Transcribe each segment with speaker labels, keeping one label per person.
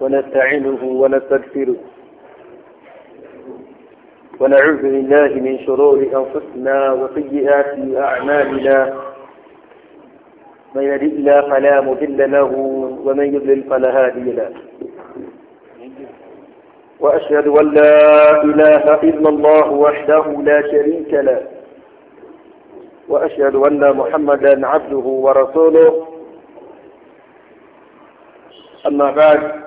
Speaker 1: ونستعينه ونستغفره ونعوذ بالله من شرور أنفسنا وسيئات أعمالنا من يهد الله فلا مضل له ومن يضلل فلا هادي له وأشهد أن لا إله إلا الله وحده لا شريك له وأشهد أن محمدا عبده ورسوله أما بعد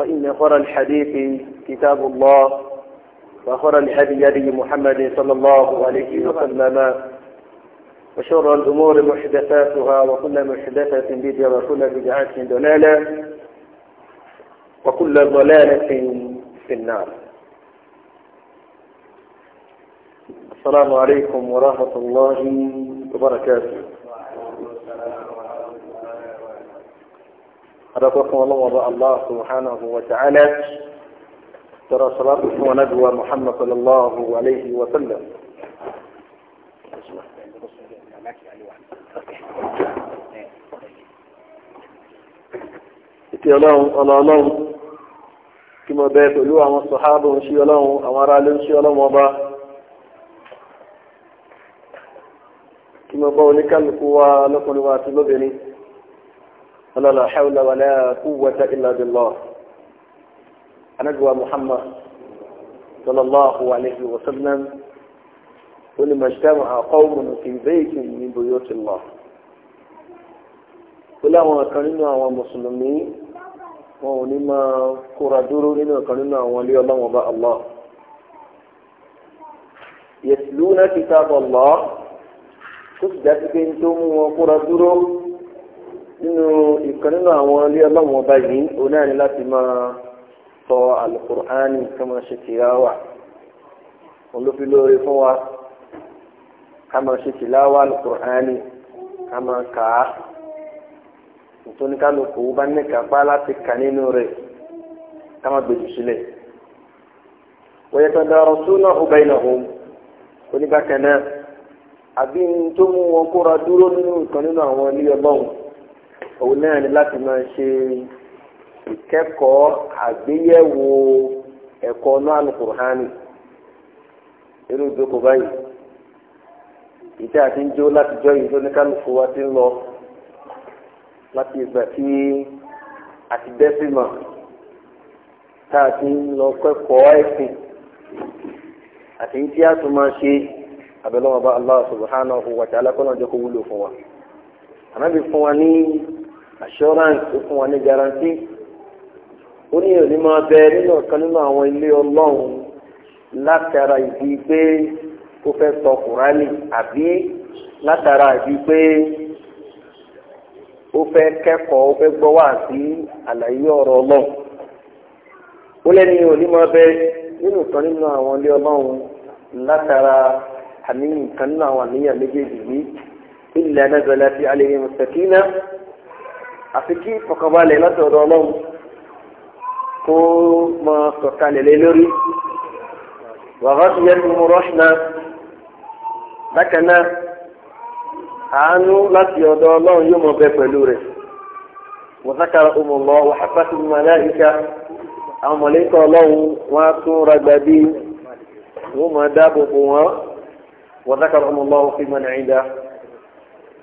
Speaker 1: فإن خر الحديث كتاب الله وخر الهدي هدي محمد صلى الله عليه وسلم وشر الأمور محدثاتها وكل محدثة بدعة وكل بدعة ضلالة وكل ضلالة في النار السلام عليكم ورحمة الله وبركاته adakọ fún ọlọ́wọ́ bá allah subhanahu wa ta'ala tọrọ sọlátù fún wa nabi wa muhammad sallallahu alayhi wa sallam. ìtì ọlọ́run ọlọ́run kí mo bẹ pẹ̀lú àwọn sọ̀hábù ń ọlọ́run àwọn aráalé ń ṣí ọlọ́run kí mo bá oníkálukú wa lọ́kùnrin wa àti lóbìnrin. فلا لا حول ولا قوة إلا بالله أنجوى محمد صلى الله عليه وسلم ولما اجتمع قوم في بيت من بيوت الله ولا ما كانوا هو مسلمين ونما كرة دورو لما كانوا هو الله وباء الله يسلون كتاب الله تفدت بنتم وقرا دورو nínú ìkan nínú àwọn ilé ọlọ́run ọba yìí òun náà ni láti máa sọ alukur'ani ká máa ṣe tìláwà òun ló fi lóore fún wa ká máa ṣe tìláwà alukur'ani ká máa kà á nítorí kálukú bá ní kápá láti kà nínú rẹ̀ ká máa gbèjì sílẹ̀ wọ́n yẹ kí wọ́n dára sún náà ọba yìí náà hùn oníbàkan náà àbí tó mú wọn kóra dúró nínú ìkan nínú àwọn ilé ọlọ́run òun náà ni láti máa ṣe ìkẹ́kọ̀ọ́ àgbéyẹ̀wò ẹ̀kọ́ náà alukur'ani irú ìjókòó báyìí ìtẹ́ àti ń jó láti jọ yìí lóníkálùkù wa ti ń lọ láti ìgbà tí àti dẹ́sìmọ̀ tá a ti ń lọ kẹ́kọ̀ọ́ ẹ̀sìn àti tí a ṣe abẹ́lẹ́wọ̀n bá Allah subhanahu wa ta'ala kọ́nà jẹ́ kó wúlò fún wa. ànábì fún wa ní assurance ó fún wa ní guarantee ó ní òní máa bẹ nínú ọ̀kan nínú àwọn ilé ọlọ́run látara ìdí pé ó fẹ́ sọ kùránì àbí látara ìdí pé ó fẹ́ kẹ́kọ̀ọ́ ó fẹ́ gbọ́ wá sí àlàyé ọ̀rọ̀ ọlọ́run ó lẹ́ni òní máa bẹ nínú ọ̀kan nínú àwọn ilé ọlọ́run látara àníyàn kan nínú àwọn àníyàn إلا نزل في عليهم السكينة أفكي فقبال لا تدولهم كما سكان ليلوري وغشيتهم رحمة لكنا àánú láti ọ̀dọ̀ ọlọ́run yóò mọ̀ bẹ pẹ̀lú rẹ̀ mọ̀sákàrà ọmọlọ́ wàhápàtì màláìka àwọn mọ̀lẹ́kọ̀ ọlọ́run wọn á tún ragbà bí wọn mọ̀ dáàbò bò wọn mọ̀sákàrà ọmọlọ́ òfin mọ̀ nàìjíríà.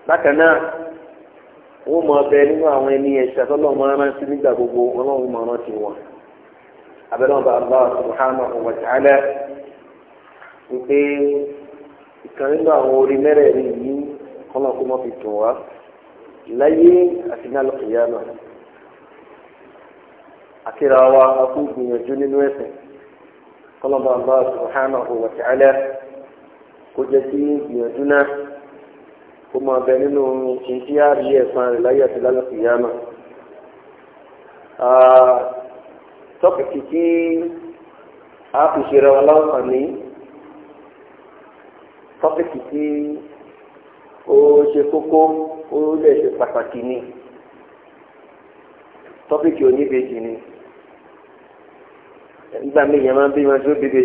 Speaker 1: Bakana wọ́n mọ ọbẹ̀ nínú àwọn ẹni ẹ̀ṣẹ̀ nígbà gbogbo ọlọ́run máa rántí wọn abẹ́rẹ́ ọba Allah subhanahu wa ta'ala wípé ìkan nínú àwọn orí mẹ́rẹ̀ẹ̀rin yìí kọ́nà kó mọ́ fi tún wá láyé àti ní alùpùpù náà àkírà wa akú gbìyànjú nínú ẹ̀sìn kọ́nà ọba kó máa bẹ nínú ìdí àárí ẹ̀sán rẹ̀ láyé àti lálẹ́ kìyàmà. Ah, tọ́pìkì tí a fi ṣèrè wọn láǹfààní tọ́pìkì tí ó ṣe kókó ó lè ṣe pàtàkì ni tọ́pìkì oníbejì ni nígbà míì yẹn máa ń bí wọn tó bíbe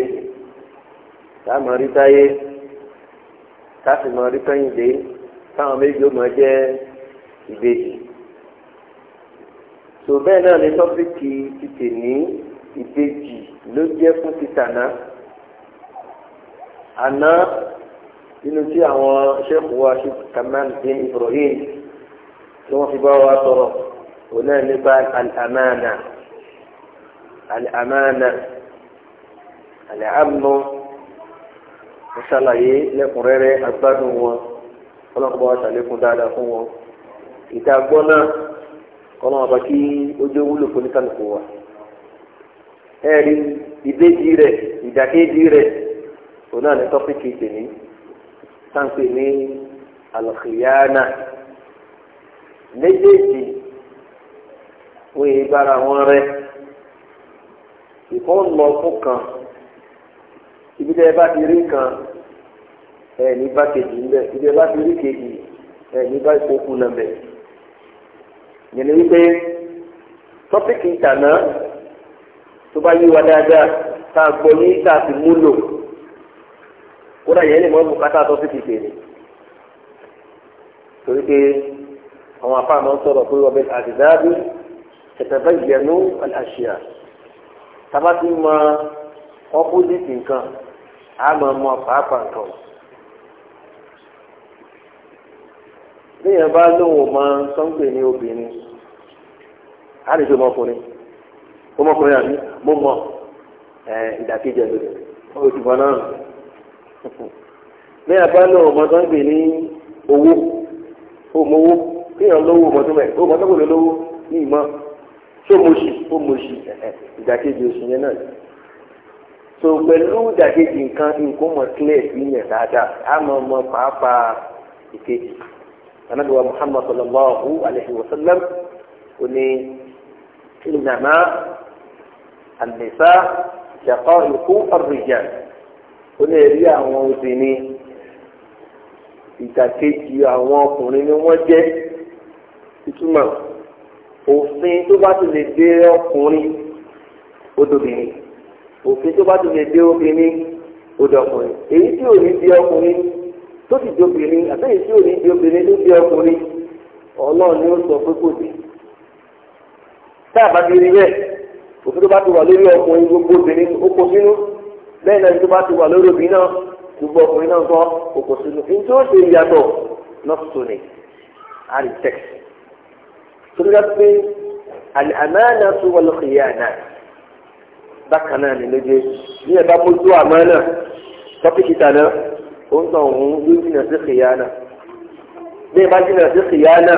Speaker 1: tá a máa rí táyé tá a sì máa rí kẹ́yìndé táwọn méjì ó máa jẹ́ ìbejì tó bẹ́ẹ̀ náà ni tọ́pìkì títì ní ìbejì ló jẹ́ fún títànà àná nínú tí àwọn sẹ́kù wa ṣe Kamal bin Ibrahim tí wọ́n fi bá wa sọ̀rọ̀ òun náà nípa al-amana al-amana lẹ́kùnrẹ́rẹ́ agbádùn wọn ọlọ́run bá wa ṣàlékún dáadáa fún wọn ìta gbọ́ náà ọlọ́run bá kí ojú wúlò fún oníkàlùkù wa ẹ̀rí ìbejì rẹ̀ ìdàkejì rẹ̀ òun náà ní tọ́pìkì tèmi sáǹpì ní alùkìyáánà méjèèjì wọ́n yé bára wọn rẹ̀ ìkọ́ kan ibi bá ti rí kan ẹ ní bá kejì ńbẹ ibi ẹ bá ti rí kejì ẹ bá ìkókù náà bẹ yẹn ni wípé tọ́pìkì ìtànà tó bá yí wa dáadáa tá a gbọ́ ní tá a fi mú lò kódà yẹn lè mọ bùkátà tọ́pìkì tèmi torí pé àwọn afáàmọ́ sọ̀rọ̀ pé ọbẹ̀ àdìdáàbí ẹ̀tẹ̀fẹ́ ìyẹnú àṣìyà tábà ti ọ́pọ́sìtì nǹkan àmọ́ mọ pàápàá nǹkan. níyẹn bá lóun mọ sọ́ńpẹ̀ ní obìnrin á lè fi ọmọkùnrin ọmọkùnrin àbí mo mọ ìdàkejì ẹ̀ lóde oṣù kan náà níyẹn bá lóun mọ sọ́ńpẹ̀ ní owó òmòwó níyẹn lówó ó lówó ní ìmọ̀ tó ó ìdàkejì so pẹ̀lú ìdàkejì nǹkan mọ̀ sí yẹn dáadáa á mọ̀ mọ̀ anabi wa muhammad sallallahu alayhi wa sallam ó ní ìnàmá àlèsà ṣàkọ́ ikú ọ̀rìjà ó ní èrí àwọn obìnrin ìdàkejì àwọn ọkùnrin ni wọ́n jẹ́ ìtumọ̀ òfin tó bá ti lè dé ọkùnrin ó dòbìnrin òfin tó bá ti lè dé obìnrin ó èyí tí ò ní di ọkùnrin tó ti di obìnrin àtẹ̀yìn tí ò ní di obìnrin ló di ọkùnrin ọlọ́run ni ó sọ pé kò sí. tá a bá ti rí bẹ́ẹ̀ òfin tó bá ti wà lórí ọkùnrin gbogbo obìnrin ó kó sínú bẹ́ẹ̀ náà tó bá ti wà lórí obìnrin náà gbogbo ọkùnrin náà kọ́ ó kó sínú. ní tí ó ṣe ìyàtọ̀ nọ́ọ̀sùnì àrìtẹ́k tó dá pé àmàna tó wà lọ́kìyà náà bákan náà ni lójú ní ẹ̀bá mójú àmàna tọ́pìkì tàná oúnjẹ òun yóò jìnnà sí kìyànà bí ẹ bá jìnnà sí kìyànà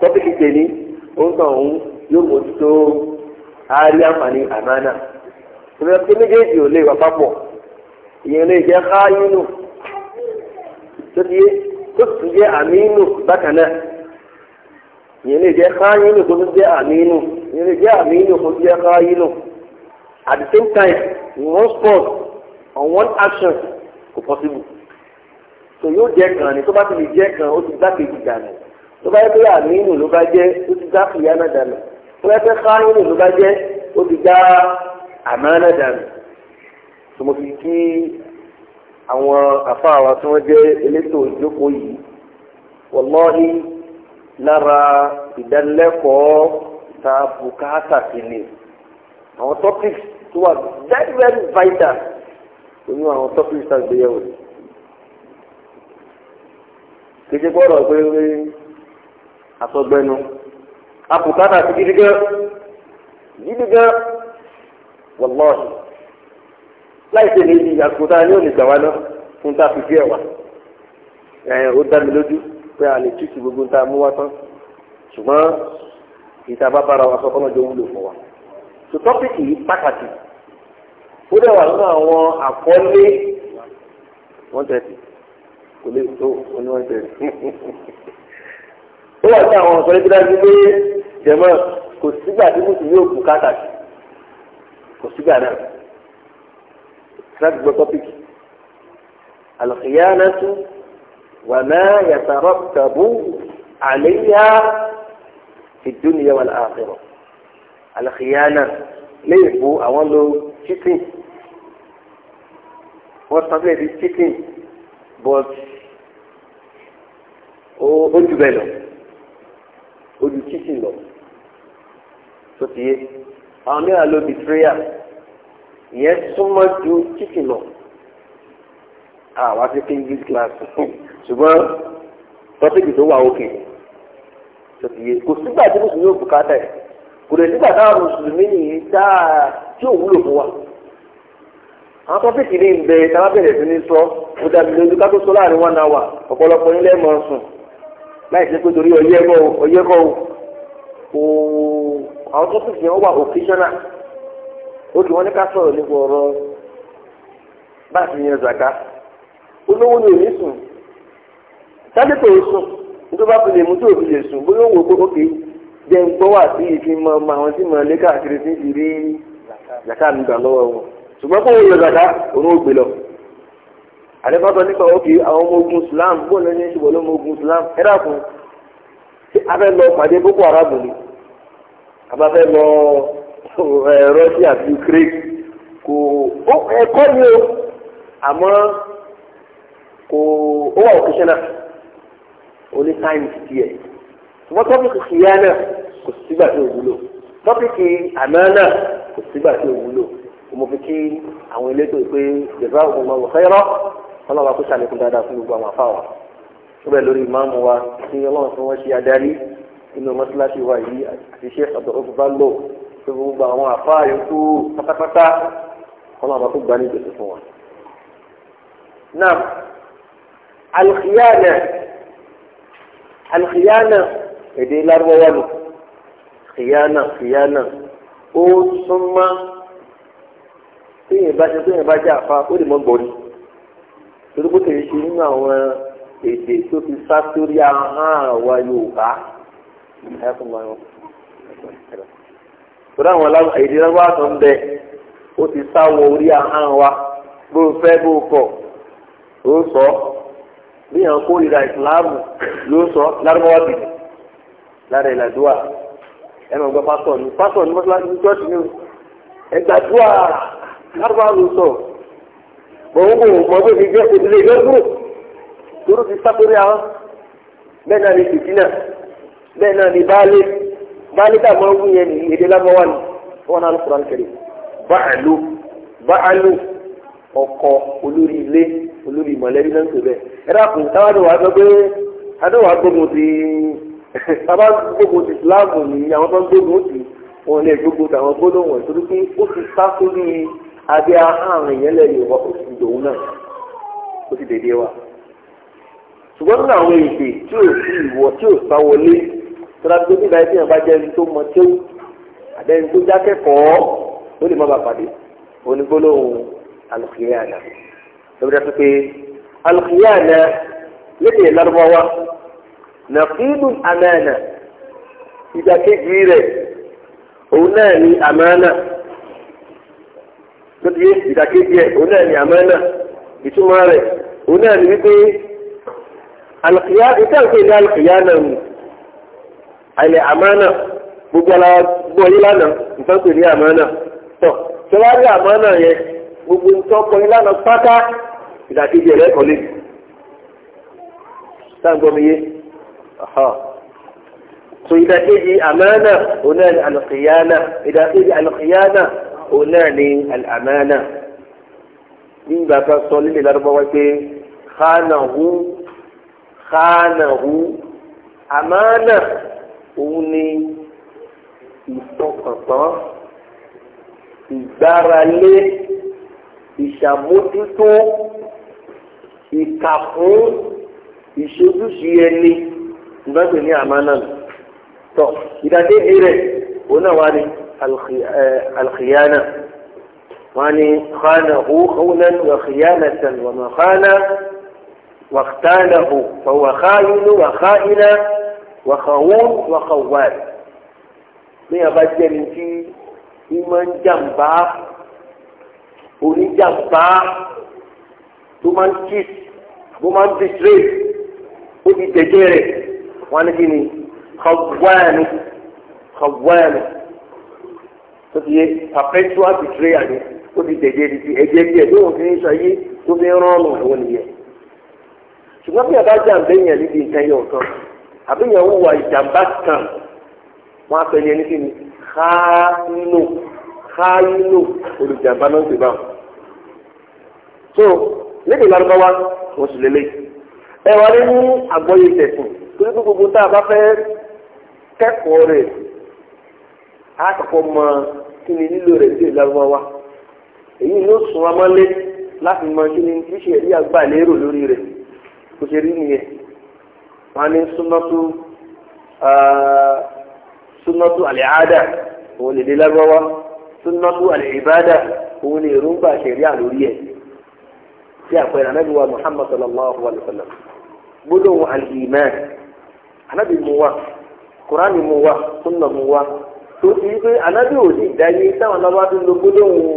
Speaker 1: tọ́pìkì tèmi oúnjẹ òun yóò mójútó àárí àǹfààní àmánà ìrẹsì pé méjèèjì ò lè wà papọ̀ ìyẹn lè jẹ́ káyínú tó ti yé tó ti jẹ́ àmínú bákan náà ìyẹn lè jẹ́ káyínú tó jẹ́ àmínú ìyẹn lè jẹ́ àmínú tó jẹ́ káyínú at the same time one spot on one action kò possible tò yóò jẹ kan ni tó bá ti lè jẹ kan ó ti dá kejì dànù tó bá yẹ pé àmínú ló bá jẹ ó ti dá fìyànà dànù tó bá yẹ pé kánínú ló bá jẹ ó ti dá àmánà dànù tó mo fi kí àwọn afáwa tí wọ́n jẹ́ elétò ìjókòó yìí wọlọ́ọ̀hí lára ìdánilẹ́kọ̀ọ́ ta bùkátà sí àwọn topics tó wà very very vital oyún àwọn topics tá a gbé kìí gbọ́dọ̀ pé pé àsọgbẹ́nu apùkátà sí gidi gan gidi gan wàlọ́ọ̀sì láì ṣe níbi àkùtà ni ó lè gbà wá náà fún tá a fi fi ẹ̀ wá ẹ̀ ó dá mi lójú pé a lè tútù gbogbo tá a mú wá tán ṣùgbọ́n ìta bá bára wa sọ fọ́nà jọ wúlò fún wa tó tọ́pìkì yìí pàtàkì ó dẹ̀ wà nínú àwọn àkọlé one thirty kò lè tó oníwọ̀nsẹ̀ ó wà sí àwọn ọ̀sán ẹgbẹ́ dájú pé jẹ̀mọ́ kò sígbà tí mùsùlùmí yóò kú káàkiri kò sígbà náà láti gbọ́ tọ́pìkì alkhiyanatu wa ma yatarattabu alayha fi dunya wal akhirah alkhiyana léèbù àwọn lo chicken wọ́n sọ fún ẹbí chicken but ó jù bẹ́ẹ̀ lọ ó jù títì lọ tó ti yé àwọn mìíràn ló di tíréyà ìyẹn súnmọ́ ju títì lọ àwa ti fi english class ṣùgbọ́n tọ́pìkì tó wà òkè tó ti yé kò sígbà tí mùsùlùmí ò bùkátà ẹ̀ kò lè sígbà táwọn mùsùlùmí nìyí dáa tí ò wúlò fún wa àwọn tọ́pìkì ní ìbẹ̀rẹ̀ tábàbẹ̀rẹ̀ sí ní sọ ó dàbí lójú ká tó sọ láàrin one hour ọ̀pọ̀lọpọ̀ ilé mọ̀ ọ́ sùn. láì ṣe pé torí ọyẹ kọ́ o ọyẹ kọ́ o àwọn tó fìfì wọn o òkèṣọ́nà ó kì wọ́n ní ká sọ̀rọ̀ nípa ọ̀rọ̀ bá a ti yan zaka olówó ni èmi sùn o sùn nítorí bá fi lè mú o òfin lè sùn bóyá o wò pé ókè jẹ́ ń gbọ́ wà sí ìfín mọ ọmọ àwọn tí lé káàkiri sí ìrírí mi gbà lọ́wọ́ wọn ṣùgbọ́n kó o yọ òun gbé lọ. àdébàtọ̀ nípa òkè àwọn ọmọ ogun Islam bó lẹ́ni ìṣubọ̀ lọ́mọ ogun Islam ẹ dàkún tí a lọ pàdé Boko Haram ni a bá fẹ́ lọ eh, Russia àti Ukraine kò ẹ̀kọ́ ni o àmọ́ kò ó wà òkè sẹ́nà oní táìmù tiẹ̀ ṣùgbọ́n tọ́pìkì kìíyá náà kò sígbà tí ò wúlò tọ́pìkì àná náà kò sígbà tí ò wúlò mo fi kí àwọn elétò pé jẹ̀bá òun máa fẹ́ràn ọlọ́wà kó sàlékún dáadáa fún gbogbo àwọn afáwà síbẹ̀ lórí ìmáàmù wa tí ọlọ́run tí wọ́n ṣe adarí inú mọ́ṣáláṣí wa yìí àti iṣẹ́ ọ̀dọ̀ ọ̀gbọ̀n lò tó gbogbo àwọn afáà yòókù pátápátá ọlọ́run kó gbà ní ìgbésẹ̀ fún wa. náà alìkìyànà alìkìyànà èdè lárúbáwá lò kìyànà kìyànà ó súnmọ́ tí yìnbá jẹ́ àfa ó lè mọ́ gbòòrò. torí bó ṣe nínú àwọn èdè tó fi sá sórí ahọ́n àwa ó ti sá wọ ó sọ bí yàn kó ìsìláàmù ló sọ lárúbáwá lára ní ní ní ní lárúbáwá ló òun kò mọ bó ti jẹ́ kó ti lè ti sá torí bẹ́ẹ̀ náà ni tìtìnà bẹ́ẹ̀ náà ni baálé baálé tá a máa ń wú yẹn ní èdè lábọ́wá ni wọn náà ló kura nìkẹ́rẹ́ báàlú báàlú ọkọ olórí ilé olórí mọ̀lẹ́bí náà ń pè bẹ́ẹ̀ ẹ dàpọ̀ táwọn àdó wàá gbọ́ pé àdó wàá gbógun ti tábà gbógun ti Islam ní àwọn tó ń gbógun ti wọn lè gbógun tàwọn gbódò wọn torí pé ó ti sá àbí ahọ́n àwọn èèyàn lẹ̀ Yorùbá ó náà ó sì dédé wa ṣùgbọ́n nínú àwọn èdè tí ò sí ìwọ tí ò sá wọlé tọ́lá tó nígbà yẹn bá jẹ́ ẹni tó mọ tí ó tó jákẹ́kọ̀ọ́ ó lè má bàa pàdé onígbólóhùn pé àmàna rẹ̀ òun náà ní àmàna. tó di ìdàkejì ẹ̀ òun náà ní àmánà ìtumọ̀ rẹ̀ òun náà ní wípé alùpùpù ìtàn pé ní alùpùpù náà nù àìlẹ̀ àmánà gbogbo ara gbọ́ yín lánàá ìtàn pé ní àmánà tọ̀ tó wá rí àmánà yẹn gbogbo nǹkan kọ yín lánàá pátá ìdàkejì ẹ̀ lẹ́kọ̀ọ́ lé sáǹgbọ́n mi yé so ìdàkejì òun náà ní alùpùpù ìdàkejì alùpùpù òun náà ni al-amana nígbà kan sọ nílẹ̀ lárúbáwá pé khanahu khanahu amana òun ni ìfọkàntán ìgbáralé ìṣàmójútó ìkàkún ìṣojúṣe ẹni ìbáṣe ní àmánà tọ ìdádé rẹ òun náà wá ní. آه، الخيانة واني خانه خونا وخيانة وما خان واختانه فهو خائن وخائن وخون وخوان من أبجل في من جنبا ومن جنبا ومن كيس ومن تسري ومن تجري وانا جيني خوان خوان ó ti yé perpetual betrayer ni ó ti dẹ̀jẹ̀ di ti ẹ̀jẹ̀ bí ẹ̀ tó wọ́n fi ń sọ yé tó fi ń rọ́ọ̀nù ẹ̀wọ̀n nìyẹn ṣùgbọ́n bí àbájá àbẹ̀yẹn níbi nǹkan yẹn ọ̀tọ̀ àbẹ̀yẹn wúwa ìjàmbá kan wọ́n á pẹ́ ní ẹni kí ni káánù káánù olùjàmbá náà ti bá wọn. so lédè lárúbáwá wọ́n sì lélẹ̀ ẹ wà ní àgbọ̀yé tẹ̀sán torí pé gbogbo tá a bá fẹ́ kẹ́kọ̀ọ́ rẹ̀ á kọ́kọ́ mọ kí ni lílo rẹ̀ sí ìlàgbọ́wá èyí ló sùn wa mọ́lé láti mọ kí ni ṣíṣe ẹ̀rí àgbà lérò lórí rẹ̀ kò ṣe rí nìyẹn wọn ní súnmọ́tò súnmọ́tò àlẹ́hádà òun lè dé lágbọ́wá súnmọ́tò àlẹ́hìbádà òun lè àlórí ẹ̀ sí àpẹẹrẹ Muhammad sallallahu Alaihi wa sallam gbọ́dọ̀ wọn àlìmán anábì mu wa kùránì mu wa súnmọ́ tó ti wípé ànábì ò ní ìdáyé táwọn lọ́wọ́ tó lo gbólóhùn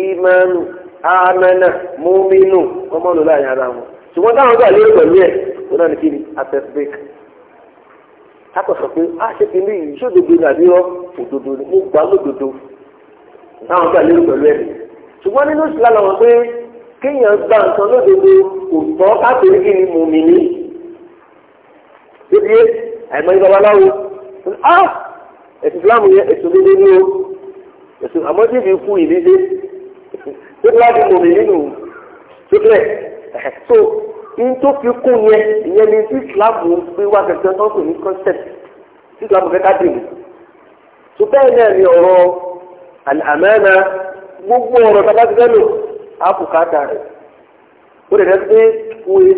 Speaker 1: ìmánu amẹ́nà múmínú ọmọ ló láàyè ara wọn ṣùgbọ́n táwọn gbà lérò pẹ̀lú ẹ̀ ó náà ní kí ni atẹ́fẹ́k akọ̀sọ̀ pé a ah, ṣe kí ní ìṣòdodo ní àbírọ́ òdodo ni mo gbà lódodo táwọn gbà lérò pẹ̀lú ẹ̀ ṣùgbọ́n nínú ìṣúlá làwọn pé kéèyàn gba nǹkan lódodo kò tọ́ káàkiri kí ni mùmí ní. débi àìmọ́ ìbabaláwo ah ẹ̀sìn Islam yẹ ẹ̀sùn líle ní o di nínú so n tó fi kún yẹn ìyẹn ni tí Islam pé wá gẹ́gẹ́ tó ń pè ní concept tí Islam fẹ́ ká dì mí so bẹ́ẹ̀ náà ni ọ̀rọ̀ ọrụ gbogbo ọ̀rọ̀ rẹ̀ ó lè rẹ́ pé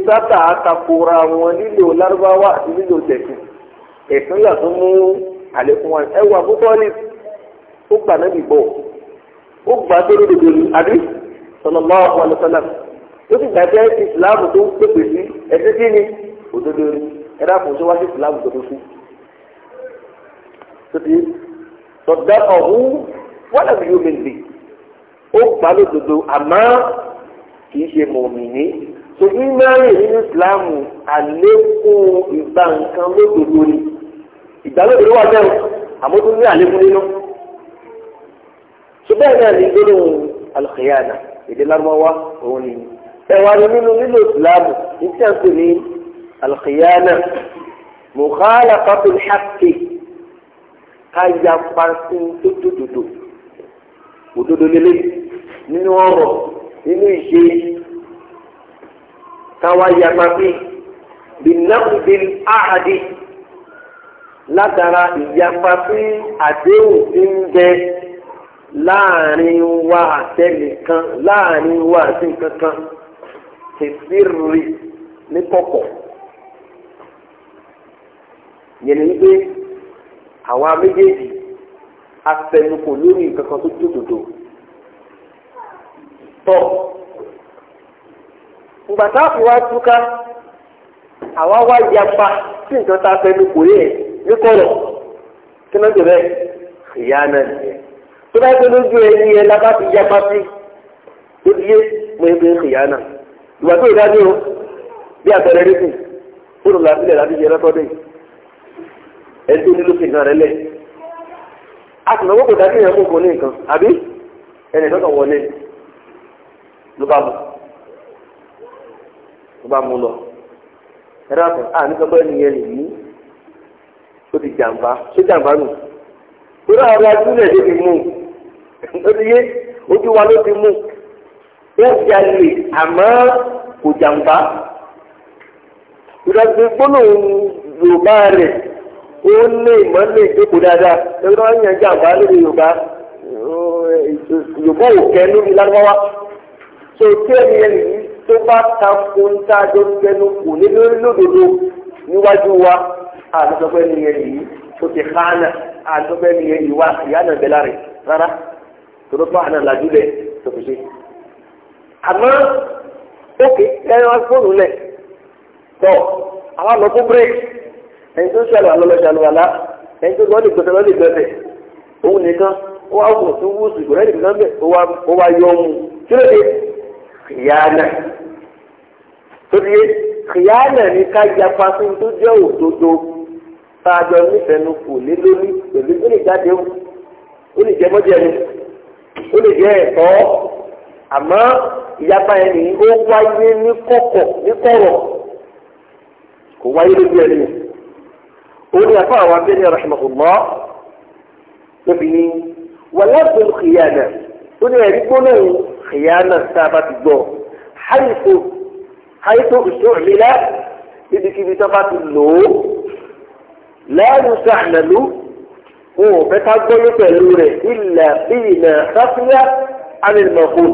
Speaker 1: sábà àtàkùrọ̀ àwọn nílò lárúbáwá àti nílò àlékún wa ẹ wà fún tọ́lì ó gbà náà bìbọ̀ ó gbà tó lódodo ní àbí sallallahu alaihi wasallam ó sì gbàgbé ìsìláàmù tó pépè sí ẹsẹ kí ni òdodo ní ẹ dákun tó wá sí ìsìláàmù tó tó sí. tó ti sọ̀dá ọ̀hún wọ́n làbí yóò mẹ́lẹ̀ ó gbà lódodo àmọ́ kì í ṣe mọ̀mìnì tó ní mẹ́rin nínú ìsìláàmù àlékún ìgbà nǹkan lódodo ni ìgbàlódé ló wà bẹ́ẹ̀ àmọ́ tó ní àlékún nínú. ṣùgbọ́n náà ní gbólóhùn alùkìyàna èdè lárúbáwá òun ni ẹ̀wà ni nínú nílò ìsìlámù ní tí a ń pè ní alùkìyàna mùkálàfàtul haqqi káyà pàṣẹ tó òdodo lélẹ̀ nínú ọ̀rọ̀ nínú ìṣe káwá yàgbá pé bìnnàkùnbìn áhàdì látara ìyapa sí àdéhùn tí ń bẹ láàrin wa àtẹnìkan láàrin wa àti nǹkan kan tẹ̀síìrì ní kọ̀kọ̀ yẹn ni pé àwa méjèèjì afẹnukò lórí nǹkan kan tó jókòó tọ̀ ìgbà táàpù wa túká àwa wá yapa sí nǹkan tá a fẹnukò yẹn ní kọ̀rọ̀ kí ló ń jẹ bẹ́ẹ̀ ìyá náà nìyẹn tó bá gbé lójú ẹni yẹn lábá ti yá pátí tó di yé mo ebe ìyá náà ìwà tó ìdájọ́ o bí àpẹẹrẹ rẹ́sìn ó lò lábílẹ̀ láti yẹ lọ́tọ́dẹ̀ ẹni tó nílò fìdí náà rẹ lẹ̀ a sì náwó kò dájú ìyẹn mú kó ní nǹkan àbí ẹnì kan kàn wọlé ló bá mú ló bá mú lọ ẹ dáàbò à nígbà bọ́ ẹni yẹn nìyí ó ti jàǹbá ṣé jàǹbá nù torí àwọn ajúlẹ̀ ló ti mú ó ti yé ojú wa ló ti mú ó jalè àmọ́ kò jàǹbá ìdájọ́ gbólóhùn yorùbá rẹ̀ ó ní ìmọ̀lẹ̀ ìjókòó dáadáa ẹgbẹ́ wọn yàn jàǹbá lórí yorùbá yorùbá ò kẹ́ lórí lárúbáwá tó tí ẹni tó bá ta fún tá a jọ ń tẹnu ní lórí lódodo níwájú wa àdúgbò ẹni yẹn yìí tó ti hánà àdúgbò ẹni yẹn yìí wá ìyá náà bẹ̀ láre rárá tòró tó àná làjú lẹ̀ tó fi ṣe. àmọ́ ókè ẹ̀rọ fóònù lẹ̀ tọ̀ àwọn àlọ́ fún bírèkì ẹni tó ṣàlùwà lọ́lọ́ ṣàlùwà lá ẹni tó lọ́ọ́ lè gbẹ̀tẹ̀ lọ́ọ́ lè gbẹ̀tẹ̀ òun nìkan ó wá wò tó wúùsù ìgbọ̀nrẹ́ nìkan bẹ̀ ó wá yọ ọmú kí ló dé kìyànà tó ti yé kìyànà ní ká yapa sí tó jẹ́ òdodo sáájọ nífẹ̀ẹ́nu kò lé lórí pẹ̀lú ó lè jáde ó ó lè jẹ mọ́jẹ́ni ó lè jẹ ẹ̀tọ́ àmọ́ ìyapa yẹn nìyí ó wáyé ní kọ̀kọ̀ ní kọ̀rọ̀ kò wáyé lójú ẹni yẹn òun ni àfa àwọn abẹ́ni rahimahullah lóbi ní wàlá tó ń kìyànà ó ní ẹ̀rí gbóná yìí kìyànà tá a ti gbọ́ háyìfò háyìfò ìṣòro mi lá ibikíbi tó bá ti lò ó láàrú sàmẹlú wọn ò fẹ́ ká gbọ́yé pẹ̀lú rẹ̀ ilẹ̀ ìlẹ̀ sáfíà alẹ́nàkó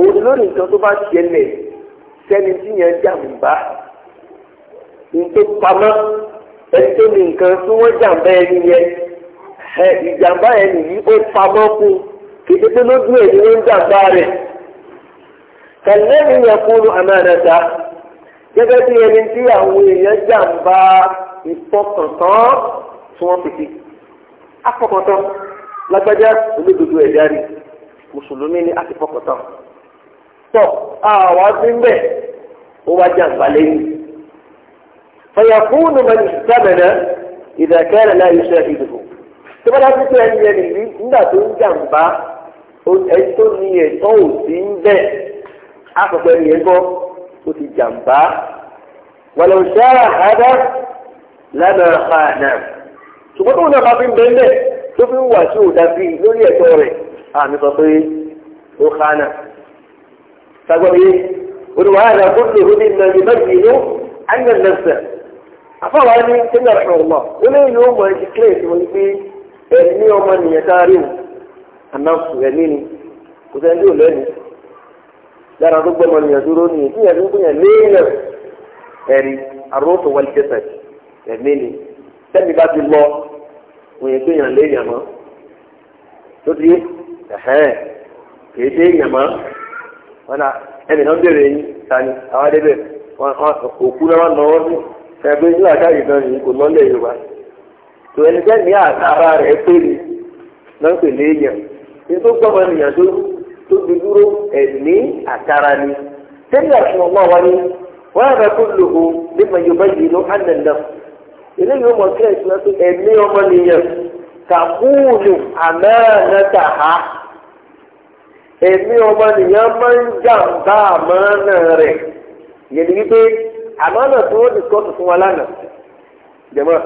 Speaker 1: òun lórí nǹkan tó bá ṣẹlẹ̀ sẹ́ni tí yẹn jàǹbá nǹkan pamọ́ ẹni tó ní nǹkan tí wọ́n jàǹbá ẹni yẹn ẹ ìjàǹbá yẹn nìyí ó pamọ́ fún kékeré lójú ẹ̀ ní ń jàǹbá rẹ̀ kàlẹ́ni yẹn kúrú àmàlẹ́ta gẹ́gẹ́ bí ẹni tí àwọn èèyàn jàǹbá ìfọkàntán tí wọ́n fi ti afọkàntán lágbájá olódodo ẹ̀dá rí mùsùlùmí ni a ti fọkàntán tọ́ àwa ti ń bẹ̀ ó wá jà gbalẹ̀ yìí fàyàfóònù mẹ́rin sábẹ̀rẹ̀ ìdàkẹ́rẹ̀ náà yóò ṣe ìdìbò tó bá dá sí pé ẹni ẹni yìí nígbà tó ń jàǹbá ẹtọ́ ni ẹ̀tọ́ ò sí ń bẹ̀ àpapọ̀ ẹni yẹn gbọ́ ó ti jàǹbá wàlẹ̀ òṣèré àdá
Speaker 2: lábẹ́ ọ̀pá náà
Speaker 1: ṣùgbọ́n tó náà bá fi ń bẹ́ẹ̀ bẹ́ẹ̀ tó fi ń wà sí òdà bí lórí ẹ̀tọ́ rẹ̀ àmì sọ pé ó ká náà sagbọ́n yé olùwà àdá kó lè hu ní nàìjíríà bẹ́ẹ̀ yìí ló ànyàn lẹ́sẹ̀ afọwọ́ ni kéńdà rẹ̀ ọ̀mọ́ ó lè yọ ọmọ ẹ̀jì kílẹ̀sì wọn pé ẹ̀mí ọmọ nìyẹn kárí o àná ẹ̀mí ni kò sẹ́ni tó lẹ́nu lára tó gbọ́mọ nìyẹn dúró nìyẹn tí ẹ̀mí ni sẹ́mi bá ti lọ òun yẹn gbéyàn lé èèyàn mọ́ tó ti kì í ṣe èèyàn mọ́ wọn ẹnì kan bèrè yín tani àwọn adébẹ̀ òkú náà wọn náwó sí ẹgbẹ́ ní àdáyé náà yìí kò lọ́lẹ̀ yorùbá tó ẹni sẹ́mi àtàrà rẹ̀ pé náà ń pè lé èèyàn gbọ́mọ ènìyàn tó tó fi dúró ẹ̀mí àtàrà ni sẹ́mi wọn wá ní eléyìí ó mọ̀ sí ẹ̀sìn náà pé ẹ̀mí ọmọnìyàn tàkúùlù àmẹ́ẹ̀nẹ́ta ha ẹ̀mí ọmọnìyàn máa ń jàǹbá àmọ́nà rẹ̀ yẹn ni wípé àmọ́nà tó wọ́n ti kọ́ tuntun wa lánàá jẹ̀mọ́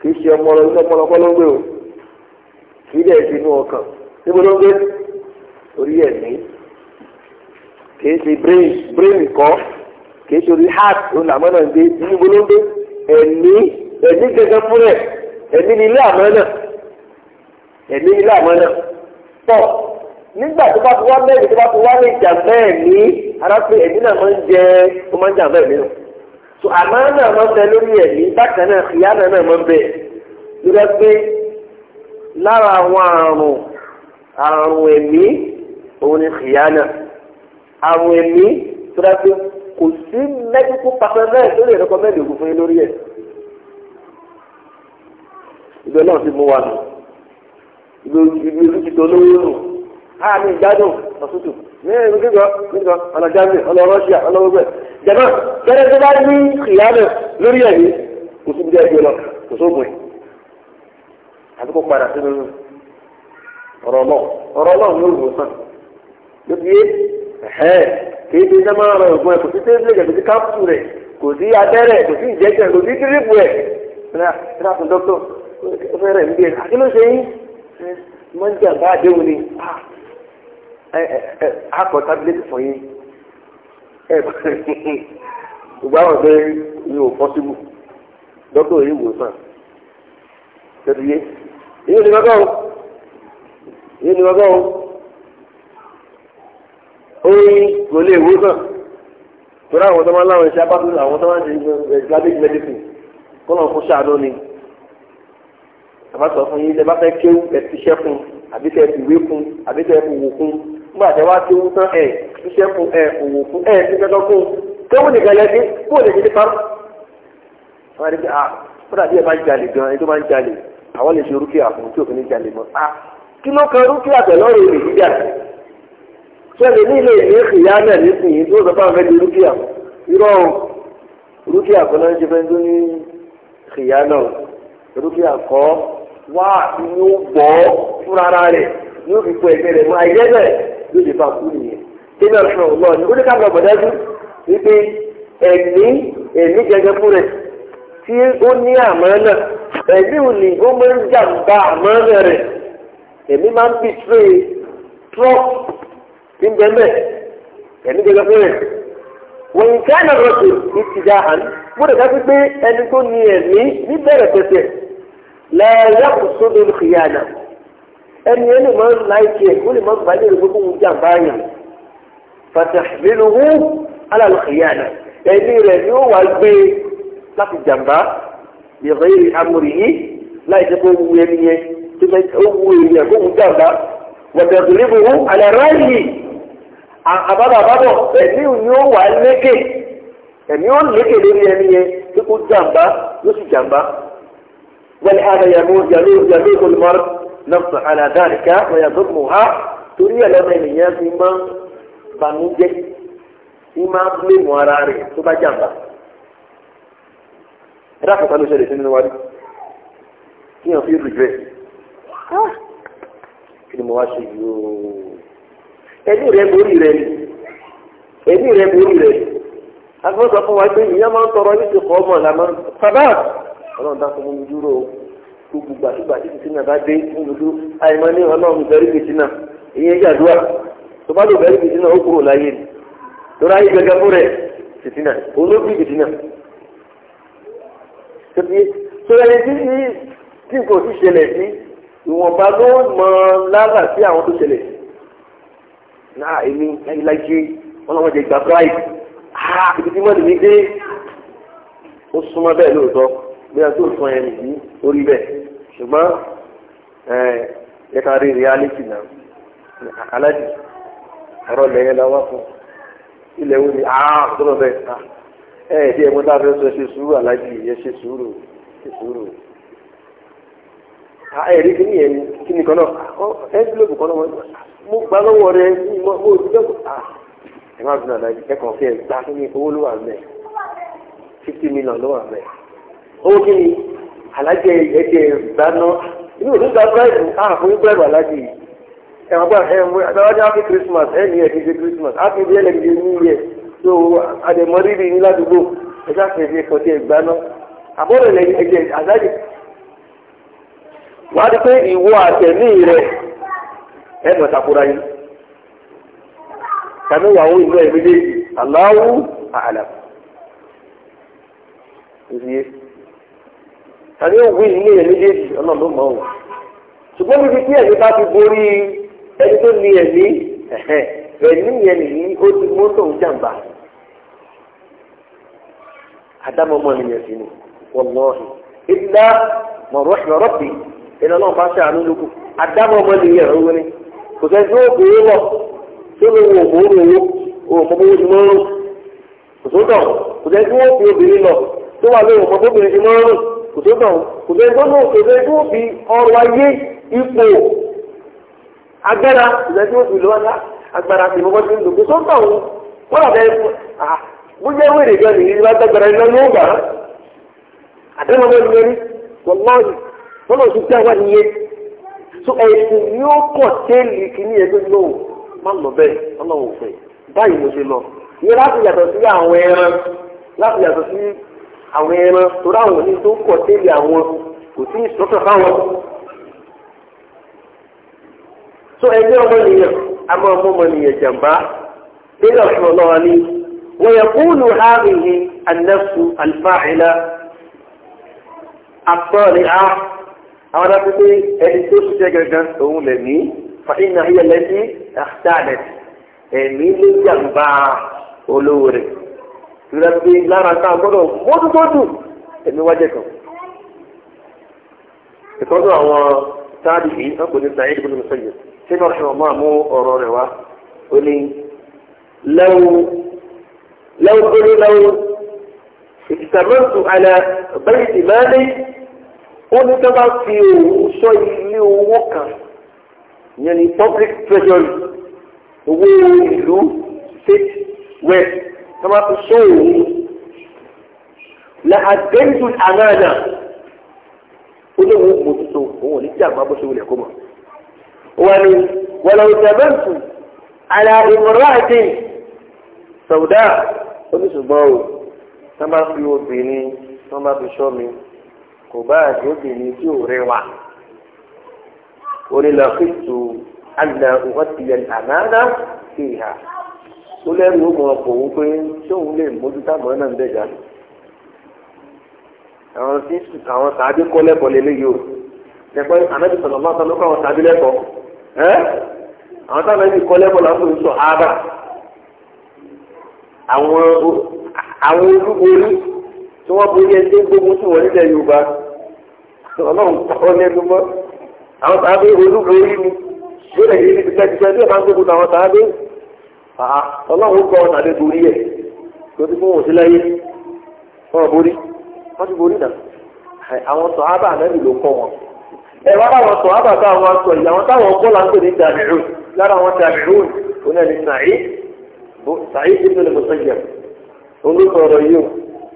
Speaker 1: kì í ṣe ọmọ ọlọ́wọ́ ọmọ ọlọ́kọ́ ló ń gbé o kì í dẹ̀ ṣe inú ọkàn níbo ló ń gbé orí ẹ̀mí kì í ṣe brain brain kọ́ kì í ṣe orí heart ló ń làmọ́nà gbé inú ibo ló ń gbé ẹ̀mí ẹ̀mí gẹ́gẹ́ fún rẹ̀ ẹ̀mí ni ilé àmọ́ náà ẹ̀mí ilé àmọ́ náà tọ̀ nígbà tó bá ti wá mẹ́rin tó bá ti wá lè jà mẹ́ẹ̀mí arákùnrin ẹ̀mí náà máa ń jẹ ó máa ń jà mẹ́ẹ̀mí nù tó àmọ́ náà máa ń bẹ lórí ẹ̀mí bákan náà ìyá náà náà máa ń bẹ lórí ẹgbẹ́ lára àwọn àrùn àrùn ẹ̀mí òun ni ìyá náà àrùn ẹ̀mí tó dá pé kò sí mẹ́díkù pàtó náà tó lè rẹ́kọ́mẹ́ndì ògùn fún yín lórí ẹ̀. ibẹ̀ náà ti mú wa nù ibi olùkìtò olówó nù á ní ìdádùn ọ̀tútù ní ẹ̀rù kíkọ kíkọ ọ̀làjáde ọlọ́rọ́ṣíà ọrọ jẹ̀mọ́ kẹ́rẹ́ tó bá ní ìyáàlẹ̀ lórí ẹ̀ yìí kò sí ibi ẹgbẹ́ lọ kò sóògùn ẹ̀ àti kò padà sínú ọ̀rọ̀ náà ọ̀rọ̀ náà ló wò sàn ló fi yé ẹ̀hẹ́ kì í ṣe iṣẹ́ máa ń rọrùn fún ẹ kò sí tẹ́sílẹ̀ kò sí kápsù rẹ̀ kò sí abẹ́rẹ́ kò sí ìjẹ́jẹ́ kò sí tírípù ẹ̀ ṣẹlá fún dókítọ̀ ó fẹ́ rẹ̀ ń bí ẹ àti ló ṣe yín mọ́ ń jà bá àdéhùn ni akọ ah, tábìlẹ́tì fún yín ẹ gbogbo àwọn ọ̀dọ́ yìí ò pọ́sibú dókítọ̀ yìí wò sàn tẹ́tù yé èyí ni wọ́n gbọ́ kò lè wó sàn torí àwọn tó máa ń láwọn iṣẹ́ abáfẹ́ àwọn tó máa ń ṣe islamic medicine kọ́nà fún ṣàánú ni àbátọ̀ fún yín lẹ́ bá fẹ́ kéwú ẹ̀ fiṣẹ́ fún àbí tẹ́ fi wé fún àbí tẹ́ fi wò fún nígbà tẹ́ wá kéwú tán ẹ̀ fiṣẹ́ fún ẹ̀ òwò fún ẹ̀ fi kẹ́kọ́ fún kéwú nìkan lẹ́sìn kó lè fi ní parọ́. wọ́n á rí pé ah fúnra bí ẹ bá ń jalè gan ẹni tó bá ń jalè àwọn lè ṣe rúkìá fún tí òfin ní jalè mọ́ ah kí ló kan rúkìá tẹ̀ lọ́rùn èrè jíjà sẹ́ni nílé ìní ìyá náà nísìnyí tó sọ fáwọn fẹ́ẹ́ di rúkìá irọ́ rúkìá kan náà ń ṣe fẹ́ẹ́ tó ní ìyá náà rúkìá kọ́ wá inú gbọ́ fúnra rẹ̀ ní òfin pọ̀ ẹgbẹ́ rẹ̀ máa yẹ bẹ́ẹ̀ ló lè fa kú nìyẹn kí náà ọ̀gbọ́n ni oníkà lọ bọ̀dájú wípé ẹ̀mí ẹ̀mí gẹ́gẹ́ fún rẹ̀ tí ó ní àmọ́ náà ẹ̀mí ò ní ó máa ń jàǹbá àmọ́ rẹ̀ ẹ̀mí máa ń bìtúrè trọ́ọ̀kì tí ń bẹ mẹ ẹni gẹ́gẹ́ fẹrẹ wọn yìí káyọ̀ rọ̀tò ní ti dá hàn gbọ́dọ̀ ká pé ẹni tó ní ẹ̀mí níbẹ̀rẹ̀ tẹ̀tẹ̀ lẹ́yà kò sódò lùkìyànà ẹni ẹni máa ń la ìkẹ́ ó lè máa ń bàjẹ́ rẹ̀ gbogbo ìjà báyìí fàtà nínú wú ala lùkìyànà ẹni rẹ̀ ni ó wà gbé láti jàmbá yẹ̀fẹ̀ yìí amòrì yìí láì jẹ́ kó wu ẹni yẹn tó fẹ́ ó wu ènìyàn kó wu jàmbá wọ̀tẹ̀sùlẹ́bùrú alẹ́ ráyì àbábàbábọ̀ ẹ̀mí ni ó wà lékè ẹ̀mí ó lékè lórí ẹni yẹn tí kò jàǹbá ló sì jàǹbá wọ́n àná yàmú yàlú yàlú olùmọ́rọ́ nọ́ọ̀sì àlàdáríkà wọ́n yàtọ̀ mọ̀ ha torí ẹlẹ́mọ̀ ènìyàn fi máa ń banújẹ́ ní máa ń lé mọ́ ara rẹ̀ tó bá jàǹbá ẹ̀dá kọ̀ọ̀kan ló ṣẹlẹ̀ sínú wájú kí èèyàn fi rìgírẹ́sì kí ni mo wá ṣe yìí o ẹ̀mí rẹ̀ borí rẹ̀ ni ẹ̀mí rẹ̀ borí rẹ̀ ni agbọ́dọ̀ fún wa pé ìyá máa ń tọrọ ní ti kọ́ ọmọ làmá sábà ọlọ́run dákun mú mi dúró gbogbo gbàdúgbà tí kìtìnà bá dé mú mi dúró àìmọ́ ní ọlọ́run bẹ̀rẹ̀ kìtìnà ìyẹn yàdúrà tó bá lò bẹ̀rẹ̀ kìtìnà ó kúrò láyé ni lórí ayé gẹ́gẹ́ fún rẹ̀ kìtìnà olóògbé kìtìnà. sọ̀rọ̀ ẹni tí kò sí ṣẹlẹ̀ sí ìwọ̀nba ló mọ lára sí àwọn tó ṣẹlẹ̀ náà èmi láyé wọn làwọn jẹ gba pride ah ibi tí mọ́ni mi dé ó súnmọ́ bẹ́ẹ̀ lóòótọ́ bí a tó sọ yẹn nìyí orí bẹ́ẹ̀ ṣùgbọ́n ẹ yẹ ká rí reality náà aláàjì ọ̀rọ̀ lẹ́yìn la wá fún ilẹ̀ wo ni ah tó lọ bẹ́ẹ̀ ẹ ẹ̀ díẹ̀ mo dáa fẹ́ sọ ṣe sùúrù aláàjì yẹ ṣe sùúrù ṣe sùúrù. Ah, ẹ̀rí kí ni yẹn kí ni kan náà ẹ́ńfílọ́pù kan mo gbà lọ́wọ́ rẹ ní mo ò ti à ẹ má bínú àdáyé ẹ̀kan fi ẹ̀ gbà kí ni owó ló wà fifty million ló wà owó kí ni alájẹ gbaná inú gba bíráìbù bíráìbù alájẹ yìí gbà happy christmas ní christmas happy ní so
Speaker 2: wà á di pé ìwọ àtẹ̀mí rẹ̀
Speaker 1: ẹ̀ mọ̀ yìí kàmí wà ìlú kàmí òwú ìlú ìlànà náà bá ṣe àánú lóko àdábọ̀ ọmọ nìyẹn owó ni kò sẹ́ni tó kò ó tó lọ wo òkò ó owó ti mọ́ kò tó kò sẹ́ni tó fi obìnrin lọ tó wà lóyún òmò bóbìnrin ti mọ́ rún kò tó dàn kò sẹ́ni tó kò sẹ́ni tó fi ọrọ̀ ayé ipò agbára wọ́n lọ sí pé wá so ẹ̀sìn ni ó kọ̀ téèlì kìíní yẹn tó lò má lọ bẹ́ẹ̀ ọlọ́run fẹ́ báyìí mo ṣe lọ ìyẹn láti yàtọ̀ sí àwọn ẹran láti yàtọ̀ sí àwọn ẹran tó ráwọn ní tó kọ̀ téèlì àwọn kò sí ìsọ́tọ̀ fáwọn so ẹgbẹ́ ọmọnìyàn àmọ́ ọmọnìyàn jàǹbá nígbà fún ọlọ́wà ni wọ́n yẹ kúlù hàmìhì ànẹ́fù àlùfáàìlà àpọ̀lẹ̀ á àwọn adájọ́ pé ẹni tó ṣiṣẹ́ gangan òun lè ní fàtínà ayé lẹ́sìn àtàlẹ̀ ẹ̀mí ló jàǹbá olówó rẹ̀ ìrẹ́ pé lára tá a gbọ́dọ̀ mójútójú ẹ̀mí wájẹ̀ kan. ìtọ́jú àwọn sáàdì yìí wọn kò ní sàyè ìgbóni sọ́yìn ṣé náà ṣe wọn máa ọ̀rọ̀ rẹ̀ wá ó ní lẹ́wọ̀n lẹ́wọ̀n gbóni lẹ́wọ̀n ìtìsàmọ́tò àlẹ́ bẹ́ẹ̀ ó ní tó bá fi òun sọ ilé owó kan yẹn ní public treasury owó ìlú state west tó bá fi sọ òun la àdéhùn àmàlà ó ní òun mòtútù òun ò ní jàmbá bó ṣe wulẹ̀ kó mọ̀ wọ́n ní wọ́n lọ́wọ́ sẹ́fẹ̀ǹtì àlà ìmọ̀ràn àti sọ̀dá oníṣùgbọ́n o tó fi obìnrin tó fi sọ́ mi kò bá àjọbìnrin tí ò rẹwà onílàkìtù àná òwòtìyẹ ànáná sí ìhà tó lẹ́rù ó mọ ọkọ̀ òun pé tóun lè mójútó àmọ́ náà ń bẹ̀jà àwọn tí àwọn sàábí kọ́ lẹ́kọ̀ọ́ lélẹ́ yìí o lẹ́kọ̀ọ́ ànábì sọ̀rọ̀ máa tán ló kọ́ àwọn sàábí lẹ́kọ̀ọ́ ẹ́ àwọn táwọn ẹbí kọ́ lẹ́kọ̀ọ́ làwọn tó ń sọ ábà àwọn olúborí. tí wọ́n borí ẹgbẹ́ gbogbo tí wọ́n nílẹ̀ yorùbá ọlọ́run kọ́ lẹ́nu mọ́ àwọn tàbí olúborí ni lórí ń àwọn ọlọ́run kọ́ tàbí borí ẹ̀ tó ti fún òsì láyé wọ́n borí wọ́n ti borí náà àwọn ló wọn ẹ wá sọ yìí àwọn táwọn kọ́ ń pè ní lára oní ẹni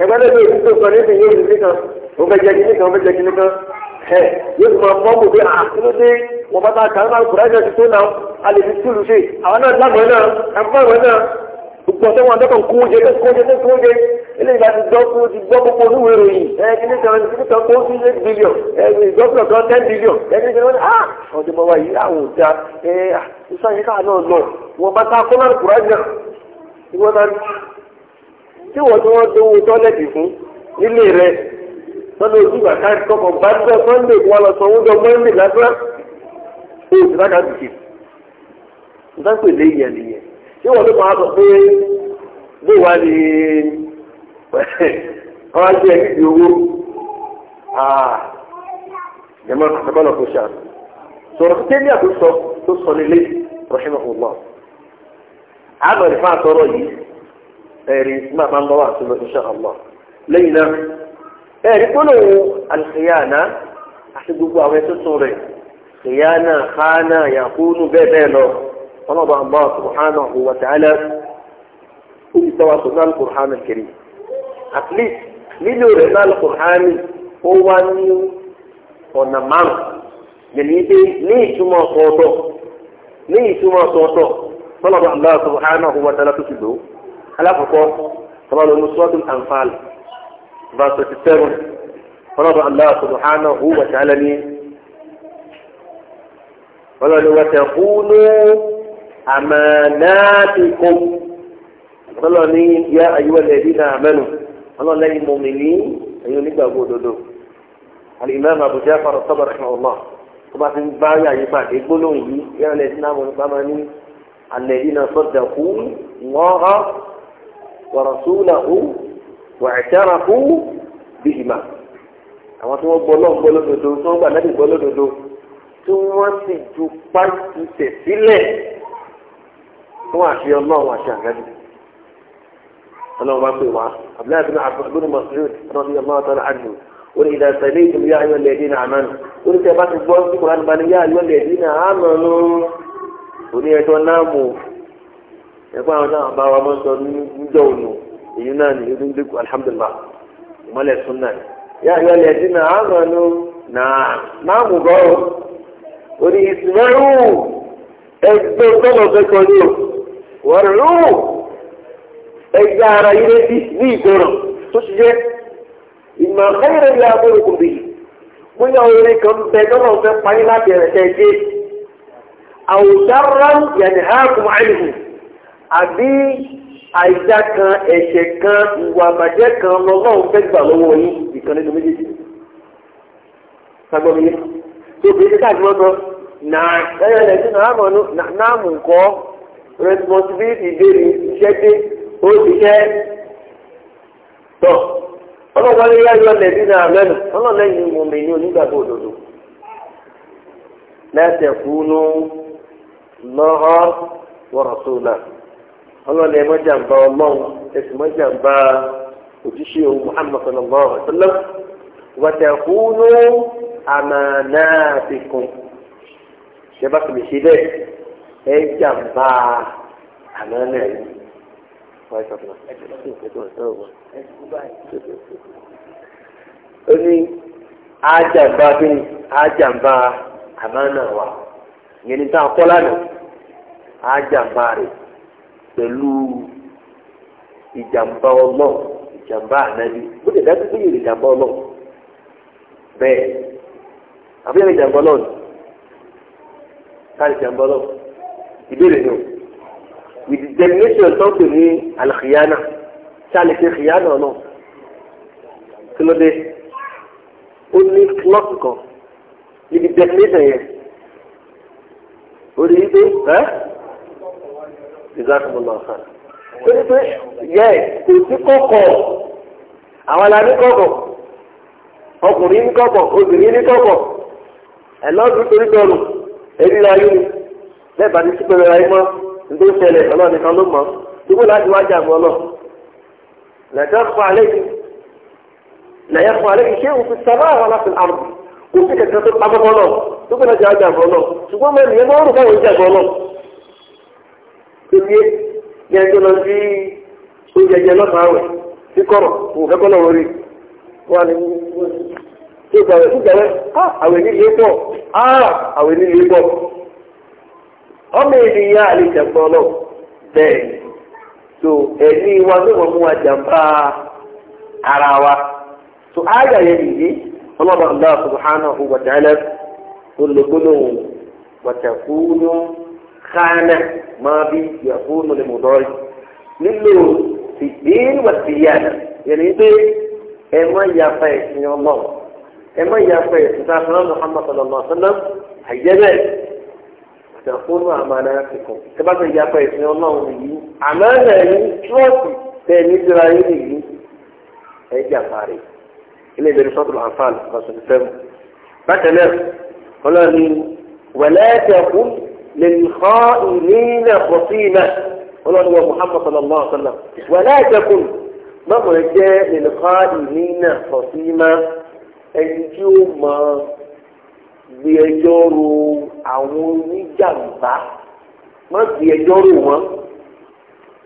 Speaker 1: ẹgbẹ́lẹ́ mi ìdúró kan níbi yóò di nìkan òun bẹ jẹ kí nìkan òun bẹ jẹ kí nìkan ẹ yóò tún máa pọ́ǹpù pé àtúndé wọn bá máa kàn án kúrẹ́ ẹ̀jẹ̀ tuntun náà a lè fi túlù ṣe àwọn náà lágbọ̀n náà àgbọ̀n náà gbogbo ọ̀sẹ̀ wọn dọ́kàn kún oúnjẹ kún oúnjẹ kún oúnjẹ eléyìí láti gbọ́ kún ti gbọ́ gbogbo oníwèé ròyìn ẹ kí ní kan kí sí ten billion ẹ kí ní ah ọ̀dọ̀ mọ̀ wáyé àwọn òòjà ẹ ìsọ̀yìn káà náà lọ wọn bá ta kọ́lá kúrẹ́ náà ìwọ́n náà tí wọ́n tí wọ́n dówó tọ́lẹ̀tì fún nílé rẹ̀ sọ́dọ̀ ojú bàtà kọ́kọ́ bá ń bẹ̀ sunday wọn lọ sanwó jọ monday lásán o ti bá dàbí ṣe ìdáǹpẹ̀ lé ìyẹn nìyẹn tí wọ́n ló máa sọ pé bó wà ní ọ̀rọ̀ ajé ẹ̀mí di owó ah, jẹ̀mọ́ àtàkọ́nà kò ṣàn sọ̀rọ̀ tẹ́lẹ̀ àtúnṣọ tó sọ nílé rọ̀ṣẹ́mọ̀ fún wọn. àbẹ̀rẹ̀ fún yìí ẹ̀rí máa máa ń bọ́ wà tó lọ insha Allah lẹ́yìn náà ẹ̀rí gbólóhùn àlùkìyàna àti gbogbo àwọn ẹ̀tútù rẹ̀ kìyàna hànà yakunu bẹ́ẹ̀ bẹ́ẹ̀ lọ ọlọ́ba àbá subhanahu wa ta'ala ó ti tọ́wọ́ sọ náà Qur'an al-Karim at least lílo rẹ̀ náà Qur'an ó wá ní ọ̀nà márùn-ún yẹ̀ni pé ní ìtumọ̀ ọ̀tọ̀ọ̀tọ̀ ní ìtumọ̀ ọ̀tọ̀ọ̀tọ̀ ọlọ́ba àbá subhanahu wa ta'ala tó ti lò ó alákọ̀ọ́kọ́ tọ́lá ló mú sọ́dún anfààl verse twenty seven ọlọ́dún Allah subhanahu wa ta'ala ní ọlọ́dún wa taqulu amanatikum ọlọ́dún ní yá ayúwà lẹ́bí náà amanu ọlọ́dún lẹ́yìn mọ̀mìnì ẹ̀yìn onígbàgbọ́ òdodo alimami Abu Ja'far as-Sabr rahimahullah tó bá ti ń bá yà yí pàdé gbólóhùn yìí yá lẹ́bí náà mọ̀mìnì alladhina saddaqu Allah ورسوله واعترفوا بهما àwọn tí wọ́n gbọ́ lọ́n gbọ́ lódodo tí wọ́n gbà láti gbọ́ lódodo tí wọ́n sì ju pàǹtí tẹ̀ sílẹ̀ fún àṣẹ ọlọ́run àṣẹ àgbàdo ọlọ́run bá pè wá abdullahi bin abdul masud rọ́bì ọlọ́run tó ń àjò orí ìdá sẹ́lẹ̀ ìdùnnú yá ayọ̀ lẹ́ẹ̀dín náà àmánù orí tẹ̀ bá ti gbọ́ sí kùránì bá ní yá ayọ̀ lẹ́ẹ̀dín náà àmánù orí náà mú ẹ̀fọ́ àwọn táwọn bá wa máa ń sọ níjọ́ ònù èyí náà ní ìlú ndéku alhamdulillah ìmọ̀lẹ̀ sún náà yá yọ lẹ̀ dín náà á mọ̀ nù náà máa mú bọ́ ọ orí ìsìnmẹ́rù ẹgbẹ́ tọ́lọ̀ fẹ́ kọ́ ní o wọ́n rú ẹgbẹ́ ara yìí lé bí ní ìgbọràn tó ti jẹ́ ìmọ̀ káyọ̀rẹ́ bí abúlùkù bì múyà orí kan bẹ tọ́lọ̀ fẹ́ pàyín láti ẹ̀rẹ̀ tẹ́ àbí àìdá kan ẹ̀ṣẹ̀ kan ìwà àbàjẹ́ kan lọ́lọ́run fẹ́ gbà lọ́wọ́ yín ìkan nínú méjèèjì sagbọ́n yín tó bí ẹni káàkiri wọn náà ẹyọ ẹ̀ náà mọ̀ náà mú responsibility iṣẹ́ dé ó ti ṣẹ́ tọ̀ lẹ́bí náà lẹ́nu ní onígbàgbọ́ ọlọ́lẹ̀ mọ́jàmbá ọlọ́run ẹ̀sìn òjíṣẹ́ ohun muhammad sallallahu alaihi wa sallam wàtẹ̀kúnú àmàlàfikún ṣe bá tòlè ṣe bẹ́ẹ̀ ẹ jàmbá àmàlà yìí. ó ní àjàmbá kí ni àjàmbá àmàlà wa ìyẹn ní táwọn kọ́ rẹ̀ pẹ̀lú ìjàmbá ọlọ́ ìjàmbá ànábi ó lè dájú pé yèrè ìjàmbá ọlọ́ bẹ́ẹ̀ àbúyẹ̀rẹ̀ ìjàmbá ọlọ́ káàdì ìjàmbá ọlọ́ ìbéèrè ni o with determination tó ń pè ní alìkìyánà sálẹ̀ ṣe kìyánà náà kí ló dé ó ní clock kan níbi determination yẹn ó lè ẹ́ ìzákùnmọ̀lá ọ̀sán. torí pé yẹ kò sí kọ̀kọ̀ àwọn aláàbí kọ̀kọ̀ ọkùnrin ní kọ̀kọ̀ obìnrin ní kọ̀kọ̀ ẹ̀ lọ́dún torí tọrù èyí la yóò lẹ́ẹ̀bà ní sípò rẹ̀ ayé mọ́ nítorí ṣẹlẹ̀ ọlọ́run nìkan ló mọ̀ dúró láti wá jà mọ́ lọ. lẹ́tọ́ fún alẹ́ yìí lẹ́yìn fún alẹ́ yìí ṣé òun fi sábà wà láti àrùn ṣe ní ẹjọ́ lọ sí oúnjẹjẹ lọ́nà àwẹ̀ sí kọ̀rọ̀ òfẹ́ kọ́ lọ́wọ́ rí wà ní tó gbàwẹ̀ àwẹ̀ nílé pọ̀ àwẹ̀ nílé pọ̀ ọmọ ènìyàn lọ bẹ́ẹ̀ tó wa ló mú wa jàmbá ara wa tó yẹn nìyí káánà máa bí yàgòónù ni mo dọ́rí nílò ìdín wà sí yàrá yẹn ni pé ẹ má yàfa ẹ̀sìn ọlọ́run ẹ má yàfa ẹ̀sìn tá a fẹ́ràn Muhammad sallallahu alaihi wa sallam àyẹ́bẹ̀ yàgòónù àmàlà àfikún tí a bá fẹ́ yàfa ẹ̀sìn ọlọ́run yìí àmàlà yìí tíwọ́ọ̀tì tẹ̀ ní ìdíra yìí nìyí ẹ̀ jàpá rẹ̀ ilé ìbẹ̀rẹ̀ sọ́dọ̀ àǹfààní bàtà ní fẹ́mu bàtà náà ọlọ́run wẹ̀lẹ́ tẹ̀ kú للخائنين خصيمة ọlọ́run wa muhammad sallallahu alaihi wa sallam wàlá àjẹkùn mọ́mọ́ ẹ jẹ́ lilkha'inina khasima ẹni tí ó mọ bí ẹjọ́ ro àwọn oníjàmbá má bí ẹjọ́ ro wọn.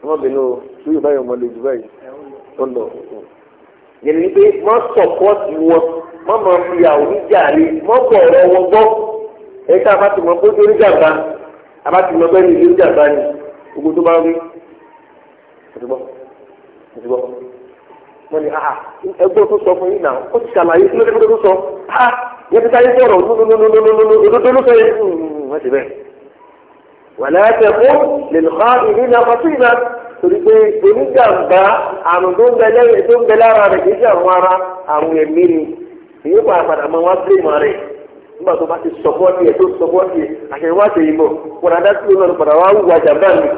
Speaker 1: wọ́n bẹ̀rẹ̀ o tí yóò báyọ̀ mọ́ lè jù báyìí ó lọ. yẹn ni pé má sọ̀pọ́tì wọn má máa fi àwọn oníjàre má bọ̀ ọ̀rọ̀ wọn gbọ́ ẹ̀ka bá ti mọ bójú oníjàmbá abáti mọ bẹ́ẹ̀ ni ìlú jàmbá ni ogun tó bá rí àtúbọ̀ àtúbọ̀ wọ́n ní ẹgbẹ́ tó sọ fún yín náà ó ti ṣàlàyé kí ló dé tó sọ ha yẹn ti ká yín sọ̀rọ̀ òdodo ló sọ yẹn wọ́n ti bẹ́ẹ̀. wàlẹ́ ẹ̀kẹ́ ó lè lọ́ọ́ ìlú ní afọ́sí ìlà torí pé oníjàmbá àrùn tó ń bẹ lẹ́yìn tó ń bẹ lára rẹ̀ kì í ṣe àwọn ara àrùn ẹ̀mí ni èyí pàápàá máa wá sílẹ̀ mọ́ rẹ̀. nígbà tó bá ti sọpọ́ọ̀tì ẹ̀ tó sọpọ́ọ̀tì ẹ̀ àṣẹwá àtẹ̀yìn bọ̀ wọn àdá tí wọn padà wá wù wájà bá mi.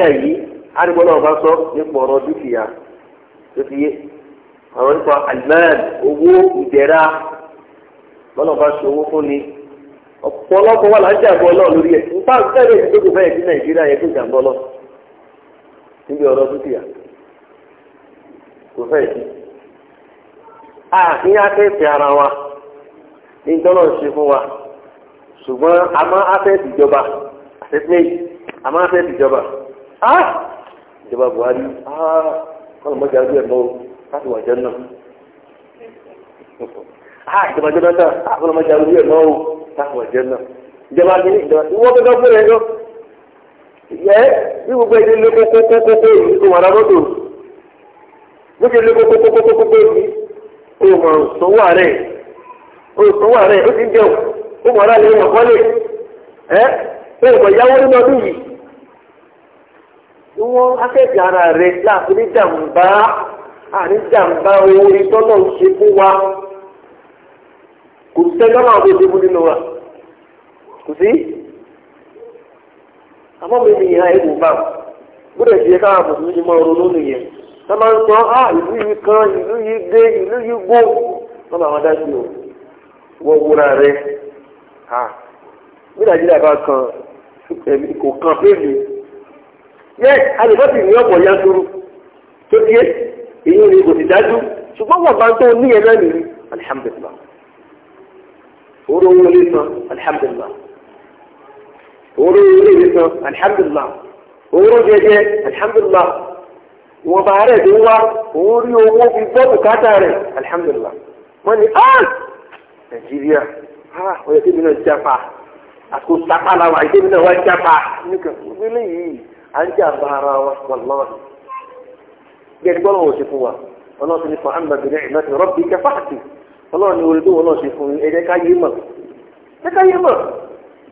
Speaker 1: yìí àdìgbò náà bá sọ nípa ọ̀rọ̀ dúkìá tó fi yé ọ̀rọ̀ nípa owó ìdẹ̀ra lọ́nà bá ṣe owó fún ni ọ̀pọ̀lọpọ̀ wà lájàgbọ́ náà lórí ẹ̀ nípa nàìjíríà yẹ kó a ní afẹ́fẹ́ ara wa ní dọ́là ń ṣe fún wa ṣùgbọ́n a máa afẹ́fẹ́ ìjọba àtẹ́tẹ́ a máa afẹ́fẹ́ ìjọba a ìjọba Buhari a kọ́nà mọ́jà ojú ẹ̀ mọ́ láti wà jẹ́ náà a ìjọba Jonathan a kọ́nà mọ́jà ojú ẹ̀ mọ́ láti wà jẹ́ náà ìjọba kìíní ìjọba ìwọ́n gbẹ́gbẹ́ fún ẹ̀ lọ yẹ bí gbogbo ẹ̀ lé kókókókókó yìí kó wà lọ́dọ̀ bó ṣe lé kókókókókókó yìí. o mọ̀ sanwó àárẹ̀ o o ti o mọ̀ aráàlú èèyàn kọ́lé ẹ́ bẹ́ẹ̀ mọ̀ ìyáwó nínú ọdún yìí wọ́n akẹ́kẹ́ ara rẹ̀ láàfin ní jàǹbá àní jàǹbá ń wa kò sẹ́ lọ́nà àwọn òṣèlú nínú wa kò sí àmọ́ mi nìyẹn ẹ̀wò bá gbọ́dọ̀ ṣe káwọn àbùkù ní mọ́ ronú nìyẹn. tó máa ń sọ á ah, ìlú yìí kan ìlú yìí dé ìlú yìí gbó wọ́n máa wọn dá wọ́n wúra rẹ̀ ha ah, bí nàìjíríà bá kan kò kan péèlì yẹ alùpàtì ní ọ̀pọ̀ yanturu tó díẹ̀ èyí ni kò sì dájú ṣùgbọ́n wọ́n bá ń tó níyẹn náà nìyí alihamdulilah owó owó ilé san alihamdulilah owó owó ilé san alihamdulilah owó jẹjẹ alihamdulilah wọn bá rẹ̀ dé wá òun rí owó fi gbọ́ bùkátà rẹ̀ alihamudulila wọn ni ah nàìjíríà ah ó yẹ kébìnrin náà jápa àti sápá làwọn àìsèbìnrin náà wá jápa nìkan ìpínlẹ̀ yìí à ń jà bá ara wa wàlọ́ọ̀nù bí ẹni gbọ́dọ̀ wò fún wa ọlọ́run ti ní fún amadu ní ìmọ̀tì rọ́bì kẹfà àti ọlọ́run ni orí tó wọn náà ṣe fún ẹ̀jẹ̀ yé mọ̀ ẹ̀jẹ̀ yé mọ̀.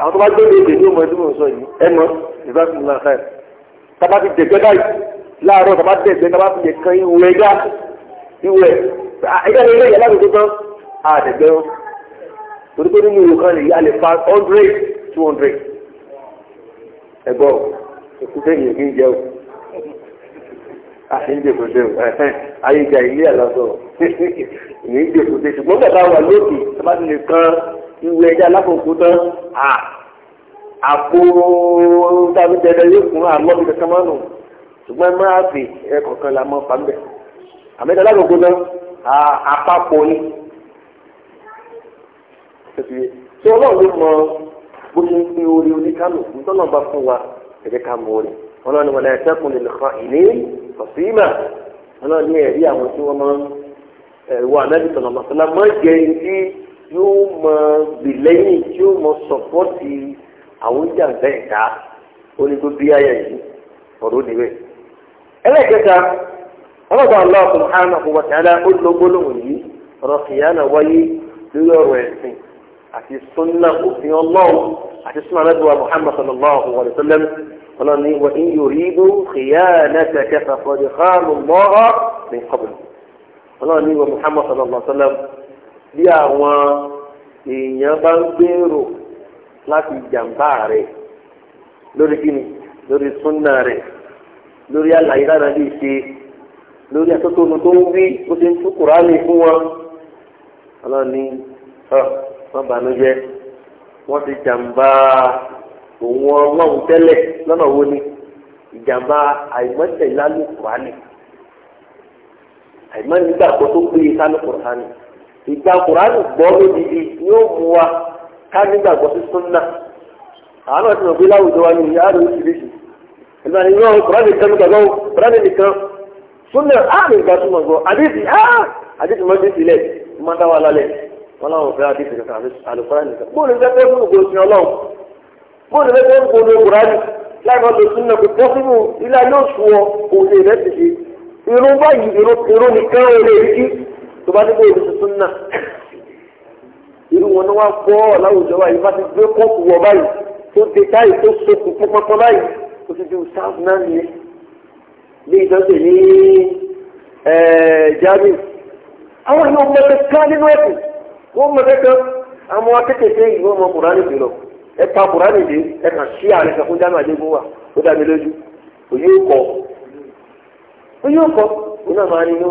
Speaker 1: àwọn tó bá gbé léde ní ọmọ ẹni mò ń sọ yìí ẹnu ìbáṣe ńlá ká ẹ tábà ti dẹgbẹ báyìí láàárọ̀ tábà ti dẹgbẹ tábà ti yẹ kan ìwé ẹgbà ìwé ẹgbà ní ilé ìyàlá gbogbo tán àdẹgbẹ wọn torí pé nínú ìwé kan lè yá lè fa hundred two hundred ẹgbọ èkúté yìí kì í jẹ o àti ń dèkúté o ayé ìjà ilé àlọ́ sọ̀rọ̀ ní dèkúté ṣùgbọ́n bàbá wà lókè tábà ti lè kan ìwé ẹja alákòókò tán à àpò tàbí dandan yóò fún àlọ́bì kankan mọ́ nù ṣùgbọ́n máa fi ẹ̀kọ̀kan la mọ́ pa mbẹ́ àmẹ́ta alákòókò tán àpapọ̀ ni tí ọlọ́run ló mọ bó ṣe ń pín orí oníkánò nítorí bá fún wa ẹ̀jẹ̀ ká mọ orí ọlọ́run wọn náà ẹ̀sẹ̀kùn lè nìkan ìní ọ̀sìnmà ọlọ́run ní ẹ̀rí àwọn tí wọ́n máa ń wọ ànábì sọ̀nà tí ó mọ bìlẹ́yìn tí ó mọ sọ̀pọ́tì àwọn jàǹdà ẹ̀ka onígbó bí ayé yìí ọ̀rọ̀ níbẹ̀. ẹlẹ́kẹta ọlọ́dọ̀ Allah subhanahu wa ta'ala ó lo gbólóhùn yìí ọ̀rọ̀ kìyànà wáyé lórí ọ̀rọ̀ ẹ̀sìn àti sunna òfin ọlọ́run àti sunna alábíwá Muhammad sallallahu alayhi wa sallam ọlọ́ni wa in yuridu khiyānataka faqad khānu Allāha min qabl ọlọ́ni wa Muhammad sallallahu alayhi wa bí àwọn èèyàn bá ń gbèrò láti jàǹbá rẹ̀ lórí kíni lórí súnà rẹ̀ lórí àlàyé lára lè ṣe lórí atótónu tó ń wí ó ṣe ń tú kùránì fún wọn ọlọ́run ní wọ́n bànújẹ́ wọ́n ti jàǹbá òun ọlọ́run tẹ́lẹ̀ lọ́nà wo ni ìjàmbá àìmọ́tẹ̀lálù kùránì àìmọ́nigbàgbọ́ tó péye sálù kùránì ìgbà kùránù gbọ́ lódìdí yóò mú wa ká nígbàgbọ́ sí súnà àwọn ọ̀sìn òbí láwùjọ wa ní ìyá rẹ̀ oríṣiríṣi ìgbà ni yóò kùránù nìkan nígbà gbọ́ kùránù nìkan súnà àmì ìgbà súnmọ̀ gbọ́ àdìsí àdìsí mọ́ dìsí lẹ̀ mọ́ dá wa lálẹ́ wọn láwọn òfin àdìsí kankan àlùkùránù nìkan bóòlù fẹ́ fẹ́ fún ògbóòsìn ọlọ́run bóòlù fẹ́ fẹ́ fún ògbóòsìn tó bá níbo ìlú tuntun náà irú wọn ni wọn gbọ́ láwùjọ wa yìí bá ti gbé kọ́ọ̀pù wọ báyìí tó de táyì tó sokù pọ́npọ́n báyìí tó ti di ṣáàbù náà nìyẹn bí ìjọsìn ní jáde àwọn yóò mọ kẹkẹ nínú ẹkùn wọn mọ kẹkẹ àwọn akẹ́kẹ̀ẹ́ yìí wọn mọ kùránì jù lọ ẹ pa kùránì dé ẹ kàn sí àrẹ kankan jáde àdéhùn wa ó dá mi lójú òye kọ òye kọ òun náà máa ní nínú.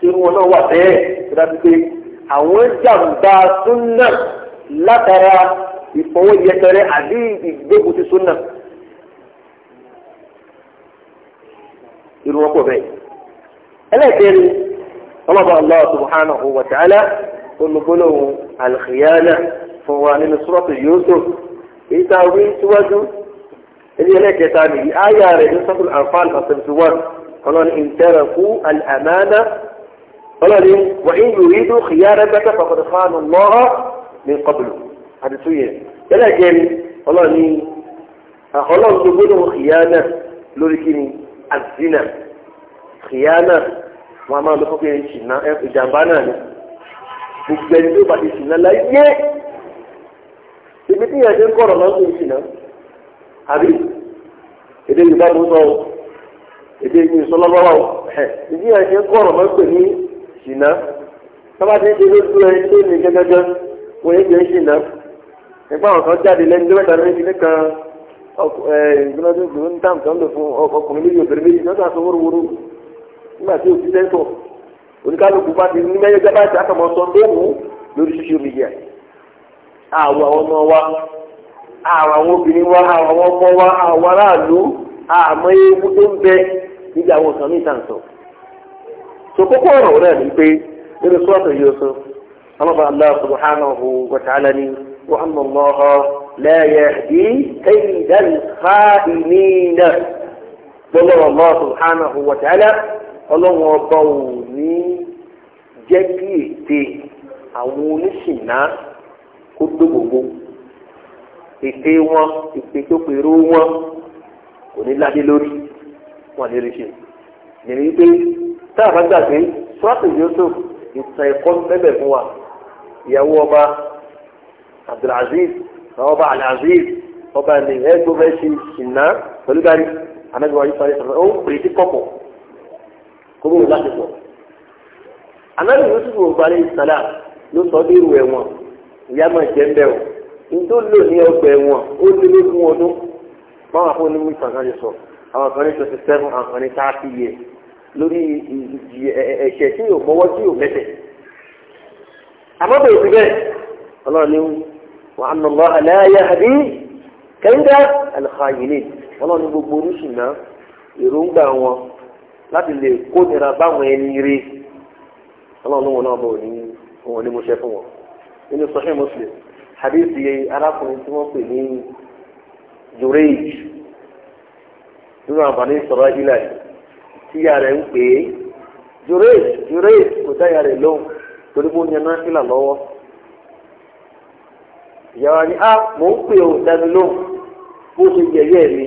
Speaker 1: tí wọn náà wà bẹ́ẹ̀ tó dájú pé àwọn jàǹbá súnà látara ìfọwọ́ yẹtẹrẹ àbí ìgbégun ti súnà. irú wọn pọ̀ bẹ́ẹ̀. ẹlẹ́kẹ̀rin ọlọ́ba allah subhanahu wa ta'ala olùgbọ́lọ́hùn alkhiyana fún wa nínú suratu yusuf èyí tá a wí síwájú ẹni ẹlẹ́kẹta nìyí áyà rẹ̀ ní sọ́kùn anfal ọ̀sẹ̀ tí wọ́n ọlọ́ni ìtẹ̀rẹ̀kú al-amana ọlọ́ni wà ní yorì tó kìyà rẹ bẹ́tẹ̀ fàkọ̀tà fáànù lọ́rọ́ ní kọ́bùlù àti tó yẹ yẹlẹ jẹ ni ọlọ́ni ọlọ́run tó gbọ́dọ̀ kìyà náà lórí kí ni àzínà kìyà náà wọn a máa lọ fọ́kẹ́ ìjàmbá náà ni gbogbo ẹni tó bá ti sìn náà láyé ibi tí yẹn ń kọ̀rọ̀ náà tó ń àbí èdè yorùbá ló sọ èdè yorùbá sọ lọ́wọ́ ṣìnà tọ́ba ti ń ṣe e ẹ tó ní gẹ́gẹ́gẹ́ wọ́n yé jẹ́ ṣìnà ẹgbẹ́ àwọn kan jáde lẹ́nu lọ́wọ́ ìdáná méjì nìkan ìgbìmọ̀ táwọn kan lò fún ọkùnrin méjì obìnrin méjì ní wa kókó ọ̀rọ̀ wọn náà ní pé nínú sọ́ọ̀tù Yusuf ọlọ́ba Allah subhanahu wa ta'ala ni wa anna Allaha la yahdi kaydal kha'inin lọ́wọ́ Allah subhanahu wa ta'ala ọlọ́wọ́ ọba ò ní jẹ́ kí ète àwọn oníṣìnà kó tó gbogbo ète wọn ète tó pèrò wọn kò ní ládé lórí wọn lè rí ṣe ìrìn pé tá a bá gbàgbé sọ́ọ̀tì Yusuf ìtàn ẹ̀kọ́ bẹ́bẹ̀ fún wa ìyàwó ọba Abdulaziz ọba Alaziz ọba ní ẹgbẹ́ bẹ́ẹ̀ ṣe ìná pẹ̀lú gari anágbèwà yìí sọ́ọ̀tì sọ́ọ̀tì ó pèrè sí pọ̀pọ̀ kó bó láti pọ̀ anágbèwà Yusuf ò balẹ̀ ìsàlá ló sọ dé ìrù ẹ̀wọ̀n ìyá máa jẹ́ ń bẹ̀ wọ̀ ntó lò ní ọgbà ẹ̀wọ̀n ó lé lógún ọdún báwọn afọ onímọ̀ ìtàn kan ti sọ àwọn kan ní twenty àwọn kan ní thirty years lórí ẹ̀ṣẹ̀ tí yóò fọwọ́ tí yóò mẹ́sẹ̀. àmọ́ bẹ̀rẹ̀ sí bẹ́ẹ̀ ọlọ́run ni wàá nà lọ́ àlàyé àbí kẹ́ńdà àlùfáàyìnì ọlọ́run ni gbogbo oríṣìíná èròǹgbà wọn láti lè kó nira báwọn ẹni rí ọlọ́run wọn náà bọ̀ ní wọn ní mo ṣe fún wọn nínú sọ́hìn Muslim hadithi arákùnrin tí wọ́n pè ní Jureij nínú àǹfààní sọ̀rọ̀ ilẹ̀ yìí. tíyà rẹ̀ ń pè é jùrèj jùrèj kò dáyà rẹ̀ lóhùn torí bó yan náà ni a mò ń pè ó dání lóhùn bó ṣe yẹ̀yẹ́ mi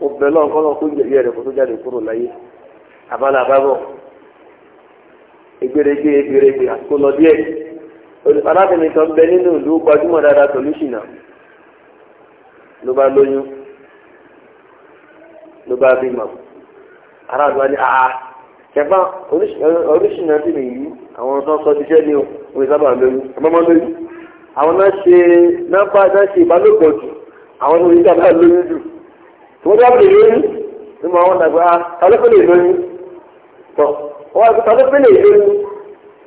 Speaker 1: mo bẹ̀ lọ́n kọ́ lọ́n kó yẹ̀yẹ́ rẹ̀ kó tó jáde kúrò láyé àbálà àbábọ̀ egberege egberege àsìkò lọ díẹ̀ arábìnrin kan bẹ nínú ìlú gbajúmọ̀ dáadáa ló bá lóyún ló bá bímọ. aráàlú wa ní àá ṣẹ̀fà oríṣìí náà àwọn tó ń sọ ní òun lóyún ọmọọmọ lóyún àwọn náà ṣe na náà ṣe ìbálòpọ̀ jù àwọn tó ń ṣe lóyún jù tó wọ́n dábìlì lóyún ní mo àwọn lóyún tọ́ wọ́n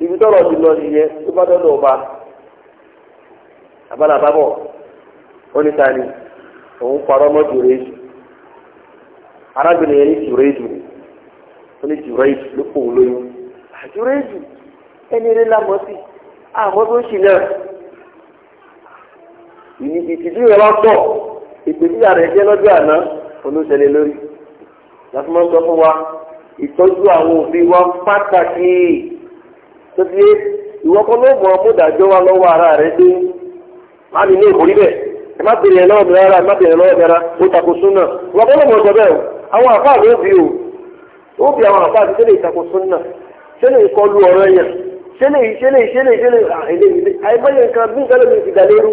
Speaker 1: lóyún ibi abala ó ní ta ni òun parọ́ mọ́ arábìnrin yẹn ó ní jùrẹ́jù ló pò ń lóyún àjùrẹ́jù ah, ẹni eré lámọ́ sí àmọ́ tó ń ṣì náà ìtìjú rẹ̀ wá pọ̀ ìpèsíyà rẹ̀ jẹ́ lọ́jọ́ àná olóṣèlú lórí láti máa ń sọ fún wa ìtọ́jú àwọn òbí wa pàtàkì tó ti ìwọ kan ló mọ amúdàjọ wa lọ́wọ́ ara rẹ̀ dé má ní ní ìkórí bẹ́ẹ̀ ẹ má bèrè lọ́wọ́ mi rárá ẹ má bèrè lọ́wọ́ mi rárá ó takò súnà ìwọ kan ló mọ ọjọ́ bẹ́ẹ̀ o àwọn àfáà ló bí o obi bí àwọn àbá àti tẹ́lẹ̀ ìtakò sunna tẹ́lẹ̀ ìkọlù ọ̀rọ̀ yẹn tẹ́lẹ̀ ìṣẹ́lẹ̀ ìṣẹ́lẹ̀ ìṣẹ́lẹ̀ àìlèyìn àìbáyé nǹkan bí nǹkan lómi ti dàlérú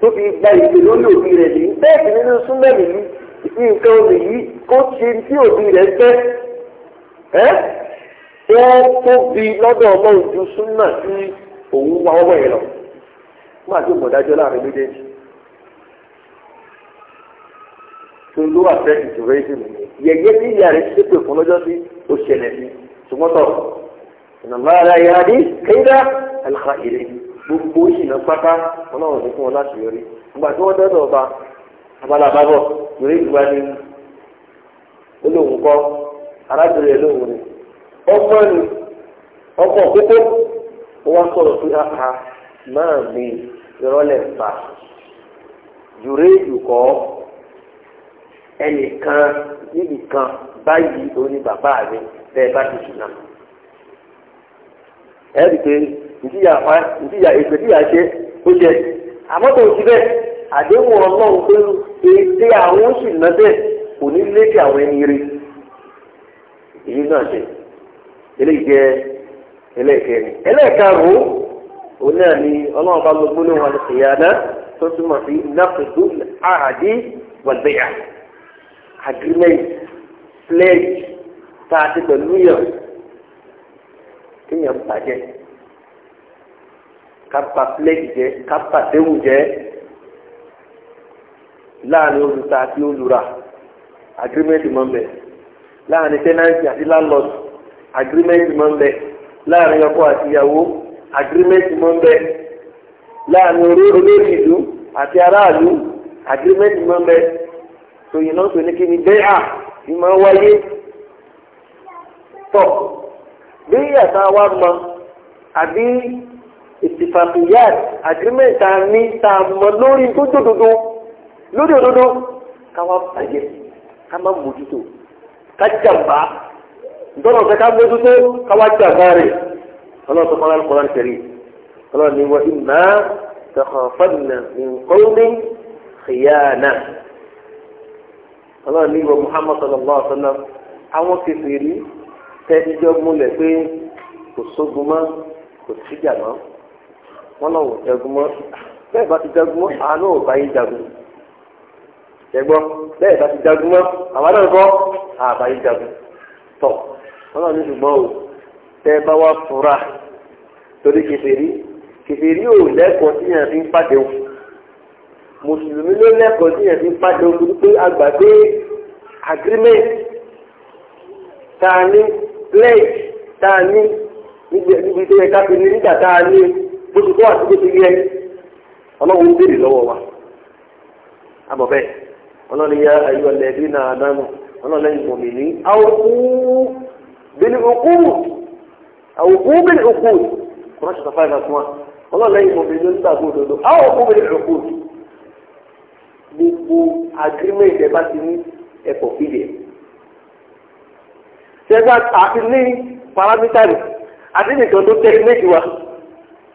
Speaker 1: tó fi gba ìpè lórí òbí rẹ̀ nìyí bẹ́ẹ̀ sì nínú súnmẹ́lì yìí ìpín nǹkan omi yìí kó ṣe tí òbí rẹ̀ fẹ́ ẹ́ wọ́n tóbi lọ́dọ̀ ọmọ òjò tó ló wà fẹ́ ìtùrẹ́sìmù yẹ̀yẹ́ tí ìyá rẹ̀ ṣépè fún lọ́jọ́ sí ó ṣẹlẹ̀ sí ṣùgbọ́n tọ̀ ìnàmbá ara ìyá rí kéńdà àlùkà ìrè gbogbo ìṣìnà pátá ọlọ́run ní fún wọn láti yọrí ìgbà tí wọ́n dọ́dọ̀ ọba abalábábọ̀ yọrí ìgbà ni olóhùn kọ́ arábìnrin ẹ̀ lóhùn ni ọmọ ni ọkọ̀ kókó wọ́n sọ̀rọ̀ sí aka ah, ah, máa mi ìrọ̀lẹ́ fà jùrẹ́jù kọ́ ẹnìkan kan báyìí òní bàbá mi bẹ́ẹ̀ bá ti sùn náà. ẹ rí i pé ìdíyà wa ìdíyà èpè díyà ṣe ó jẹ àmọ́ tó ti bẹ́ẹ̀ àdéhùn ọlọ́run pé ètè àwọn oṣù náà bẹ́ẹ̀ kò ní létí àwọn ẹni rí èyí náà ṣe eléyìí jẹ ẹlẹ́ẹ̀kẹrin òun náà ni ọlọ́run bá gbogbo lóhùn náà tó túmọ̀ sí wàlbẹ́yà. agreement pledge tá a ti pẹ̀lú yàn kéèyàn bàjẹ́ kápá pledge jẹ kápá déhùn jẹ láàrin olùta àti olùrà agreement mọ́ ń bẹ láàrin tenancy àti landlord agreement mọ́ ń bẹ láàrin ọkọ àti ìyàwó agreement mọ́ ń bẹ láàrin olórí ìlú àti aráàlú agreement mọ́ ń bẹ sòyìn náà sòyìn kí ni bẹ́ẹ̀ à ni máa wáyé tọ̀ bí àtà wa mọ àbí ìtìfàkìyàt àgírímẹ̀ntà ní tá a mọ lórí tó dòdòdó lórí òdodo káwa bàjẹ́ ká má mójútó ká jàmbá dọ́nà fẹ́ ká mójútó káwa jàmbá rẹ̀ ọlọ́run tó kọ́ra kọ́ra kẹrì ọlọ́run ni wọ́n ìmọ̀ tẹ̀kọ̀ fọ́nà nǹkan ní xìyànà ọlọ́run nígbà Muhammad sallallahu alaihi wa sallam àwọn kèfèrí tẹ́tíjọ́ múlẹ̀ pé kò sógun mọ́ kò síjà mọ́ wọn náà wò jagun mọ́ bẹ́ẹ̀ bá ti jagun mọ́ àánú ò bá yín jagun ẹgbọ́ bẹ́ẹ̀ bá ti jagun mọ́ àwọn náà bọ́ àbá yín jagun tọ̀ wọn náà ní ṣùgbọ́n o tẹ́ bá wá fura torí kèfèrí kèfèrí ò lẹ́kọ̀ọ́ tí yẹn fi ń pàdé wọn. mùsùlùmí ló lẹ́kọ̀ọ́ sí ẹ̀sìn pàṣẹ òkúrú pé agreement tá a ní pledge tá a ní níbi tó yẹ ká fi ní nígbà tá a ní tó ń béèrè lọ́wọ́ wa àmọ́ bẹ́ẹ̀ ọlọ́run yá ayọ̀ lẹ́bí náà dánù ọlọ́run lẹ́yìn mọ̀mí ní àwòkú bíi òkú àwòkú bíi òkú kọ́nà sọ lẹ́yìn mọ̀mí ní òkú. gbogbo agreement ẹ bá ti ní ẹ̀kọ́ fìdí ẹ̀. ṣẹ́gbà àti ní paramítàlì àti nìkan tó tẹ́ méjì wa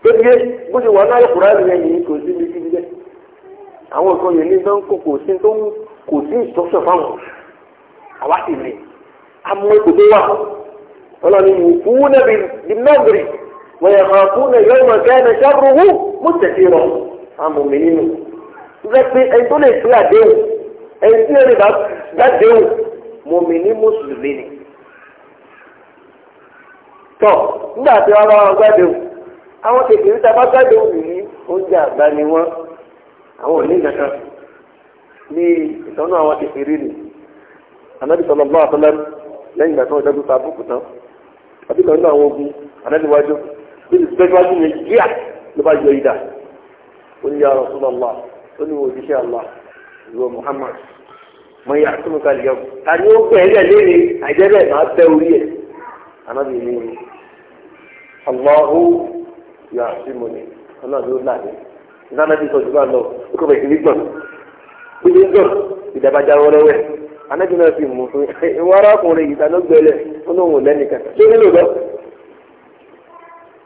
Speaker 1: tó ti gé bó ti wà náà lọ́kùnrin àti ẹ̀yìn yìí kò sí ibi tí bíbẹ́. àwọn nǹkan yìí ní sọ́n kò sí tó ń kò sí ìtọ́sọ̀ fáwọn àwa sì rè amú ipò tó wà ọlọ́ni ìwòkú nàbí di mẹ́bìrì wọ̀nyẹ̀ hàn fún ìmọ̀ kẹ́ ẹ̀ wípé pé ẹni tó lè fi àdéhùn ẹni tí yóò lè bá gbàdéhùn mọ̀mí ní mùsùlùmí ni. tọ nígbà tí wọ́n bá wọn gbàdéhùn àwọn kékeré tá bá gbàdéhùn yìí oúnjẹ àgbà ni àwọn òní ní ìtọ́nú àwọn ni anabi sọlọ bá àtọ́lá lẹ́yìn ìgbà tí wọ́n dẹ́gun ta búkú tán àbí kan àwọn ogun anabi wájú bí ìgbẹ́jọ́ wájú yẹn jíà ló bá yọ ó ní wo òjíṣẹ́ Allah ìwọ Muhammad mo yà tó mo ka lè yọ ta ni ó pè é lẹ léèrè àìjẹbẹ máa bẹ orí ẹ anábì ní Allahu yà sí mo ní ọlọ́run ló láàyè nanabi sọ jùlọ lọ ó kọ bẹ kiri gbọn kiri gbọn ìdàbàjà wọlọwẹ anábì náà fi mú fún ìwọ arákùnrin yìí dáná gbẹlẹ ó ní òun lẹnìkan tó nílò lọ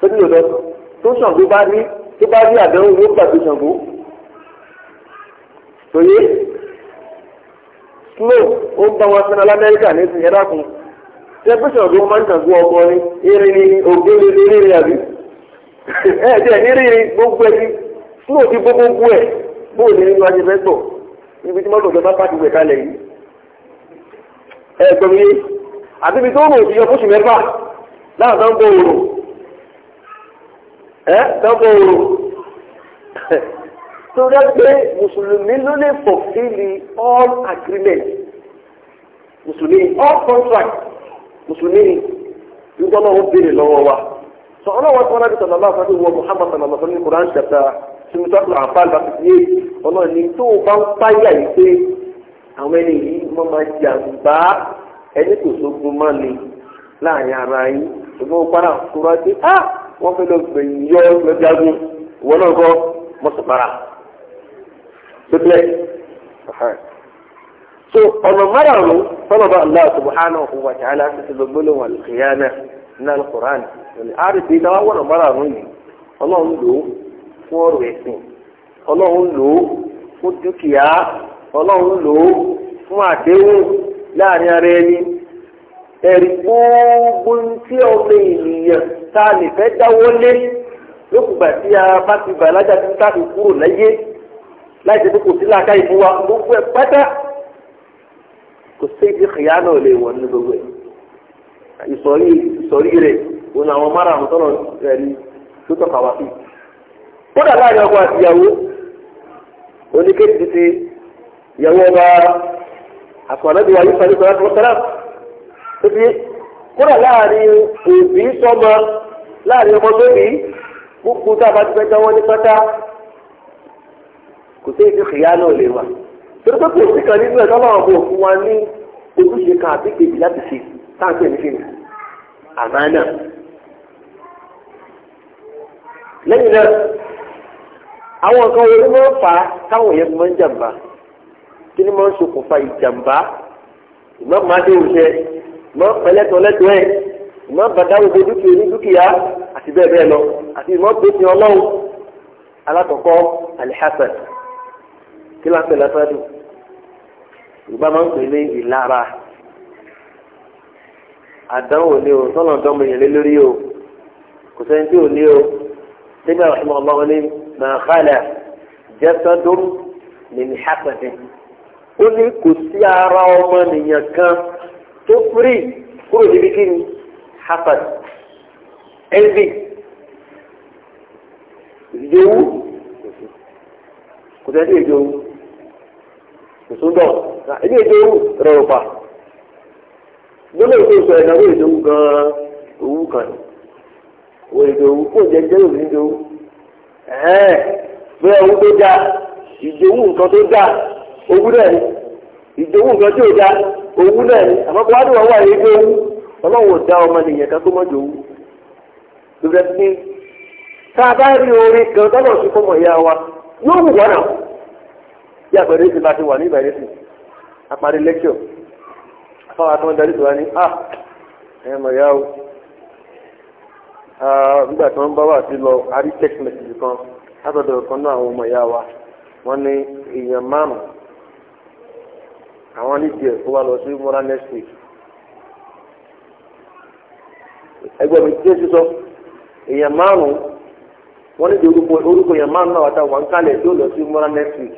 Speaker 1: tó nílò lọ tó Ṣàngó bá rí tó bá rí àdéhùn yóò gbàgbé Ṣàngó tòyé slow ó ń bá wọn sẹ́nà lamẹ́ríkà ní ìsìn ẹ̀dá kun tẹ́pẹ́sọ̀ tó máa ń tàgbó ọkọ ni irin ni ògbé lele ni àbí ẹ̀ jẹ́ rírì gbogbo ẹ̀ ti slow ti gbogbo gbogbo ẹ̀ bóò ní nínú ajẹ́fẹ́ tọ̀ ibi tí mọ́tò ìjọba pàdé ìwẹ̀ kalẹ̀ yìí ẹ̀ gbẹ̀mí àti ibi tó rò ti yọ fóṣù mẹ́fà láwọn tó ń bọ̀ òrò ẹ̀ tó ń bọ̀ òrò torí pé mùsùlùmí ló lè fulfilling all agreement mùsùlùmí all contract mùsùlùmí ìgbọ́nà ó béèrè lọ́wọ́ wa sọ ọlọ́wọ́ tí wọ́n láti sọ̀rọ̀ aláwọ̀ fún wọn Muhammad sallallahu alaihi wa sallam Quran chapter simisaku anfal verse eight ọlọ́run ní tó o bá ń páyà yìí pé àwọn ẹni yìí wọ́n máa jàǹbá ẹni kò sógun má le láàrin ara yín ṣùgbọ́n ó para kúrọ́ sí wọ́n fẹ́ lọ gbẹ̀yìn yọ lọ́jà gún ìwọ náà kọ́ mọ́sọ̀pára. sípẹ́ so ọ̀nà márààrún tọ́lọ́bà allah subhanahu wa ta'ala ti ti gbogbo ní àrùbí náà yìí ọlọ́run lò ó fún ẹ̀sìn ọlọ́run lò ó fún dúkìá ọlọ́run lò ó fún àdéhùn láàrin ara ẹni ẹ̀rí gbogbo tí ọmọ ènìyàn tá a lè fẹ́ dáwọ́ lé lókùgbà tí a bá ti bàlájà fi kúrò láyé. láì ṣe pé kò sí làákà ìfún wa gbogbo ẹ̀ pátá kò sí ibi kìyà náà lè wọ̀ nínú gbogbo ẹ̀ ìsọ̀rí ìsọ̀rí rẹ̀ òun làwọn mara àwọn tọ́lọ̀ rẹ̀ ní tó tọ́ka wá sí. kódà láàrin ọkọ àti ìyàwó oníkéjì ti ṣe ìyàwó ọba àkọ́nàbí wa yìí nípa ẹ̀kọ́ sọ́lá tó kódà láàrin òbí sọ́mọ láàrin ọmọ tó bí tá a bá ti fẹ́ jáwọ́ ní pátá kò sí èdè ìyá náà lè wà torí pé kò sí kan nínú ẹ̀ tọ́lọ́ ọ̀bọ̀ fún wa ní ojúṣe kan àti kejì láti ṣe táǹkì nífìnì àmánà lẹ́yìn náà àwọn nǹkan wo ló máa ń fà á táwọn yẹn máa ń jàǹbá kí ni máa ń ṣokùnfà ìjàǹbá ìmọ̀ máa dé oúnjẹ ìmọ̀ pẹ̀lẹ́tọ̀lẹ́tọ̀ ẹ̀ ìmọ̀ bàdáwòbó dúkìá ní dúkìá àti bẹ́ẹ̀ bẹ́ẹ̀ lọ àti ìmọ̀ gbèsè ọlọ́run alákọ̀ọ́kọ́ alihassan kí la pè lásàdù ìgbà máa ń pè ní ìlara àdánwò ni o sọ́nà ọ̀dọ́mọ yẹn lé lórí o kò sẹ́ni tí ò ní o sẹ́ni àwọn ọmọ ọmọ ní màá kálẹ̀ jẹ́sọ́dún ní hàpẹ̀tẹ̀ ó ní kò sí ara ọmọ nìyẹn kan tó firi kúrò níbi kí ni hàpẹ̀tẹ̀ envy ìdíjowó kò sẹ́ni ìdíjowó ìsúndọ̀ ilé ìdóhùn rọrùn pa gbọ́dọ̀ tó sọ ìnáwó ìdóhùn gan-an owó kan owó ìdóhùn kò jẹ́ jẹ́ òní ìdóhùn ẹ̀ẹ́n bẹ́ẹ̀ owó tó dáa ìdóhùn nǹkan tó dáa owó náà ni ìdóhùn nǹkan tó dáa owó náà ni àmọ́ kó wá dùn wá yé dóhùn ọlọ́wọ́ dá ọmọ nìyẹn ká tó mọ́jọ owó lórí ẹ tá a bá rí orin kan tọ́lọ̀ sí fọmọ ìyá wa yóò wù wọ́n náà bí àpẹẹrẹ ìsìn bá ti wà ní ìbẹ̀rẹ̀ ìsìn àparí lẹ́kṣọ̀ fáwọn àtọ́wọ́n darí tó wá ní à ah, ẹ mọ̀ yá o nígbà tí wọ́n bá wà sí lọ a rí text message kan látọ̀dọ̀ kan náà àwọn ọmọ ìyá wa wọ́n ní èèyàn márùn àwọn nídìí ẹ̀ kó wá lọ sí mọ́ra next week ẹgbẹ́ mi tí ó ti sọ èèyàn márùn-ún wọ́n nídìí orúkọ èèyàn márùn-ún náà wà tá wọ́n kálẹ̀ tó lọ sí mọ́ra next week.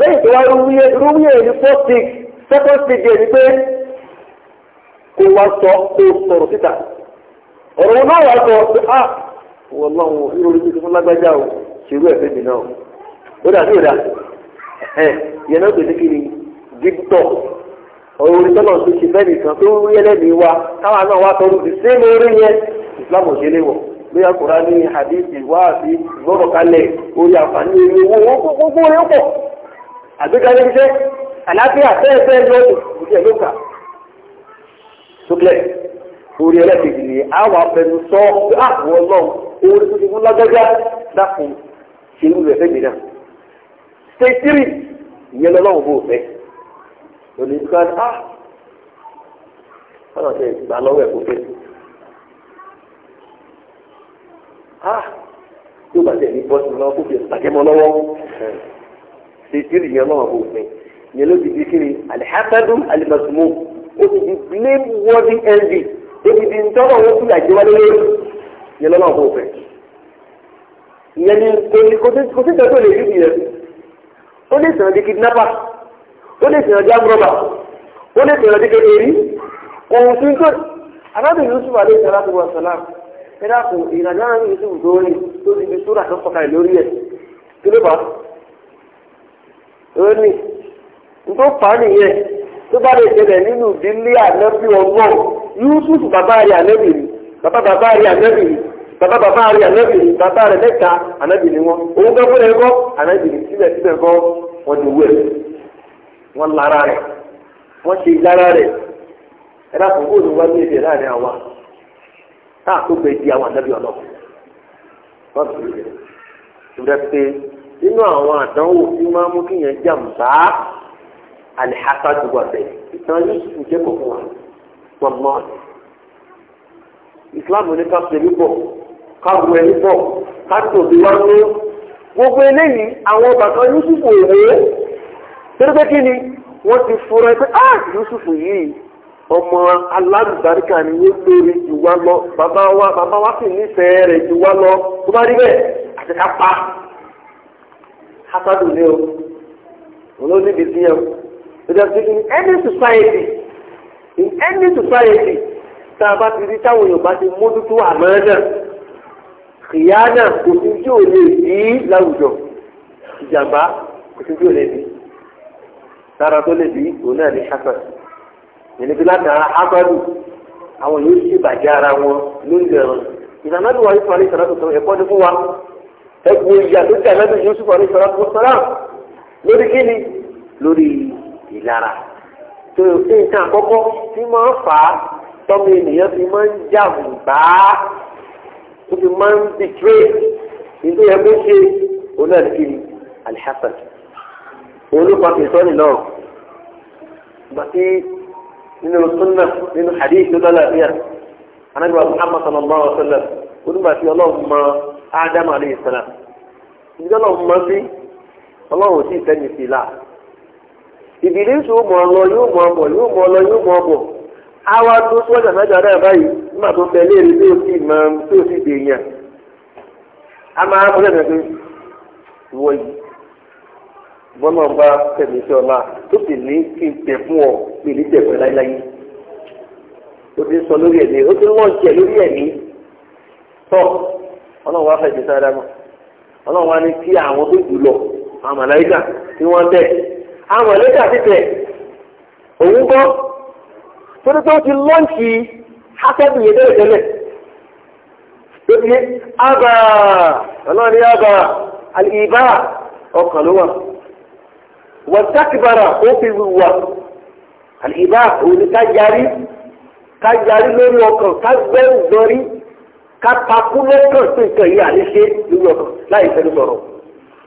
Speaker 1: lẹ́yìn tó wá rúwúyé rúwúyé ní second stage yẹn pé kò wá sọ kò sọ̀rọ̀ síta ọ̀rọ̀ náà wá a wọ́n o ṣerú ẹ̀fẹ́ mi náà ó dà sí ìdá yẹn náà kiri ọ̀rọ̀ orí tọ́lọ̀ tó ṣe fẹ́ẹ́ nìkan tó wa náà wá yẹn Islam ò ṣe kalẹ̀ orí àǹfààní àgbékalẹ̀ iṣẹ́ àlàáfíà fẹ́ẹ̀fẹ́ lọ́dún kò tiẹ̀ ló kà sókè orí ẹlẹ́kejì ni àwọn afẹnu sọ àwọn ah, ọlọ́run orí tuntun fún lágbájá dákun ṣe irú rẹ̀ fẹ́mi náà ṣèṣírì ìyẹn lọ́lọ́run bó fẹ́ òní ká ah, á ọ̀nà tẹ̀ gbà lọ́wọ́ ẹ̀ kó fẹ́ á ah, yóò bá tẹ̀ ní bọ́sùn lọ́wọ́ kó fi bàjẹ́ mọ́ lọ́wọ́ tẹ̀síìrì yẹn náà kò fẹ́ yẹn ló ti di kiri alihakadu alimasumu ó ti di blame worthy envy ó ti di ntọ́nà wọn kúlẹ̀ àjẹwálé lórí yẹn náà kò fẹ́ ìyẹn ni kò sí sẹ́kọ̀ọ́ lè rí ìyẹn ó lè sọ̀rọ̀ di kidnapper ó lè sọ̀rọ̀ di amúrọ̀bà ó lè sọ̀rọ̀ di kékeré òun tún tó arábìnrin yusuf alẹ́ sọ̀rọ̀ àti wàsálà ẹ̀dá kò ìrànlọ́rọ̀ yusuf tó rìn tó ti di súrà tó kọ̀ọ̀kan lórí ẹ̀ kí ló bá ó ní tó fà á nìyẹn tó bá lè ṣẹlẹ̀ nínú ìdílé ànábì ọgbọ́n yusuf bàbá rẹ̀ ànábì rí bàbá bàbá rẹ̀ ànábì rí bàbá bàbá rẹ̀ ànábì rí bàbá rẹ̀ mẹ́ta ànábì rí wọn òun gbẹ́ fúnra ẹ̀kọ́ ànábì rí síbẹ̀síbẹ̀ kọ́ wọn ti wẹ̀ wọn lára rẹ̀ wọn ṣe lára ẹ táà tó di àwọn ànábì ọlọ́run nínú àwọn àdánwò tí máa mú kí yẹn jàǹbá alihasadu wà bẹ́ẹ̀ ìtàn yusuf jẹ́ kókó wa pọ̀nmọ́ islam ní ká pèlú bọ̀ ká wù ẹni bọ̀ ká tòbi wá ní gbogbo eléyìí àwọn bàtà yusuf òwe torí pé kí ni wọ́n ti fura pé ah yusuf yìí ọmọ alárùbáríkà ni yóò lórí jù wá lọ bàbá wa bàbá wa sì nífẹ̀ẹ́ rẹ̀ jù wá lọ tó bá rí bẹ́ẹ̀ àti ká pa hasadu ni o olóníbi sí ẹ o because in any society in any society tá a bá ti rí táwọn Yorùbá ti mójútó àmọ́ náà kìyà náà kò sí tí ò lè dí láwùjọ ìjàmbá kò sí tí ò lè dí lára tó lè dí òun náà ní hasad ìnibí látara hasadu àwọn yóò ṣèbàjẹ́ ara wọn lórí ẹ̀rọ ìdánilẹ́wọ̀n ayé sọ̀rọ̀ ìṣẹ̀lẹ̀ tuntun ẹ̀kọ́ ni fún wa ẹgbẹ́ ìyá tó ti àlẹ́ bíi Yusuf alayhi salatu wa salam lórí kíni lórí ìlara tó o fi nǹkan àkọ́kọ́ tí máa ń fà á tọ́mọ ènìyàn fi máa ń jàǹbá tó fi máa ń bìtíré ìlú yẹn kó ṣe onáàdìkiri alihassan olùkọ́ àfẹ́sọ́nì náà gbàtí nínú sunna nínú hadith lọ́la bíyà anábìwá Muhammad sallallahu alaihi wa sallam onígbàtí ọlọ́run máa. ádámù alayhi salam ìdílé ọlọ́run mọ sí ọlọ́run ò tí ì sẹ́ni sí ụmụ yóò mọ̀ ọ yóò mọ̀ ọ yóò mọ̀ ọ bọ̀ àwa tó sọ́jà mẹ́jọ báyìí nígbà tó léèrè tó mọ tó a máa mú lẹ́nu pé ìwọ yìí sọ tó ní kí n fún ọlọ́run wá fẹ̀jẹ̀ sí ádámà ọlọ́run wá ní kí àwọn tó jù lọ àwọn màláíkà wọ́n tẹ̀ àwọn ti tẹ̀ òun gbọ́ torí pé ó ti lọ́ǹkì hásẹ́bù yẹn tẹ́lẹ̀ tẹ́lẹ̀ tóbi ábà ọlọ́run ní ábà àlìbá ọkàn ló wà wọ́tàkìbára ó fi wà àlìbá òun ká ká lórí ọkàn ká kátakú lọ́kàn sí nǹkan yìí àníṣe lórí ọkàn láì fẹ́ sọ̀rọ̀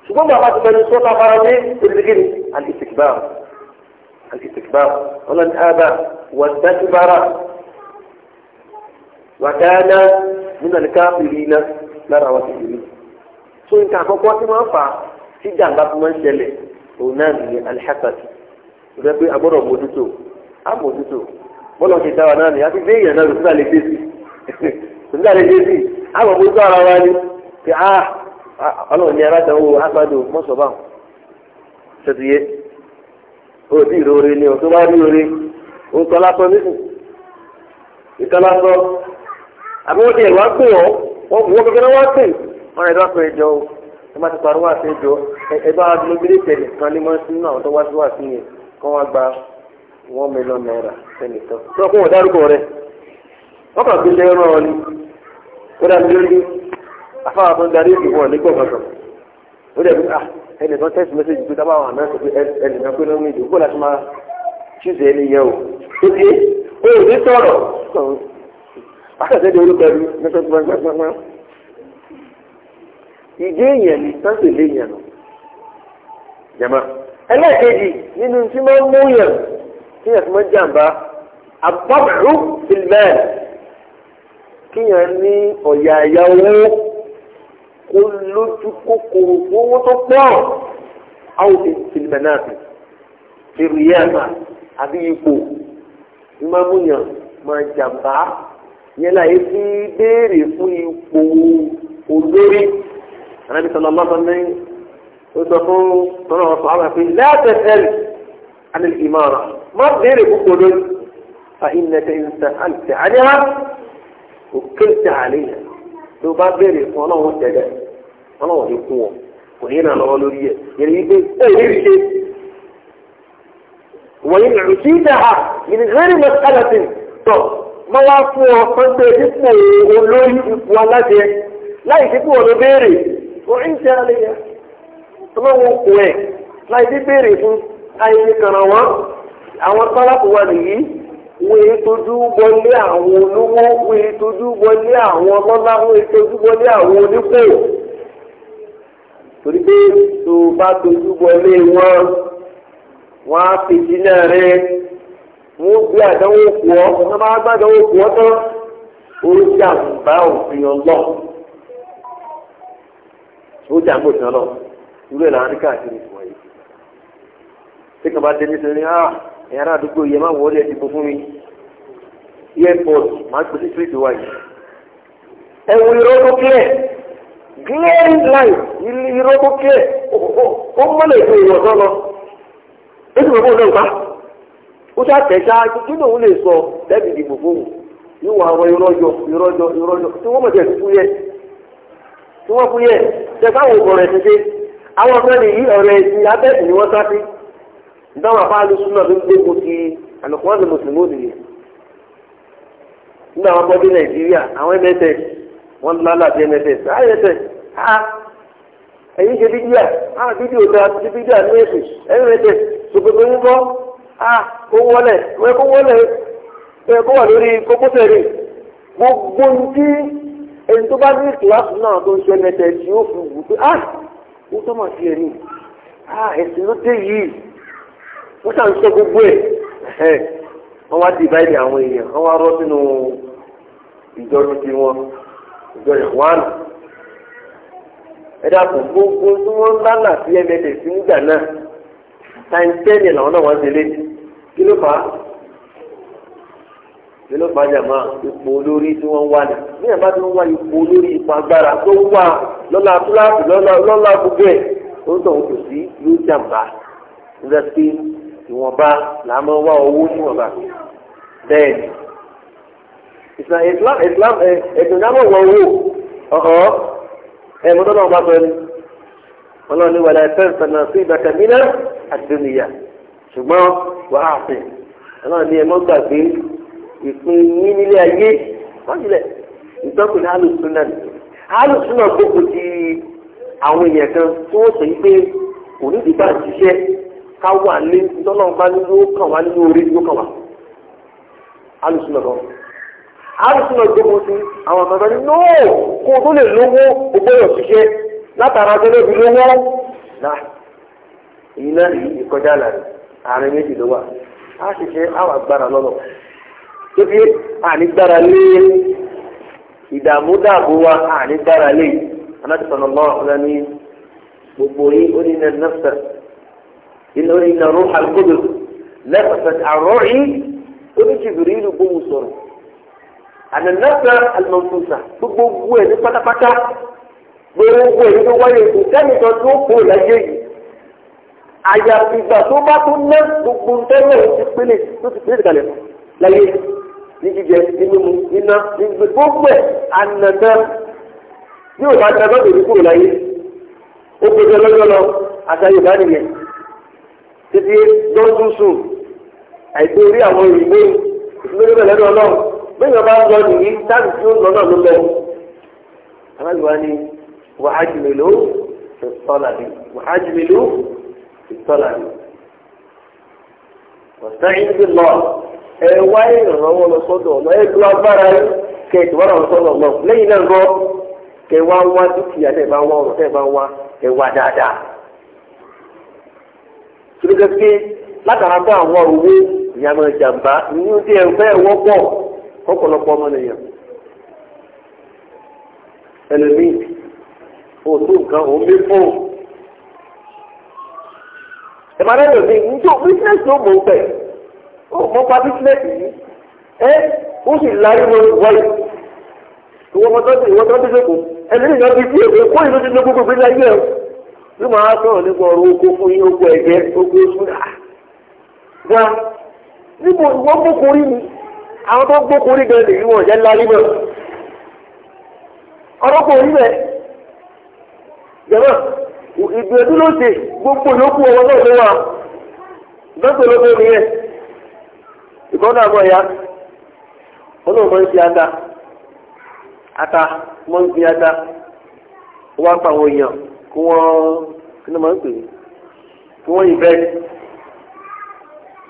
Speaker 1: ṣùgbọ́n bàbá ti fẹ́ni sọ́ta fara ní orílẹ̀-èdè alìsìkìbá alìsìkìbá ọlọ́ni àbá wà dájúbára wà dáadáa nínú àlìká ìrì iná lára àwọn ìrì tó nǹkan àkọ́kọ́ tí wọ́n fà sí jàǹbá tó máa ń ṣẹlẹ̀ òun náà nìyẹn alìhàtàkì rẹ pé agbọ́dọ̀ mójútó àmójútó bọ́lá ti sùgbọ́n àti ara wa ni pé a ah, ọlọ́run ní agbádùn mọ́sọ̀bá ṣètìyé o ti ni o tó bá rí ore o ń tọ́lá sọ nísìn ìtọ́lá sọ àbí wọ́n ti ẹ̀rọ á ọ́ wọ́n wọ́n kékeré wá pè wọ́n rẹ̀ dá pé jọ o ẹ má ti wá sí ẹ bá a tẹ̀lé kan ní mọ́sí wọ́n kàn fi ṣe rán ọ ni ó dàbí lórí afáwọn tó ń darí ìdìbò ọ̀ nígbà kankan ó dàbí ah ẹnì kan tẹ́sí mẹ́sẹ̀jì tó dábàá wọn àná sọ pé ẹnì kan pé ló ń ìdìbò kó láti máa ṣíṣe ẹni yẹ o ó ti ó ò ní sọ̀rọ̀ akẹ́kẹ́ di orúkọ ẹni mẹ́sẹ̀ gbọ́ngbọ́ngbọ́n ìdí èèyàn ni sáńsì lè yàn nù jama ẹlẹ́ẹ̀kejì nínú tí máa ń mú yàn tí yàn fi máa ń jàǹbá àbọ̀rù fìlmẹ́ẹ̀lì kíyàn ní ọ̀yàyà owó kó lójú kòkòrò owó tó pọ̀ àwọn ìfìlìmẹ̀ náà bì fèrè yẹn mà àbí ipò mímọ́múyàn máa jàmbá yẹn láyé fi béèrè fún ipò olórí ànábi sọlọ lọ́sọ̀ ní ó sọ fún tọ́lá ọ̀sán àwọn àfi látẹ̀tẹ̀lì àti ìmọ̀ràn má béèrè púpọ̀ lórí fa ìnẹ̀kẹ̀ ìsẹ̀ àti àníhà. وكلت عليها لو بعد ذلك وانا هو التجاه وانا هو القوة وهنا الغالورية يعني يقول اهر شيء وإن عشيتها من غير مسألة طب ما وافوا فانت يجبني وقلوه ولا شيء لا يجبوا بيري وعيش عليها ثم هو قوي لا يجب بيري فانت أي كنوان أول طلب وليه wọ́n èyí tójú wọlé àwọn olówó wọ́n èyí tójú wọlé àwọn ọlọ́lá wọ́n èyí tójú àwọn onípò torí pé tó bá tójú wọlé wọn wọn á fèjì náà rẹ wọn ó gbé àdánwò kù wọn bá gbàdánwò kù ọ tán ó òfin ọlọ ó káàkiri ìwọ̀nyí tí bá dé ah, ẹ̀yàrá àdúgbò yẹ má wọlé ẹ̀dìbò fún mi airport máa ń pèsè street wáyé ẹ̀wù ìrọ́dókè glaring light ìrọ́dókè ó mọ́lẹ̀ ìfẹ́ ìwọ̀sán lọ èsì bàbá òun náà pa ó ṣáà tẹ̀sà kí lòun lè sọ lẹ́bi ìdìbò fóun yóò wá àwọn ìrọ́jọ ìrọ́jọ ìrọ́jọ tí wọ́n fún yẹ tí wọ́n fún yẹ ọ̀rẹ́ ti àwọn ọ̀rẹ́ ọ̀rẹ́ ti nítawọn afáàlú súnmọ́ fi ń gbégbó ti àlùkùnrin àti mùsùlùmí òdìyẹ nígbà wọn kọ́ dé nàìjíríà àwọn mss wọn lálà sí mss àyè mss ha ẹ̀yin ṣe bíbíà ha bíbí òta ti bíbíà ní èsì ẹ̀yin mss ṣòkòtò ń bọ́ ha kó wọlé wọ́n kó wọlé ẹ̀ kó wà lórí kókósẹ̀rì gbogbo ní kí ẹni tó bá ní kíláàsì náà tó ń ṣe mss yóò fi wù pé ah wọ́n tọ́ mà sí ẹ̀mí ah ẹ̀sìn ló dé yìí wọ́n ṣàn ṣe gbogbo ẹ̀ wọ́n wá divide àwọn èèyàn wọ́n wá rọ́ sínú ìjọ títí wọn ìjọ ìwọ́n ẹ dàpọ̀ gbogbo tí wọ́n ń lálà sí ẹ̀mẹ́tẹ̀ sí nígbà náà táyì tẹ́lẹ̀ làwọn náà wọ́n délé kí ló fà á kí ló fà á jàmá ipò olórí tí wọ́n wà ní bí ẹ̀ bá ti ń wá ipò olórí ipò agbára tó wà lọ́la kíláàsì lọ́la gbogbo ẹ̀ ó ń tọ̀ ìwọ̀nba là máa wá owó níwọ̀nba bẹ́ẹ̀ ni islam islam ẹ̀sìn ká máa wọ owó ọ̀họ́ ẹ̀ mọ́tò náà bá fẹ́ ni ọlọ́run ní wàlá ẹ̀fẹ́ ìfẹ̀nà sí ìbàkà mílẹ̀ àdúnìyà ṣùgbọ́n wà á sìn ọlọ́run ní ẹ̀mọ́ gbàgbé ìpín yín nílé ayé wọ́n ti lẹ̀ ìtọ́kùn ní alùpùpù náà alùpùpù náà gbókòó ti àwọn èèyàn kan tí wọ́n sọ yí pé òní ìdìbò àti iṣẹ́ ká wà ní tọ́lọ́ bá ní yóò kàn wá nínú orí yóò kàn wá alùsùnà lọ. alùsùnà gbogbo sí àwọn àgbàdo ní nóò kó o tó lè lówó o gbọ́dọ̀ ṣiṣẹ́ látara gẹ́gẹ́ bí lówó náà èyí náà rí ìkọjá àlàyé àárín méjì ló wà á àwọn agbára tóbi ànígbára lé ìdààmú dààbò wa ànígbára lé gbogbo yìí ó ní إن iná ruha kudus nafasat arọ́ọ̀ì oníṣègùrìlù bóun sọ̀rọ̀ àná nafa alimọ̀tòsà gbogbo ẹ̀ ní pátápátá gbogbo ẹ̀ ní wáyé kò sẹ́nìkan tó kó ìlàjẹ́ yìí àyàfi ìgbà tó bá tó ná gbogbo ntẹ́lẹ̀ ti pélé tó ti pélé kalẹ̀ láyé ní jíjẹ ní mímu iná ní gbogbo ẹ̀ ànàdá yóò bá tẹ lọ́dọ̀ ìdíkùrò láyé ó gbẹdẹ lọ́jọ́ lọ àtàyè bá nìyẹn. títí lọ́dún sùn àìpé orí àwọn òyìnbó ìfúnlẹ́lẹ́ bẹ̀rẹ̀ lọ́nà bẹ́ẹ̀ ni ń lọ nìyí táàbì tí ó ń lọ náà ló lọ. alágbèwá ni wàhálà mélòó ìtọ́là mi wàhálà mélòó ìtọ́là mi. ọ̀sán yìí ti lọ ẹ wá ìrànlọ́wọ́ lọ sọ́dọ̀ ọ̀nà ẹ lu agbára yìí kẹ ìtùwárà lọ sọ́dọ̀ ọ̀nà lẹ́yìn náà ń bọ́ kẹ wá wá dúkìá tẹ̀ bá wá ọ̀rọ̀ tẹ̀ tìrìkẹ́ pé látara bá àwọn òwe ìyàmọ̀ ìjàmbá ìyún tí ẹ̀ fẹ́ wọ́pọ̀ ọ̀pọ̀lọpọ̀ ọmọnìyàn ẹlòmíì òtún nǹkan òun bí fún un ìmọ̀lẹ́ lò ní njó bísíǹsì ó mọ̀ ń bẹ̀ ó mọ̀ pa bísíǹsì yìí ẹ ó sì láyé wọn wáyé ìwọ́n mọ́tọ́ ìwọ́n tó ń bí sẹ́kù ẹni nìyẹn ti fi èdè kó ìlú ti ní gbogbo ìgbésí ayé ẹ̀ bí màá sọ̀rọ̀ nípa ọ̀rọ̀ oko fún yín oko ẹ̀jẹ̀ oko ṣúgà gbà níbo ìwọ́n gbókòrí ni àwọn tó gbókòrí gan lè wọn ṣe gbogbo náà ló wà nìyẹn ya ọlọ́mọ ń fi ata ata ń fi ata pa àwọn èèyàn. kí wọ́n kí ni wọ́n pè é kí wọ́n yìí bẹ́ẹ̀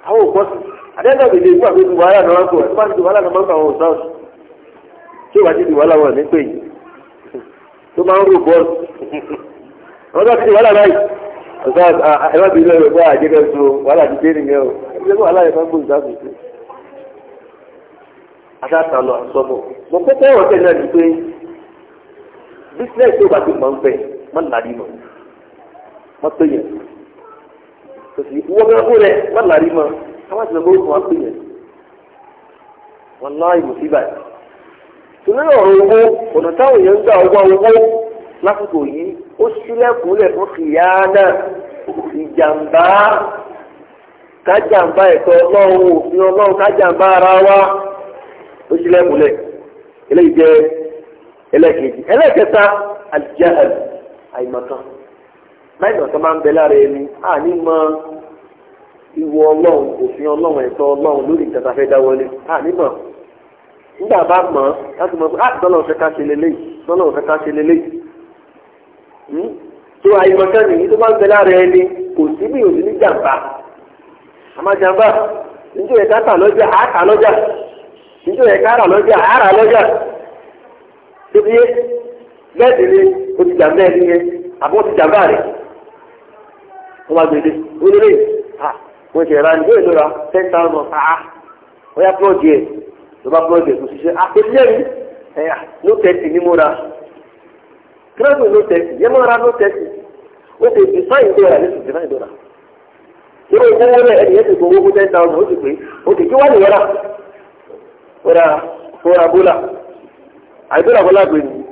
Speaker 1: àwọn òpó sí àdéhùn ìdè ìgbà pé ti wàhálà náà kò ẹ̀fọ́ àti wàhálà náà máa ń bá àwọn òṣàṣù tí ìwà ti di wàhálà wọn ní pè yìí tó máa ń rò bọ́ọ̀lù àwọn tó ti di wàhálà báyìí ọ̀sán ẹ̀rọ ti lọ́wọ́ ẹ̀fọ́ àjẹgẹ́ so wàhálà ti dé nìyẹn o ẹ̀jẹ̀ wàhálà yẹn máa ń gbòòrò sí. adáta lọ àsọmọ mo kọ́kọ́ ọ̀rọ̀ tẹ̀lé má làrí mọ́ má pé yẹn tòsí wọ́n gbé fún rẹ̀ má làrí mọ́ káwá ti lọ gbóògùn wá pé yẹn wọn láàyè mùsíbà yìí tòun ọ̀rọ̀ owó ọ̀nà táwọn èèyàn ń gbà owó owó lásìkò yìí ó sílẹ̀kùnlẹ̀ fún kìyàánà ìjàmbá kájàmbá ẹ̀tọ́ ọlọ́run òfin ọlọ́run kájàmbá ara wa ó sílẹ̀kùnlẹ̀ eléyìí jẹ́ ẹlẹ́kẹ̀ẹ́jì ẹlẹ́kẹta àjẹ́ àlù. àìmọ̀kan láìmọ̀kan máa ń bẹ lára ẹni àní mọ ìwọ ọlọ́run òfin ọlọ́run ẹ̀tọ́ ọlọ́run lórí ìtàtà fẹ́ dáwọlé àní mọ̀ nígbà bá mọ̀ láti mọ̀ pé á ah, dọ́là òfẹ́ ká ṣe lélẹ́yìí dọ́là òfẹ́ ká ṣe lélẹ́yìí hmm? tó ni tó máa ń bẹ lára ẹni kò sí ní jàǹbá lọ́jà á lọ́jà bẹ́ẹ̀ sì ni o àbọ̀ ti jà báà rẹ̀ wọ́n à mo ìlera ten thousand ah ó yá ẹ̀ ló bá ẹ̀ kò ṣiṣẹ́ ẹ̀yà ló tẹ̀sí ní ló tẹ̀sí ló tẹ̀sí ó ti dọ́là ní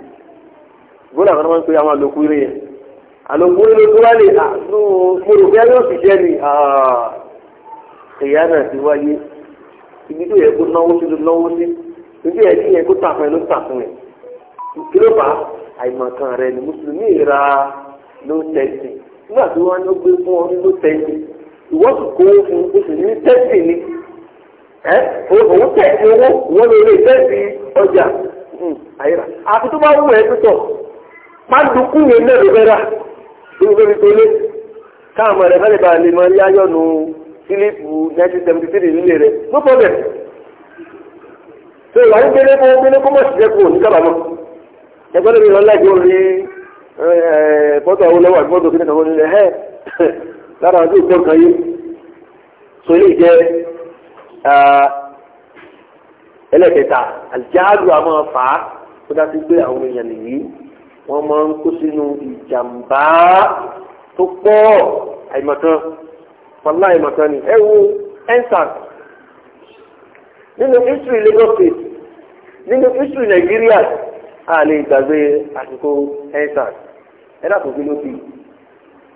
Speaker 1: gbọ́dọ̀ àwọn ọmọ ń pe àwọn àlòkù eré yẹn àlòkù eré tó wá lè àánú ah, mọ̀rọ̀fẹ́ yóò sì jẹ́ ni ah, ẹ̀yà náà ti wáyé ibi tó yẹ kó náwó sí ló náwó sí ibi yẹ kí yẹ kó tàkùn ẹ ló tàkùn ẹ kí ló fà á àìmọ̀kan rẹ ni mùsùlùmí ra ló tẹ̀sí nígbà tí wọ́n ló gbé fún ọ ló tẹ̀sí ìwọ́sùn kó fún oṣù ní tẹ̀sí ni ẹ òun tẹ̀sí owó ìwọ́n ló lè tẹ̀sí ọjà hmm, àyíra àfi tó bá wù ẹ́ tó tọ̀ pàdùkù yẹn náà ló fẹ́ra ló fẹ́ri tólé káàmù rẹ̀ fẹ́rẹ̀ bá lè mọ rí ayọ́nu sílíìpù 1973 nílé rẹ̀ ló pọ̀ bẹ̀. tó ìwà ń gbélé fún gbélé kó mọ̀ sí jẹ́ kó o ní kábàámọ̀ ẹgbẹ́ lórí ìran láì yóò rí fọ́tò àwọn olówó àti fọ́tò kíni kan nílẹ̀ ẹ̀ lára àti ìjọ kan yé so ilé jẹ́ ẹlẹ́kẹta àjálù àmọ́ fà á tó dá sí pé àwọn èèyàn nìyí. wọ́n máa ń kó sínú ìjàmbá tó pọ̀ àìmọ̀kan fọlá àìmọ̀kan ni ẹ wo ensan nínú history Lagos state nínú history nigeria a lè gbàgbé àsìkò ensan ẹ dàpọ̀ kí ló fi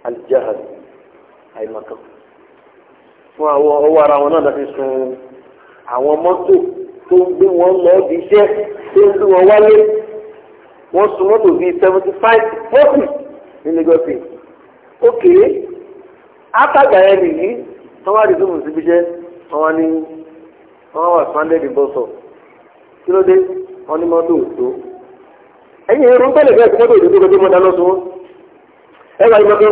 Speaker 1: alijahad àìmọ̀kan fún àwọn ọwọ́ ara wọn náà láti sun àwọn mọ́tò tó ń gbé wọn lọ́ọ́ di iṣẹ́ tó wọ́n sun mọ́tò bíi seventy five forty ní Lagos state ok afagba yẹn nìyí wọ́n wá dìbò mùsùlùmí síbi jẹ́ wọ́n wá ní wọ́n wá sunday ní bọ́sọ̀ kí ló dé wọ́n ní mọ́tò òtó ẹ̀yin irun bẹ́ẹ̀ lẹ́gbẹ̀ẹ́ sí mọ́tò òtó tó kọjú mọ́tò lọ́sùn ẹ̀ wá ìmọ̀tò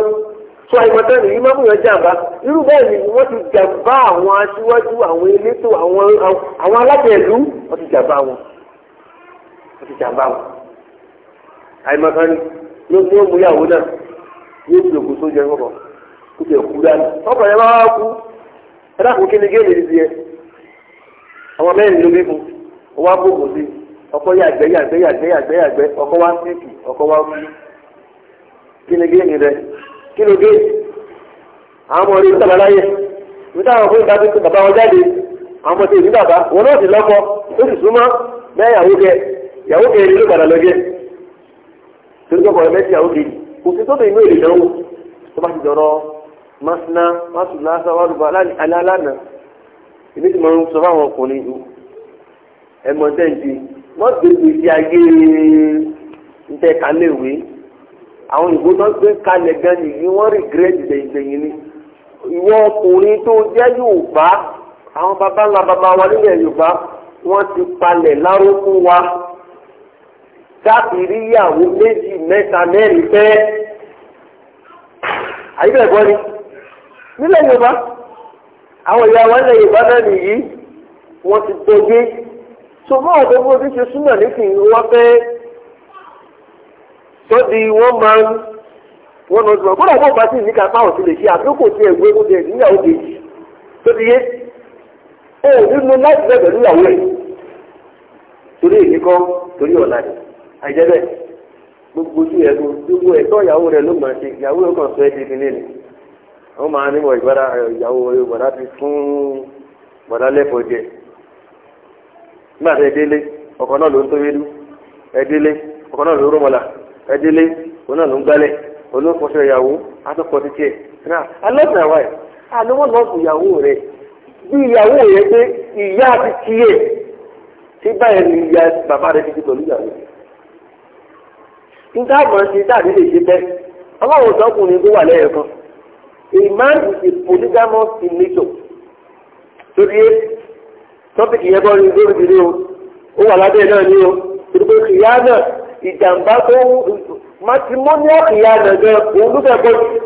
Speaker 1: tó àìmọ̀tò nìyí má bùyàn jàmbá irú bẹ́ẹ̀ ni wọ́n ti jàmbá àwọn aṣíwájú àwọn elétò àwọn alábẹ̀ẹ́lú wọ́n ti jàmbá wọn wọ́n ti jàmbá wọn. àìmọ̀kan ni ló mú ya náà yóò fi òkú sóúnjẹ kọ̀kọ̀ kó fi òkú dání ọkọ̀ yẹn bá wá kú ẹ kí ni ti yẹ mẹ́rin ló ọkọ yàgbẹ́ yàgbẹ́ ọkọ wá síìkì ọkọ wá kú kí ni rẹ kí ni àwọn ọmọ sábà láyé níta àwọn fún ìdájọ́ tó bàbá wọn jáde àwọn ọmọ tó bàbá torí pé ọkùnrin méjì àwọn kejì kò sí sóbì inú èrè náwó tó bá ti dọ̀rọ̀ masina masuna sawaruba alálànà èmi ti máa ń sọ fáwọn ọkùnrin ẹ mọ tẹ́ǹtì wọ́n ti gbèsè ayé ntẹ kálẹ̀wé àwọn ìbò náà gbé kalẹ̀ gan nìyí wọ́n rìgírẹ́tì gbẹ̀yìngbẹ̀yìn ni ìwọ ọkùnrin tó jẹ́ Yorùbá àwọn baba ńlá baba nílẹ̀ Yorùbá wọ́n ti palẹ̀ láró wa dábìrí ìyàwó méjì mẹ́ta mẹ́rin fẹ́ àyíbẹ̀gbọ́n ni nílẹ̀ yorùbá àwọn ìyá wa nílẹ̀ yorùbá náà nìyí wọ́n ti gbẹ́gbẹ́ ṣùgbọ́n ọ̀dọ́ bó ti ṣe súnà nísìnyí wọ́n fẹ́ tó di wọ́n máa ń wọ́n lọ sọ̀rọ̀ kódà bó bá sì ní kápá ọ̀sìn lè ṣe àbí kò tiẹ̀ gbé tiẹ̀ níyàwó kejì tó ti yé ó nínú láti bẹ̀rẹ̀ níyàwó rẹ̀ torí èmi torí ọ̀la rẹ̀. àìjẹ́ gbogbo ojú ẹ̀ gbogbo ẹ̀tọ́ ìyàwó rẹ̀ ló mọ̀ ṣe ìyàwó rẹ̀ kàn sọ ẹ́ dídí lé wọ́n máa ní ìyàwó rẹ̀ gbàdá ti fún gbàdá lẹ́fọ̀ọ́ jẹ. nígbà tí ọkọ̀ náà ló ń ọkọ̀ náà ló ń náà ló ń gbálẹ̀ ìyàwó atọ́kọ̀ ti níta mọ̀ ṣe tàbí lè ṣe bẹ́ẹ̀ ọlọ́run sọkùnrin tó wà lẹ́yìn kan a man is a polygamous in nature torí ẹ
Speaker 2: tọ́pìkì yẹn bọ́ ní lórí ìdílé o
Speaker 1: ó wà lábẹ́ náà ní o torí pé kìyà náà ìjàmbá tó matrimonial kìyà náà jẹ́ òun ló fẹ́ bọ́ jù.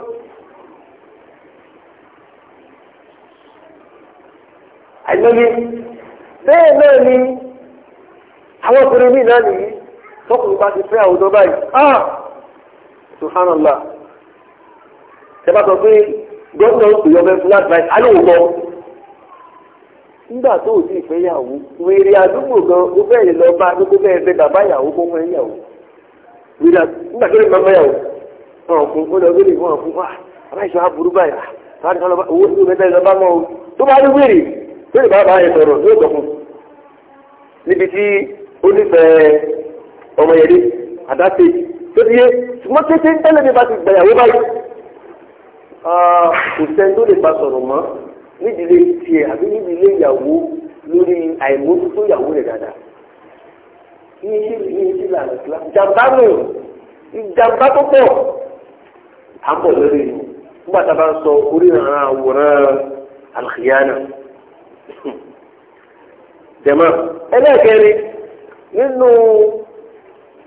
Speaker 1: àìmọ́ bẹ́ẹ̀ náà ni àwọn obìnrin mi náà nìyí tọkùnrin bá ti fẹ́ àwùjọ báyìí ah subhanallah ẹ bá sọ pé gómìnà ń pè ọbẹ̀ fún advice alóhùn lọ nígbà tó o sì fẹ́ yàwó wèrè àdúgbò gan o fẹ́ lè lọ bá gbogbo bẹ́ẹ̀ bẹ bàbá yàwó kó fẹ́ yàwó wèrè nígbà tó lè máa fẹ́ yàwó wọn fún ó lọ wèrè wọn fún wa àbá ìṣọ́ aburú báyìí àbá ìṣọ́ aburú owó tó mẹ́ta bá ọmọ yẹn dé àdáṣe tó ti yé ṣùgbọ́n tètè tẹ́lẹ̀ mi bá ti gbẹ̀yàwó báyìí ah, kò sẹ́ni tó lè bá sọ̀rọ̀ mọ́ nídìílé tiẹ̀ àbí nídìílé ìyàwó lórí àìmójútó ìyàwó rẹ̀ dáadáa ní ilé ìlú ní ìlànà ìlà ìjàmbá nù ìjàmbá tó pọ̀ à ń bọ̀ lórí ìlú nígbà tá a bá ń sọ orí ìrànà àwòrán àlùkìyánà jẹ̀mọ́ ẹlẹ́ẹ̀kẹrin nínú.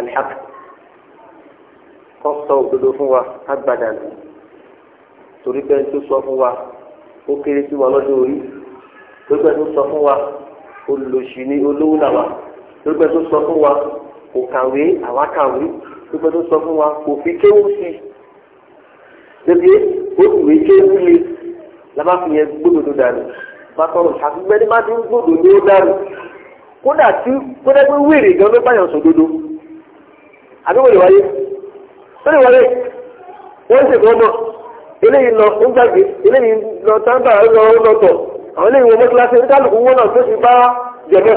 Speaker 1: الحق kọ́ sọ òdodo fún wa ká gbàdà nù torí pé tó sọ fún wa ó kéré sí wa lọ́dọ̀ orí torí pé tó sọ fún wa olùlòṣì ni olówó làwà torí pé tó sọ fún wa kò kàwé àwa kàwé torí pé tó sọ fún wa kò fi kéwù sí débi ó kùwé kéwù làbá fi yẹn gbódòdó dànù bàtọrọ àti gbẹdẹ ti ń gbódòdó dànù kódà tí kódà pé wéèrè gan ló bá yàn sòdodo àbí wọ́n lè wáyé wọ́n lè wáyé wọ́n sì kọ́ mọ́ eléyìí lọ ń gbàgbé eléyìí lọ tábà lọ lọ́tọ̀ àwọn eléyìí wọ́n mọ́tíláṣí ní kálukú wọn náà tó ti bá jẹ̀mọ́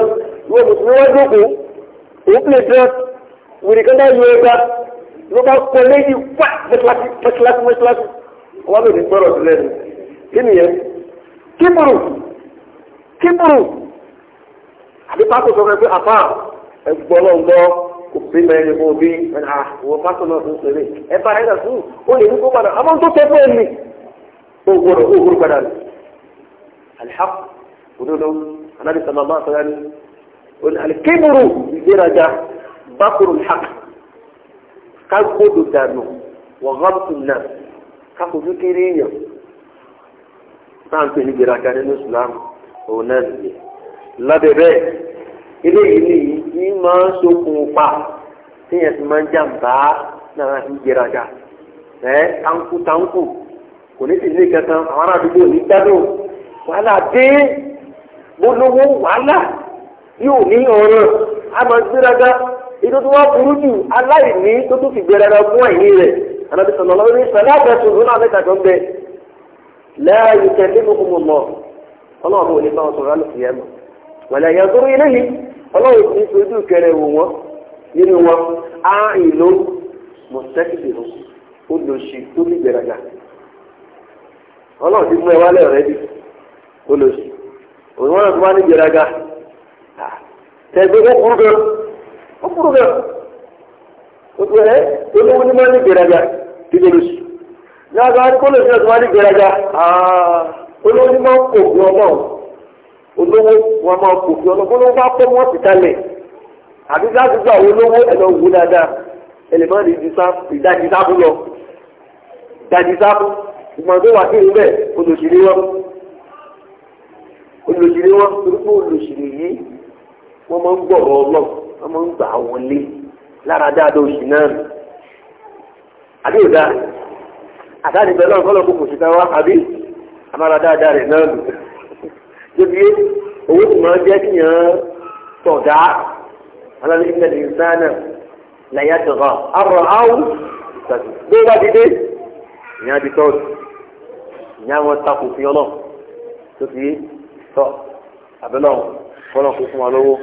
Speaker 1: ìwọ mùsùlùmí wọ́n jókòó òun pè dẹ́ wìrì kan náà yọ ẹgbà ló bá ni kí nìyẹn kíburu kíburu àbí pásítọ̀ sọ fẹ́ pé àfáà ẹgbọ́n kò sí mẹ́rin kò bí àwọn ah, pásọ̀nà tó ṣeré ẹ bá ẹ̀ dàtú ó lè ní kó padà àmọ́ tó tẹ́ fún mi ó gbọ́dọ̀ ó gbọ́dọ̀ padà rẹ̀ alihaq òdodo anabi sọ̀rọ̀ máa sọ̀rọ̀ ni òní alikébùrù ìgbéraga bákùrù alihaq ká gbódò dànù wọ́n rọ́bùtù náà ká fojú kéré yàn náà ń pè ní ìgbéraga nínú ìsìlámù òun náà nìyẹn lábẹ́ bẹ́ẹ̀. eléyìí nìyí tí máa ń pa téèyàn ti máa ń jàǹbá náà ń jẹrajà ẹ tanku tanku kò ní sí kankan àwọn ará ní gbádùn wàhálà dé gbólóhó wàhálà yóò ní ọ̀rọ̀ a máa gbéraga burú jù aláìní tó tún fi gbéraga fún ní ń bẹ ò ní bá wọn alùpùpù yẹn ọlọ́run kì í fojú kẹrẹ wò wọ́n nínú wọn á ìlú mọ̀tẹ́kìtì lọ ó lọ sí tó gbẹ̀rẹ̀gà ọlọ́run ti mú ẹ wálẹ̀ rẹ bí ó sí òun wọn wá ní gbẹ̀rẹ̀gà tẹ̀gbẹ́ olówó wọn máa kò fi ọlọ́gbọ́n ló bá pọ́ wọ́n ti kalẹ̀ àbí láti gba àwọn olówó ẹ̀ lọ wò dáadáa ẹ lè má rí ìdajì sáàbù lọ ìdajì sáàbù ìmọ̀tò wà sí ìlú bẹ́ẹ̀ olùsìrí wọn olùsìrí wọn torí pé olùsìrí yìí wọ́n máa ń gbọ̀rọ̀ ọlọ́ wọ́n máa ń gbà wọlé lára dáadáa oṣù náà àbí òdà àtàdébẹ̀ náà kọ́lọ́ kò kò sí ká wá àbí àmàlà dáadáa rẹ̀ náà lò débi owó tó máa jẹ́ kí yẹn tọ̀dá alábi ní ẹ̀dín sáánà lẹ́yìn àtọ̀kọ́ àrùn áwù tàbí bí wọ́n bá ti dé ìyẹn àti tọ́ọ̀tù ìyẹn àwọn takò fi ọ náà tó fi tọ́ àbẹ́lọ́ fọlọ́ kó fún wa lọ́wọ́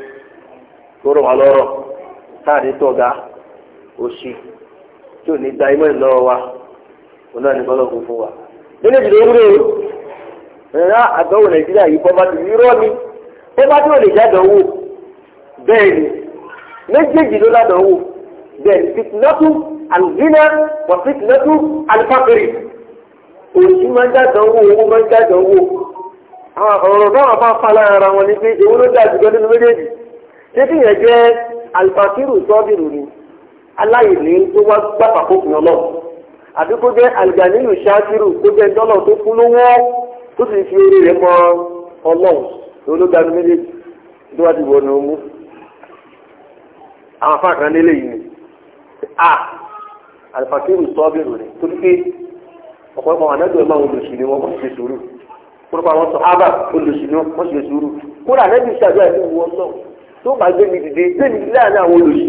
Speaker 1: tó rọ̀ wá lọ́rọ̀ káàdì tọ̀dá òṣì tí ò ní da imọ̀ ìlọ́wọ́ wa òun fọlọ́ kó fún wa. nínú ìdílé wúlò rárá àdánwò nàìjíríà yìí pọ́fàtì irọ́ ni pọ́fàtì ò lè jádánwò bẹ́ẹ̀ ni méjèèjì ló ládánwò bẹ́ẹ̀ ni fitinatu alzina wà fitinatu alifakiri òsì máa ń jádánwò owó máa ń jádánwò ọ̀rọ̀ náà máa fa lára ara wọn ni pé èwo ló dáa jùlọ nínú méjèèjì ṣé kí yẹn jẹ́ alifakiru sọ́ọ̀dìrù ni aláìní tó wá gbàpàkó fún ọlọ́run àbí kó jẹ́ alìgbàníyù ṣáàkìrù kó jẹ́ dọ́là tó kú lówó tó sì fi orí rẹ̀ mọ́ ọlọ́run tó ló dánú méjèèjì tó wá ti wọ̀ ní ọmú àwọn afá kan lélẹ̀ yìí ni a alifakiru sọ́ọ́bìrù rẹ̀ tó ti pé ọ̀pọ̀lọpọ̀ ànágbé máa ń lòsì ni wọ́n ṣe sùúrù kópa wọn sọ ábà olùsì ni wọ́n ṣe sùúrù kóra ànágbé ṣàdúrà ní ìwọ náà tó bá gbé mi dìde gbé mi láàrin àwọn olùsì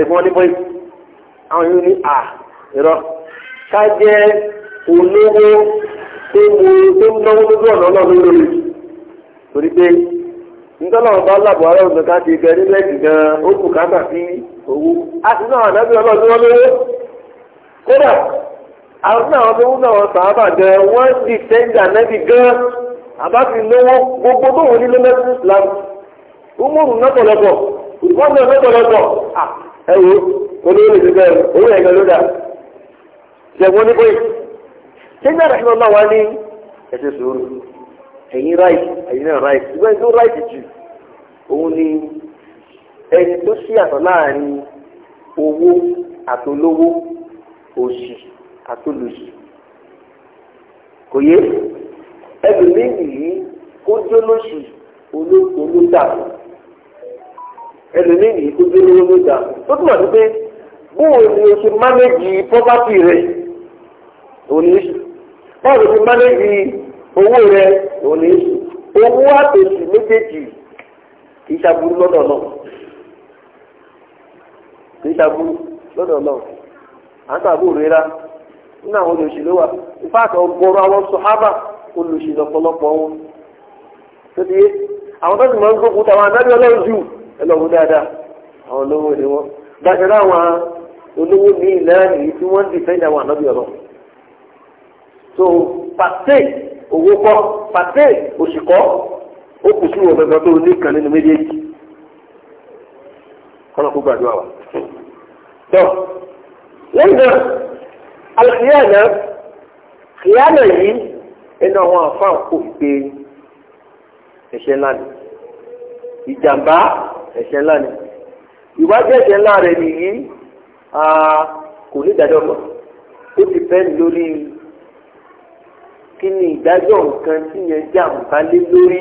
Speaker 1: ẹ̀fọn ní bọ́yì àwọn yìí ní a ìrọ ká jẹ́ olówó tó ń wo tó ń náwó lójú ọ̀nà ọlọ́run lórí torí pé ntọ́lọ́run bá lábọ̀ ọlọ́run tó ká ti gẹ nílẹ̀ gan ó kù káàkà sí owó a sì náà ànábì ọlọ́run wọn lówó kódà àwọn náà tó ń náà wọ́n di tẹ́ńdà gan àbá náwó gbogbo tó islam nọ́pọ̀lọpọ̀ nọ́pọ̀lọpọ̀ olórí sẹ́yìn àràkìmọ́ náà ní ẹ̀sẹ̀ sòrò náà ṣùgbọ́n ẹni tó jù òun ni ẹni tó sí àtọ̀ láàrin owó àtolówó òṣì àtolòṣì kò yé ẹlòmíì yìí kó jólóṣì olódàbò ẹlòmíì yìí kó jólówó olódàbò tó túmọ̀ sí pé bóun ni o ṣe mánéjì pọ́pátì rẹ̀ òun báwo ti mánéjì owó rẹ òun owó àtòsí méjèèjì kì lọ́dọ̀ náà kì lọ́dọ̀ náà à ń tàbí òrera nínú àwọn wa ìfáàkà ọgọ́rùn àwọn sọhábà olùsèlú ọ̀pọ̀lọpọ̀ wọn tó ti àwọn tó máa ń gbógun táwọn adájọ́ ọlọ́run jù ẹlọ́run dáadáa àwọn olówó ni wọn gbàgbé láwọn olówó ní ìlànà yìí tí wọ́n ń so pate owó kọ́ pàṣẹ oṣù kọ́ ó kù sí ìwọ̀n gbẹgbẹ tó ní kan nínú méjèèjì kọ́nà kó gbàdúrà wa. tọ́ lẹ́yìn náà alìkìyànà kìyànà yìí ẹnu àwọn àfáà kò gbé ẹ̀ṣẹ̀ ńlá ni ìjàmbá ẹ̀ṣẹ̀ ńlá ni ìwádìí ẹ̀ṣẹ̀ ńlá rẹ̀ nìyí kò ní ìdájọ́ kan ó ti pẹ́ lórí kí ni ìdájọ́ nǹkan tí yẹn jàǹbá lé lórí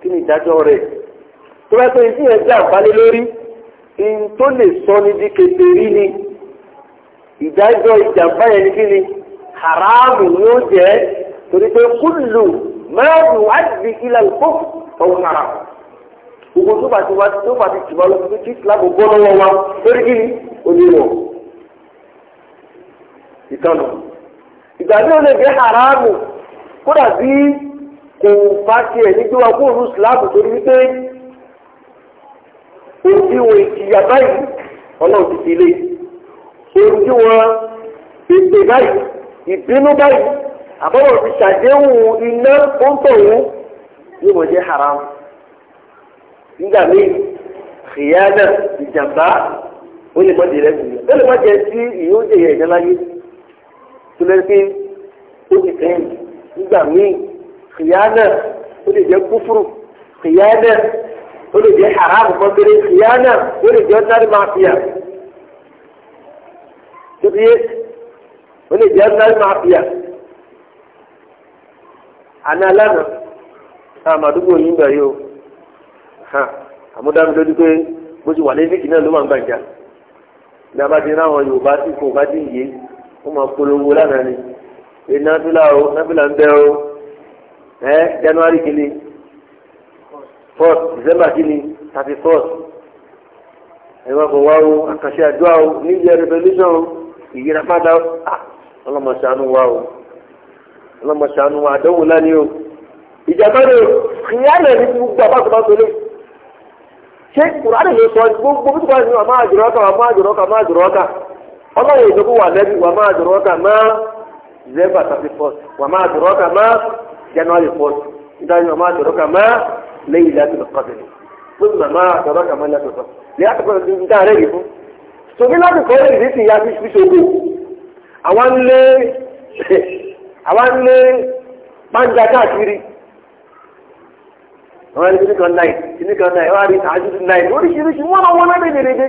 Speaker 1: kí ni ìdájọ́ rẹ̀ tó bá pé tí yẹn jàǹbá lé lórí ihun tó lè sọ ní bí kékeré ni ìdájọ́ ìjàǹbá yẹn ni kí ni haramu yóò jẹ́ torí pé kúlù mẹ́rin wájú ilẹ̀ ìkó ọ̀hún haramu gbogbo tó bá ti wá tó bá ti tìwá lọ sí kíláàbù gbọ́ lọ́wọ́ wa lórí kí ni oníwọ̀ ìtọ́nà ìgbà tí ó lè jẹ́ haramu kódà bí kò bá tiẹ̀ nígbà wà fún olùsìláàmù torí wípé òdiwọ̀n ìjìyà báyìí ọlọ́run ti tilé òdiwọ̀n ìpè báyìí ìbínú báyìí àbọ̀wọ̀ ti ṣàdéhùn iná ó ń tọ̀hún yóò mọ̀ jẹ́ haramu nígbà míì kìyà náà ìjàmbá ó lè má jẹ rẹ kùnú ó lè má jẹ sí ìyóòjẹ yẹn ìdáláyé tó lẹ́nu pé ó ti tẹ̀ nígbà míì kìyànà ó lè jẹ́ kúfúrú kìyànà ó lè jẹ́ haram mọ́tẹ́rẹ́ kìyànà ó lè jẹ́ ọ́tàrí máa fìyà tó ti yé ó lè jẹ́ ọ́tàrí máa fìyà àná lánàá àmàdúgbò yìí ń bẹ̀ yìí o àmúdámidójú pé bó ti wà lẹ́fíìkì náà ló máa ń gbàjà ní abájẹ́ náà àwọn Yorùbá tí kò bá ti yé ó máa polówó lánàá ni pé nábìlà o nábìlà ń bẹ o ẹ january kìíní first december kìíní thirty first ẹ máa kọ wá o àkàṣe àdúrà o new year revolution o ìyíra padà o ọlọ́mọ ṣàánú wa o ọlọ́mọ ṣàánú wa àdánwò lánìí o ìjàmbá ni ìyáàlẹ̀ ní gbogbo àbáṣọ̀báṣọ lé ṣé kùránì ló sọ gbogbo bí wọ́n ti wá ní àmọ́ àjùrọ̀ ọkà àmọ́ àjùrọ̀ ọkà àmọ́ àjùrọ̀ ọkà ọlọ́run ìjọba wà lẹ́bi wà máa dọ̀rọ̀ ọ̀gá má zẹ́fà thirty first wà máa dọ̀rọ̀ ọ̀gá má january first nítorí wà máa dọ̀rọ̀ ọ̀gá má lẹ́yìn láti lọ́kọ́ bẹ̀rẹ̀ fún mi máa dọ̀rọ̀ ọ̀gá má láti lọ́kọ́ lẹ́yìn àti kọ́ni ní dáa rẹ̀ yìí fún. sọmi láti kọ́ ẹ̀rì ní ti ya fi fi ṣògo àwọn lé àwọn lé pàǹjà káàkiri àwọn lé kíníkan náà wọ́n náà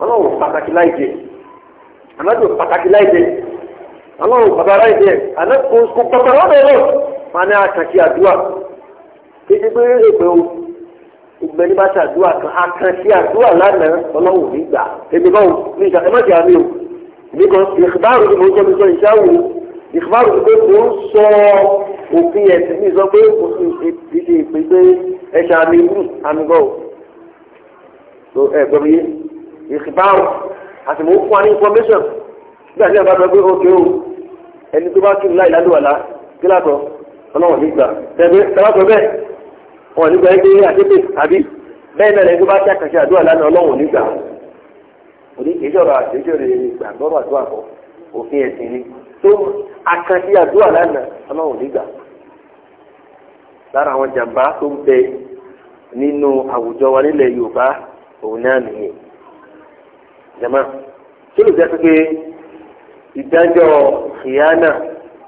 Speaker 1: ọlọ́run pàtàkì láì jẹ ànábì pàtàkì láì jẹ ọlọ́run bàbá láì jẹ ànábì kò pàtàkì lọ́dọ̀ lọ máa ní àkànṣe àdúrà títí pé èpè o ìgbẹ́ ní bá ṣe àdúrà kan àkànṣe àdúrà lánàá ọlọ́run ní gbà èmi báwo ní ìṣàkẹ́ má jẹ́ àmì o èmi kan ìkbáàrò ni mo jẹ́ mi sọ ìṣáwò ìkbáàrò ni pé mo ń sọ òfin ẹ̀sìn mi sọ pé mo ti ṣe ìpè pé ẹ̀ṣà mi àmì bọ̀ ìkìbáwò àti mò ń fún wa ní information nígbà tí a bá sọ pé òkè o ẹni tó bá kí ní láì lálùwàlá kí látọ ọlọ́wọ̀n nígbà tẹ̀gbẹ́ tẹ̀wátọ bẹ́ẹ̀ wọn nígbà yẹn gbé àtẹ́tẹ́ àbí bẹ́ẹ̀ náà lẹ́yìn tó bá ṣàkàṣe àdúrà lánàá ọlọ́wọ̀n nígbà òní ìjọba àtẹ́jọ́rẹ́ ìgbàgbọ́rọ̀ àdúrà kọ òfin ẹ̀sìn ni tó àkàṣe àdúrà lánàá ọlọ́wọ̀n nígbà lára àwọn jàǹbá tó ń bẹ nínú àwùjọ wa nílẹ̀ Yorùbá òun náà nìyẹn jama tí o jẹ́ pé ìdájọ́ ìyáná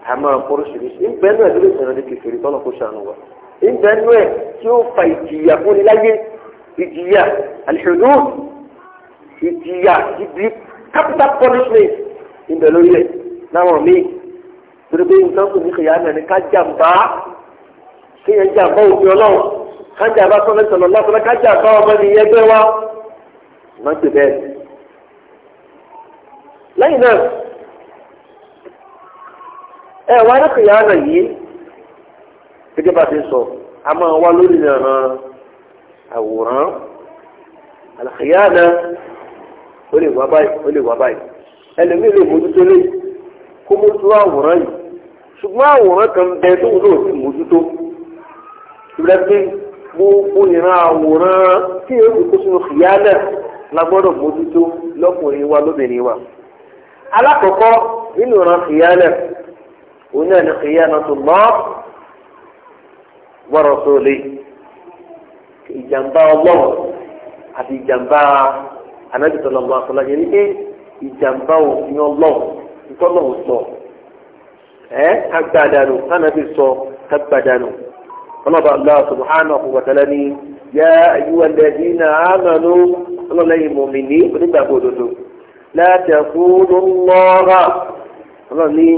Speaker 1: a máa kóró ṣiríṣi ìgbẹ́ náà ló lè sọ̀rọ̀ ní kékeré tọ́lọ̀ kó ṣàánú wa ìgbẹ́ náà tí ó fa ìjìyà fún ni láyé ìjìyà àlìṣòdò ìjìyà ìdí capital punishment ìbẹ̀ lórí ẹ̀ láwọn míì torí pé nǹkan kò ní ìyáná ni ká jàǹbá kéèyàn jàǹbá òfin ọlọ́run ká jàǹbá sọ́lẹ́sọ̀lọ́ lọ́sọ̀lọ́ ká ọmọ nìyẹn gbé wa má ti bẹ́ẹ̀ lẹ́yìn náà ẹ wá lókèyà ọ̀nà yìí gẹ́gẹ́ bá ti sọ a máa wá lórí ìran àwòrán àlàkèyà náà ó lè wá báyìí ó lè wá báyìí ẹlòmíì lè mójútó lé kó mójútó àwòrán yìí ṣùgbọ́n àwòrán kan bẹ tó wúlò sí mójútó ìrẹ́ pé gbogbo ìran àwòrán tí èèyàn kò sínú kìyà náà la mójútó lọ́kùnrin wa lóbìnrin wa alákọ̀ọ́kọ́ nínú ìran ìyálẹ̀ òun náà ni khiyanatullah wa rasulih ìjàmbá ọlọ́run àti ìjàmbá Ànábì sallallahu alaihi wasallam yẹn ni pé ìjàmbá òfin ọlọ́run ìtọ́lọ́run sọ ẹ́ kágbádànù kánàbì sọ kágbádànù ọlọ́ba Allah subhanahu wa ta'ala ni yá ayyuhal ladina amanu ọlọ́lẹ́yìn mọ̀mìnì onígbàgbọ́ òdodo láti ẹ̀kúrú lọ́ra ọlọ́run ní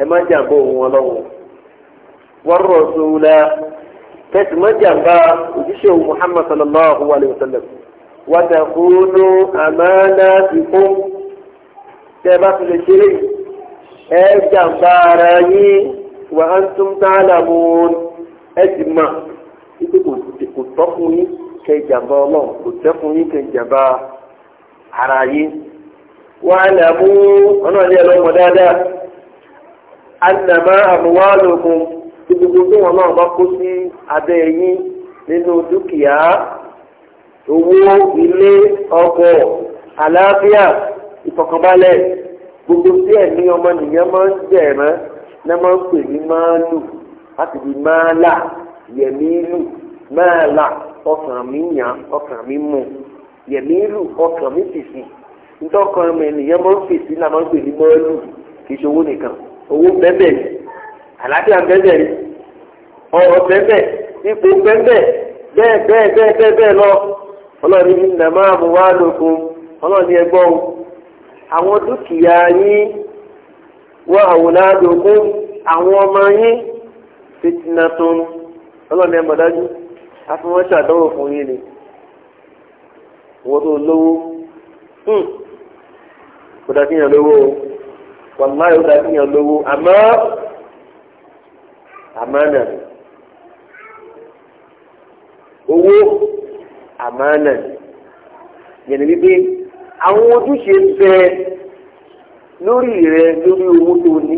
Speaker 1: ẹ má jàǹbá òun ọlọ́run wọ́n rọ̀ sóòlà kẹsì má jàǹbá òjíṣẹ́ òun Muhammad sallallahu alayhi wa sallam wọ́n ti ẹ̀kúrú àmàlà ìkún tẹ́ ẹ bá fi lè ṣeré ẹ jàǹbá ara yín wa antum ta'lamun ẹ ti mọ̀ ibi kò tọ́ fún yín kẹ́ jàǹbá ọlọ́run kò tẹ́ fún yín kẹ́ jàǹbá ara yín. wà á lè mú ọ̀nà ní ẹlọ́mọ dáadáa ànàmá àmúwá lòkun tí gbogbo tí wọn náà bá kó sí abẹ́ yín nínú dúkìá owó ilé ọkọ̀ àlàáfíà ìfọ̀kànbalẹ̀ gbogbo tí ẹ̀mí ọmọnìyàn máa ń jẹ̀rán náà máa ń pè ní máàlù láti di máàlà yẹ̀mílù máàlà ọkàn mi yàn ọkàn mi mú yẹ̀mílù ọkàn mi sì ntọ́kan ọmọ ènìyàn máa ń fèsì náà máa ń pè ní mọ́ọ́lù kì í ṣe owó nìkan owó bẹ́ẹ̀ àlàáfíà bẹ́ẹ̀ ọ̀rọ̀ bẹ́ẹ̀ ipò lọ ọlọ́ọ̀ni ní nàmá ọlọ́ọ̀ni ẹgbọ́ o àwọn dúkìá yín wọ àwọn ọmọ yín tó ń ọlọ́ọ̀ni àfi wọ́n ṣàdánwò fún hmm. kò dá sí yàn lówó o wàláyé ó dá sí yàn lówó àmọ́ àmánà owó àmánà yẹn ni wípé àwọn ojúṣe bẹ́ẹ̀ lórí rẹ lórí owó tó ní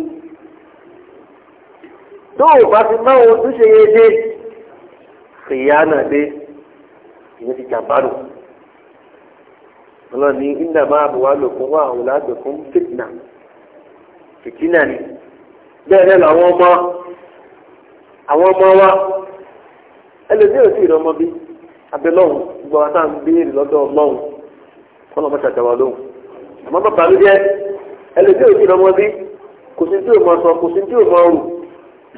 Speaker 1: tó o bá ti máa ojúṣe yẹn dé kìyà náà dé ìyẹn ti jàmbá nù. ọlọ́ni iná máa ma wá lò fún àwọn làgbè fún ni bẹ́ẹ̀ náà ọmọ àwọn ọmọ wa ẹlẹ́dẹ́ ò sí bí abẹ́lọ́hùn wa ń béèrè lọ́dọ̀ ọlọ́hùn ọmọ ṣàtàwà lóhùn àmọ́ bàbá mi jẹ́ ẹlẹ́dẹ́ ò sí ìrọmọ bí kò sí tí mọ sọ kò sí tí ò mọ rù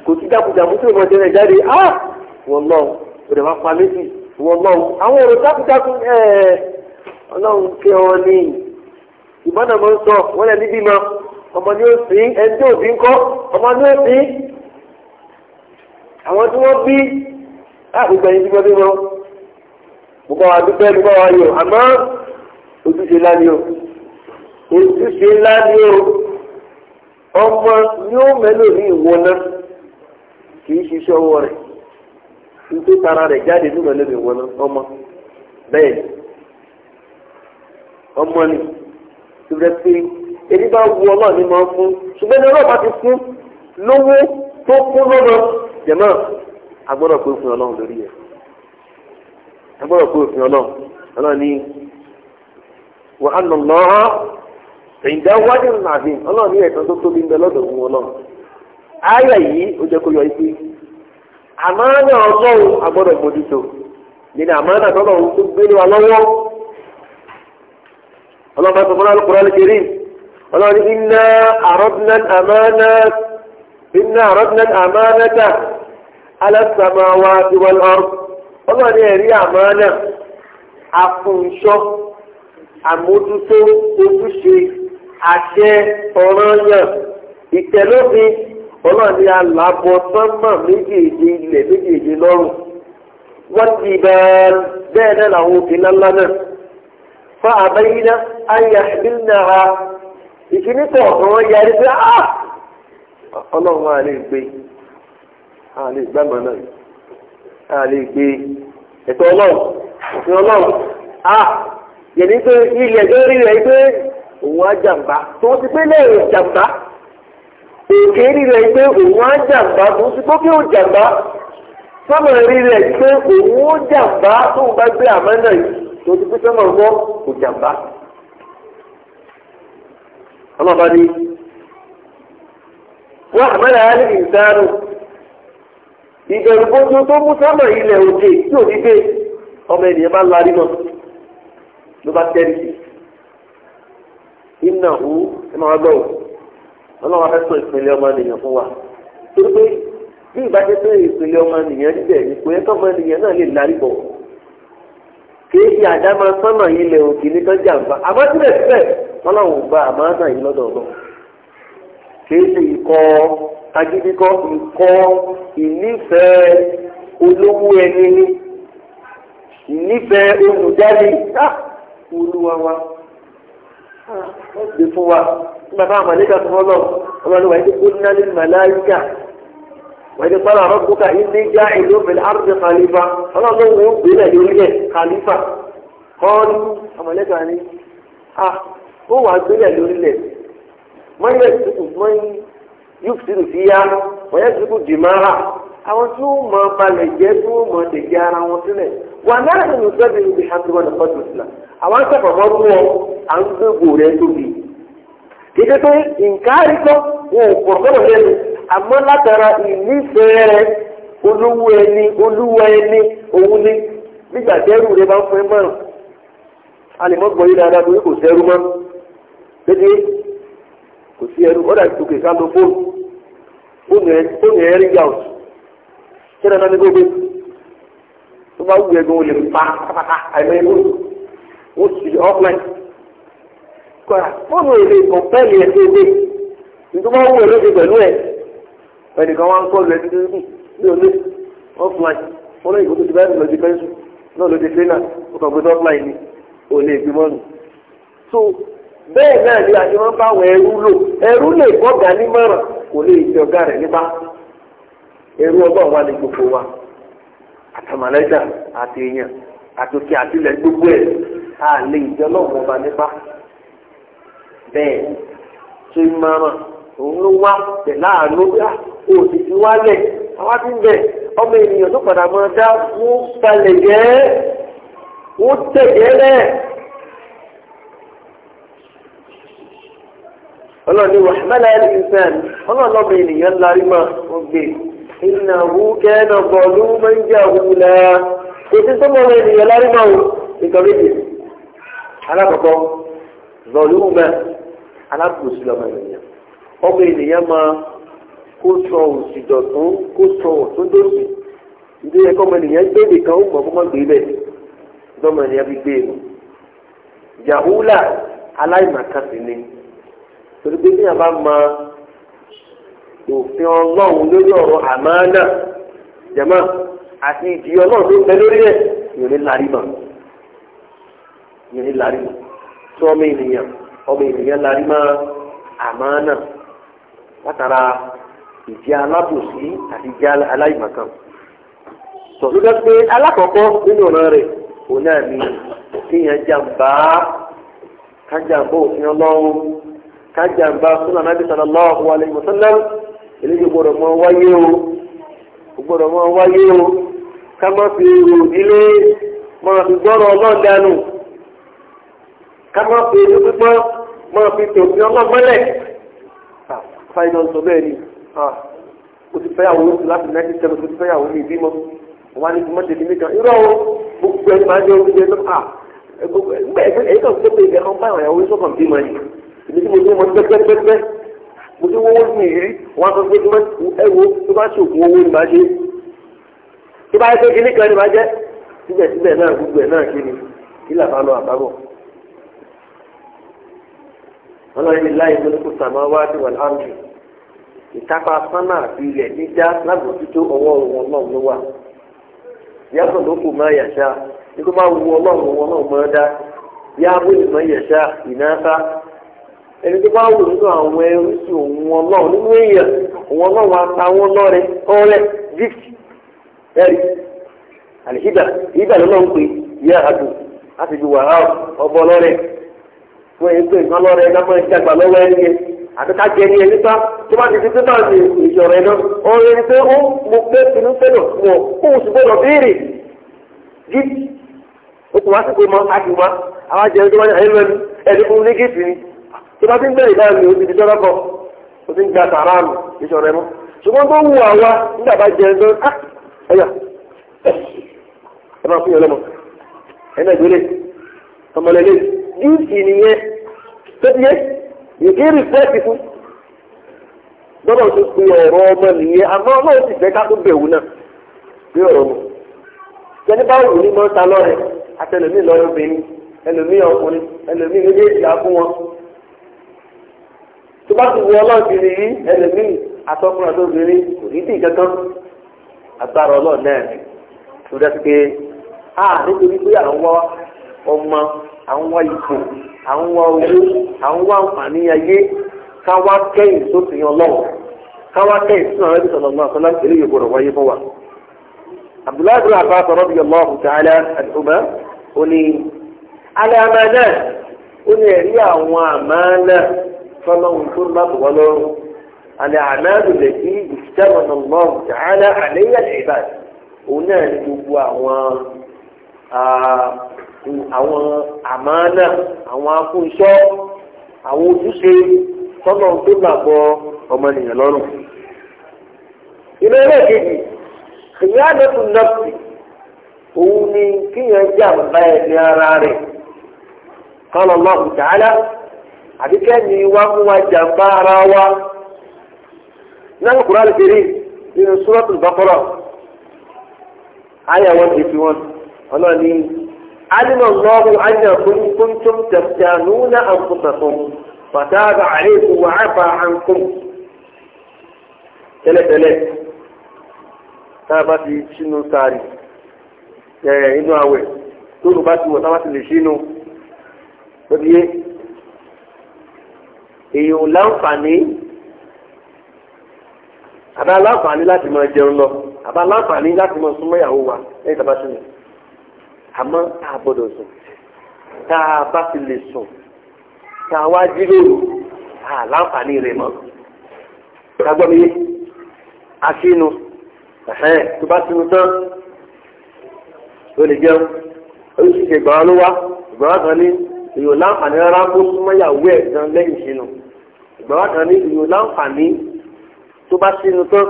Speaker 1: kò sí tí jẹrẹ jáde ah! ọlọ́run kẹ́ ọ ní ìbọn àmọ́ sọ wọ́n lẹ níbí ma ọmọ ní òsì ẹni tí òbí ń kọ́ ọmọ ní òsì àwọn tí wọ́n bí àgbègbè yìí bímọ bímọ mo bá wa dúpẹ́ mo bá wa yọ àmọ́ ojúṣe ńlá ni o ojúṣe ńlá ni o ọmọ ni ó mẹ́lò ní ìwọ náà kì í ṣiṣẹ́ ọwọ́ rẹ̀ nítorí tara rẹ̀ jáde ní ìwọ ọmọ bẹ́ẹ̀ ni. ọmọ ni ìrẹ pé èyí bá wu ọlọ́ọ̀ ni máa fún ṣùgbọ́n ọlọ́ọ̀ bá ti fún lówó tó kún lọ́nà jẹ̀mọ́ agbọ́dọ̀ pé òfin ọlọ́run lórí ẹ̀ agbọ́dọ̀ pé òfin ọlọ́run ọlọ́run ní wà á nà lọ́ọ́ ìdá wájú nàbí ọlọ́run ní ẹ̀tọ́ tó tóbi ń bẹ lọ́dọ̀ ọlọ́run ayé yìí ó jẹ́ kó yọ ipe àmọ́ ọlọ́run agbọ́dọ̀ nínú àmọ́ ọlọ́pàá sọ fún alukura lẹ́kẹ̀rì ọlọ́ni iná àrọ́dúnán àmánà iná àrọ́dúnán àmánàtà alásàmáwá tiwọlọ́rù ọlọ́ni ẹ̀rí àmánà àfúnṣọ́ àmójútó ojúṣe àṣẹ ọ̀ranyàn ìtẹ̀lófin ọlọ́ni alábọ̀ sánmà méjèèjì ilẹ̀ méjèèjì lọ́rùn wọ́n ti bẹ́ẹ̀ bẹ́ẹ̀ náà làwọn òkè ńláńlá náà fa àbẹ́yìnà ayà ìbílnàra ìkíní kọ̀ọ̀kan wọn yarí pé ah! á ọlọ́run máa lè gbé á lè gbàmọ̀ náà á lè gbé ẹ̀tọ́ ọlọ́run òfin ọlọ́run á ah! yẹ̀ní pé ilẹ̀ lórí rẹ̀ pé òun á jàǹbá tó ti pé lẹ́yìn jàǹbá òkè rí rẹ̀ pé òun á jàǹbá tó ti gbókè ò jàǹbá sọ́mọ̀ rí rẹ̀ pé òun ó jàǹbá tó ń bá gbé àmọ́ náà yìí. tó ti pípẹ́ mọ̀ mọ́ kò ọlọ́ba ni wọ́n àmàlà á lè ìbẹ̀rù gbogbo tó mú sámà ilẹ̀ òde tí ò ní gbé ọmọ ènìyàn bá larí náà ló bá tẹ́lẹ̀ sí iná hu ẹ máa gbọ́ ìpínlẹ̀ ọmọ ènìyàn fún wa kì í ṣe àdámọ sọnà yìí lè òkè ní tọ́jà ń fa àmọ́ síbẹ̀síbẹ̀ ọlọ́run gba àmọ́ yìí lọ́dọ̀ ọ̀dọ̀ kì ṣe ìkọ́ agídíkọ́ ìkọ́ ìnífẹ̀ẹ́ olówó ẹni ìnífẹ̀ẹ́ olùdarí á olúwa wa ó gbé fún wa nígbà ọlọ́run wà ní kó nálẹ́ màláyíkà. wọ́n ti kọ́lá ọ̀rọ̀ kúkà ilé já ìlú fìlà àrùn kàlífà ọlọ́run ló ń gbé náà lórí ẹ̀ kàlífà kọ́ọ́lù ọmọlẹ́kà ni ó wà gbé náà lórí ẹ̀ wọ́n yẹ kúkú wọ́n yóò fi fi ya wọ́n yẹ dìmára àwọn tí ó mọ balẹ̀ jẹ́ tí ó mọ tẹ̀jé ara wọn sílẹ̀ wà náà ní ìgbẹ́ mi níbi hàtúwọ́n ní pọ́tù sílá àwọn akẹ́kọ̀ọ́ mọ́ mú à ń gbégbó àmọ́ látara ìnífẹ̀ẹ́ olówó ẹni olúwa ẹni òun ni nígbà dẹ́rù rẹ bá ń fẹ́ márùn alìmọ́ gbọ́ yìí dáadáa torí kò sẹ́rú mọ́ dédé kò sí ẹrú ọ̀dà ìtòkè ká lọ fóònù fóònù ẹ̀ rí yàwù kí nana ní gbogbo tó bá wù ẹgbẹ́ wọn lè pa pátápátá sì kọ́ra fóònù èlé ẹ̀ tó ẹnìkan wọn kọ́ lẹ́sí tó kù ní olè offline wọn lè ìkótó ti báyìí lọ́ọ́ di náà ló di trainer ó kàn gbé offline ni ò lè gbé mọ́nu. so bẹ́ẹ̀ náà ni àti wọn bá wọn ẹrú lò ẹrú lè gbọ́gà nímọ̀ràn kò lè jẹ ọ̀gá rẹ̀ nípa ẹrú ọgbọ́n wa ni gbogbo wa àtàmàlẹ́jà àti èèyàn àtòkè àtìlẹ̀ gbogbo ẹ̀ a lè jẹ ọlọ́run ọba nípa bẹ́ẹ̀ tó ń mọ̀ràn òun ló wá tẹ̀ láàánú bíi òsì ti wálẹ̀ àwọn ti ń bẹ̀ ọmọ ènìyàn tó padà máa dá wọ́n balẹ̀ jẹ́ wọ́n tẹ̀jẹ́ lẹ̀. ọlọ́ni wà mẹ́lẹ̀ ẹni ìfẹ́n ọlọ́ni ọmọ ènìyàn larí máa wọ́n gbé iná wú kẹ́ẹ̀nà bọ̀ọ̀lù máa ń jẹ́ àwọn ìlà kò sí sọ́mọ ọmọ ènìyàn larí máa wò nǹkan méjì alákọ̀ọ́kọ́ bọ̀ọ̀lù mẹ́ alákòóso ọmọ ènìyàn ọmọ ènìyàn máa kó sọ òsì dọ̀tún kó sọ ọ̀tún dòsì nítorí ọmọ ènìyàn gbé nìkan ó mọ̀ fọmọ gbé ènìyàn fi gbé nù. yahula aláìmàkàsí ni torí pé kíyàn bá ma òfin ọlọ́run lórí ọ̀rọ̀ àmánà jẹ̀mọ́ àti ìdí ọlọ́run tó bẹ lórí ẹ̀ yóò ní lárímà tí ọmọ ènìyàn ọmọ ènìyàn látara. ìjẹ́ alábòsí àti ìjẹ́ aláìmọ̀kan. sọ̀tún dá pé alákọ̀ọ́kọ́ nínú ọ̀ràn rẹ̀ òun náà ni kéèyàn jàǹbá kájàǹbá òfin ọlọ́run kájàǹbá súnà nàbí sallallahu alaihi wasallam eléyìí gbọ́dọ̀ mọ wáyé o gbọ́dọ̀ mọ wáyé o ká má fi rò nílé má fi gbọ́rọ̀ ọlọ́run ká má fi ojú pípọ́ má fi tòkí ọlọ́run ah, fáìlọ́sọ bẹ́ẹ̀ ni. Ah, o ti fẹ́yàwó láti nineteen seventy o ti fẹ́yàwó ní ìbímọ wọn á ní ìbímọ tèmi nìkan irọ́ o gbogbo ẹni máa ń jẹ oúnjẹ náà gbogbo ẹgbẹ́ èyí kan tó pé ìgbẹ́ kan báyọ̀ ìyàwó yìí sọ̀kan bímọ ni èmi tí mo ti mọ pẹ́pẹ́pẹ́pẹ́ mo ti wọ́wọ́ sí ìrírí wọn sọ pé ẹ wo tó bá ṣe òògùn owó ni màá ṣe tó bá yẹ pé kíní kan ni màá jẹ́ síbẹ̀síbẹ̀ náà gbogbo ẹ̀ náà kí ni kí làbá lọ àbábọ̀ ọlọ́run ní láì tó ní kó sàmọ́ wá sí wàlúhàmù ìtapa sánà àti ilẹ̀ jíjá lágbòtútó ọwọ́ wọn náà ló wà yàtọ̀ ló máa nígbà máa ọlọ́run wọn náà máa dá yàgò ìmọ̀ yàṣá ìnáta ẹni tó bá wù nínú àwọn ẹrú sí òun ọlọ́run nínú èèyàn òun ọlọ́run àtàwọn lọ́rẹ àlìhídà ìhídà àdù ọbọ fún ẹgbẹ́ àti ká jẹ ní ẹni tán tó bá ti fi tó náà ní ìṣòro ẹ̀ ọ̀rọ̀ ẹni tó ó pé fẹ́lọ̀ mọ̀ kó o sì gbọ́dọ̀ béèrè gíìtì kò wá sí pé wá àwọn ẹni tó ní ẹni fún ní gíìtì ni tó bá ti ń bẹ̀rẹ̀ náà o ti di tọ́lá kan o ti ń gba tààrà àmì ṣùgbọ́n tó wù àwa nígbà bá jẹ ẹni tó ah, ẹ you irrespectful gbọ́dọ̀ tó pe ọ̀rọ̀ ọmọ nìyẹn àmọ́ ọlọ́run sì fẹ́ ká tó bẹ̀wò náà pé ọ̀rọ̀ mọ̀ jẹni bá wù ní mọ́ta lọ́rẹ̀ àtẹlẹmí lọ́rọ̀bìnrin ọkùnrin méjèèjì á fún wọn tó bá ti wù ọlọ́run ti rí atọ́kùnrin àtọ́bìnrin kò ní kankan agbára ọlọ́run náà tó dẹ́ pé a nítorí pé à ń wá owó à ń wá àǹfààní ayé ká wá kẹ́yìn sófin ọlọ́run ká wá kẹ́yìn sínú àwọn ẹbí sọ̀rọ̀ náà sọ́lá ìlú yìí gbọ́dọ̀ wáyé fún wa. abdullahi bin abbas radiyallahu ta'ala àdúgbò ó ní alẹ́ àmàlà ó ní ẹ̀rí àwọn àmàlà fọlọ́run tó ń bá bọ̀ wọ́n lọ́rùn àlàáàmàlù lè fi ìṣẹ́wọ̀n àwọn àmàánà àwọn akóńṣọ́ àwọn ojúṣe tọ́nà tó gbàgbọ́ ọmọnìyàn lọ́rùn. ìrẹ́lẹ̀ kejì ìyáàdọ́tún nọ́ọ̀sì òun ni kíyàn jàǹbá ẹ̀mí ara rẹ̀ kọ́lọ̀ lọ́ọ̀kù tààlà àbíkẹ́ ni wá mú wa jàǹbá ara wa náà kúrò àlùkèrè nínú súrọ́tù bàkọ́rọ̀ ayẹwo ti fi wọn ọlọ́ọ̀ni. علم الله أنكم كنتم تفتانون أنفسكم فتاب عليكم وعفى عنكم ثلاثة ثلاثة tába ti sínú sáàrì ẹ̀rẹ̀ inú àwẹ̀ tó lù bá ti wọ̀ tába ti lè sínú lóbi yé èèyàn láǹfààní àbá láǹfààní láti máa jẹun lọ àbá láǹfààní láti àmọ́ a gbọ́dọ̀ sùn tá a bá ti lè sùn tá a wá jíròrò a láǹfààní rẹ̀ mọ́ gbàgbọ́ mi yé a sínú tó bá sínú tán ó lè jẹun ó sì ṣe ìgbà ló wá ìgbà kan ní ìyò láǹfààní rárá kó súnmọ́ ìyàwó ẹ̀ gan lẹ́yìn sínú ìgbà kan ní ìyò láǹfààní tó bá sínú tán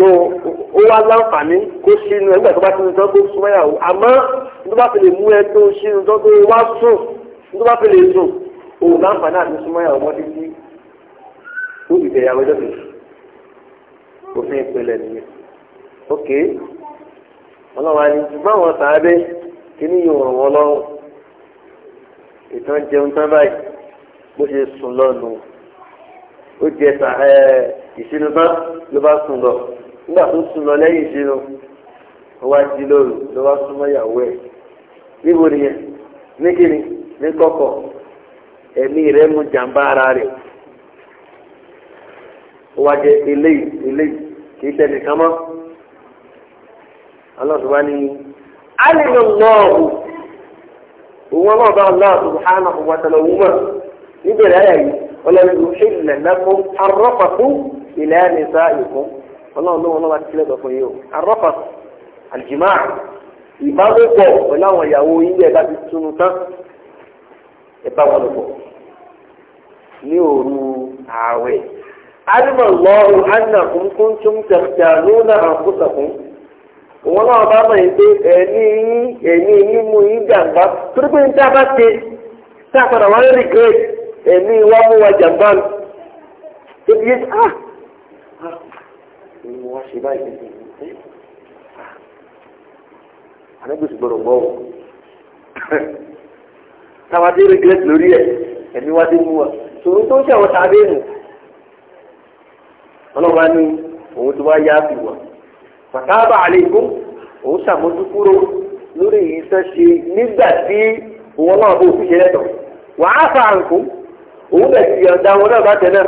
Speaker 1: tó ó wá láǹfààní kó sínú ẹgbẹ́ tó bá sínú tán kó súnmọ́ ìyàwó àmọ́ tó bá fi lè mú ẹ tó sínú tán tó wá sùn tó bá fi lè sùn òun láǹfààní àti súnmọ́ ìyàwó wọ́n ti di tó ìbẹ̀rẹ̀ àwọn ẹjọ́ kejì òfin ìpìlẹ̀ nìyẹn ok ọlọ́wà ni ṣùgbọ́n àwọn sàábẹ́ kíní yóò ràn wọ́n lọ́rùn ìtàn jẹun tán báyìí bó ṣe sùn lọ́nu ó jẹ ìṣinú tán ló bá sùn lọ. nígbà tó súnmọ́ lẹ́yìn ìṣirò ó wá sí lóru ló wá súnmọ́ ìyàwó ẹ̀ níbo nìyẹn ní kíni ní mú jàǹbá ara rẹ̀ ó wá jẹ eléyìí eléyìí kì í tẹ̀lé kámọ́ ọlọ́run wá ní alìyàn lọ́ọ̀hù òun ọlọ́run bá Allah subhanahu wa ta'ala òun mọ̀ níbẹ̀rẹ̀ ayà fún ọlọ́run lóun náà wá sílẹ̀ lọ fún yín o arọ́pà àjìmá ìbálòpọ̀ pẹ̀lú àwọn ìyàwó yín bẹ́ẹ̀ bá ti túnú tán ẹ bá wọn lò pọ̀ ní òru ààwẹ̀ alimọ̀ lọ́ọ̀rù anna kúnkún tún tẹ̀síà lónà àkúsàkún òun náà bá mọ̀ yín pé ẹ̀mí yín ẹ̀mí yín mú yín jàǹbá torí pé níta bá ti tá a padà wá rí gírèdì ẹ̀mí wá mú wa jàǹbá lọ ni mo wá ṣe báyìí anábìsì ah, gbọ́dọ̀ gbọ́ o tàbátí regret lórí ẹ ẹ̀mí wá sí mú wa sòrò tó ń ṣe àwọn tàbí nù ọlọ́wà ní òun tó wá yá fi wà pàtàbà àlékún òun ṣàmójúkúrò lórí èyí tó ṣe nígbà tí òun náà bó fi ṣe lẹ́tọ̀ wàá fà àǹkó òun bẹ̀ ti yànda wọn náà bá tẹ̀ náà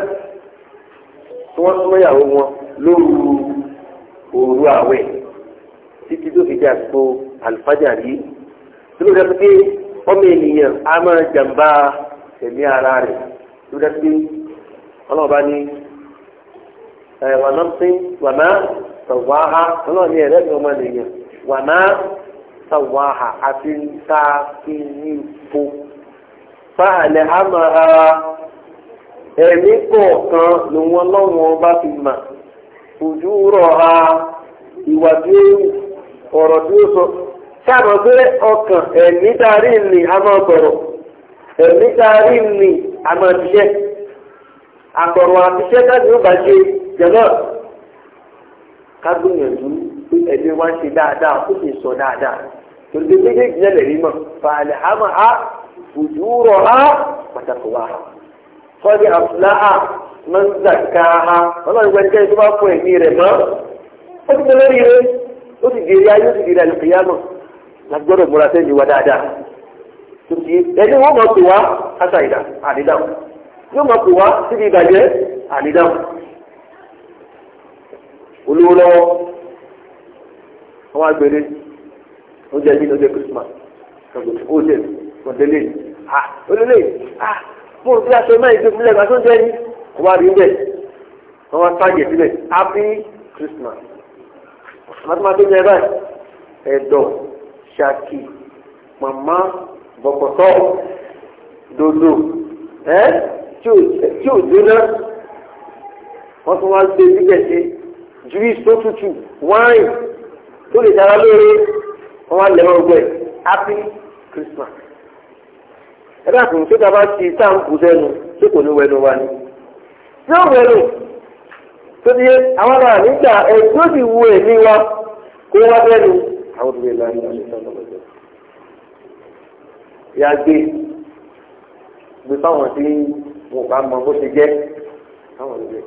Speaker 1: tí wọ́n súnmọ́ ìyàwó wọn lóru òru àwẹ̀ títí tó fi jà so àlùfájàrí tó ló dàbí pé ọmọ ènìyàn á máa jàǹbá ẹ̀mí ara rẹ̀ tó dàbí pé ọlọ́ọ̀bá ní wà náà sí wà náà sọ̀wọ́ ha ọlọ́ọ̀ ní ẹ̀rẹ́ mi ọmọ ènìyàn wà náà sọ̀wọ́ ha àti nta fi ní ipò fáàlẹ̀ hàmà ara ẹ̀mí kọ̀ọ̀kan lòun ọlọ́run ọba fi mà ojú rọ̀ ha ìwà tí ó ọ̀rọ̀ tí ó sọ sábà pé ọkàn ẹ̀mí darí ni a máa sọ̀rọ̀ ẹ̀mí darí ni a máa ṣiṣẹ́ àtọ̀rọ̀ àtiṣẹ́ káàdì ó bá ṣe jẹ̀mọ́ ká gbìyànjú pé ẹ̀mí wa ń ṣe dáadáa ó sì sọ dáadáa tòlùdé méjèèjì yẹn rí mọ̀ fàlẹ́ àmọ́ a ojú pàtàkì wa kọ́ni àfúláhà. man zakaha ọlọ́run gbẹ́ni kẹ́ni tó bá fọ ẹ̀mí rẹ̀ mọ́ ó ti tẹ́lẹ̀ rire ó o dèrè ayé ó ti dèrè àlùkìyàmọ̀ la gbọ́dọ̀ múra sẹ́yìn wa dáadáa tó ti ẹni wọ́n mọ̀ pé wá kásá ìdá àdídáhùn yóò mọ̀ pé wá síbi ah olólè ah mo ò fi aṣọ náà ìdókòlẹ̀ wọ́n bá rí ń bẹ̀ wọ́n wá sáàjẹ̀ síbẹ̀ happy Christmas mathematics ní ẹ̀bá ẹ̀dọ̀ ṣàkì màmá bọ̀kọ̀tọ̀ dodo ẹ́ tí ò jóná wọ́n tún wá gbé síbẹ̀ sí juice tó tútù wine tó lè dára lóore wọ́n wá lẹ́wọ́ gbẹ̀ happy Christmas ẹ̀dá kùn tó dábàá ti sáà ń kú sẹ́nu tó kò ní wẹnu wa ni tí ó wẹ̀rù tó ti yé àwọn náà nígbà ẹ̀jú ó sì wu èmi wa kó wá bẹ́ẹ̀ ni àwọn òbí ìlànà ìlànà ìlànà ìyá gbé gbé fáwọn tí wọn bá mọ bó ṣe jẹ́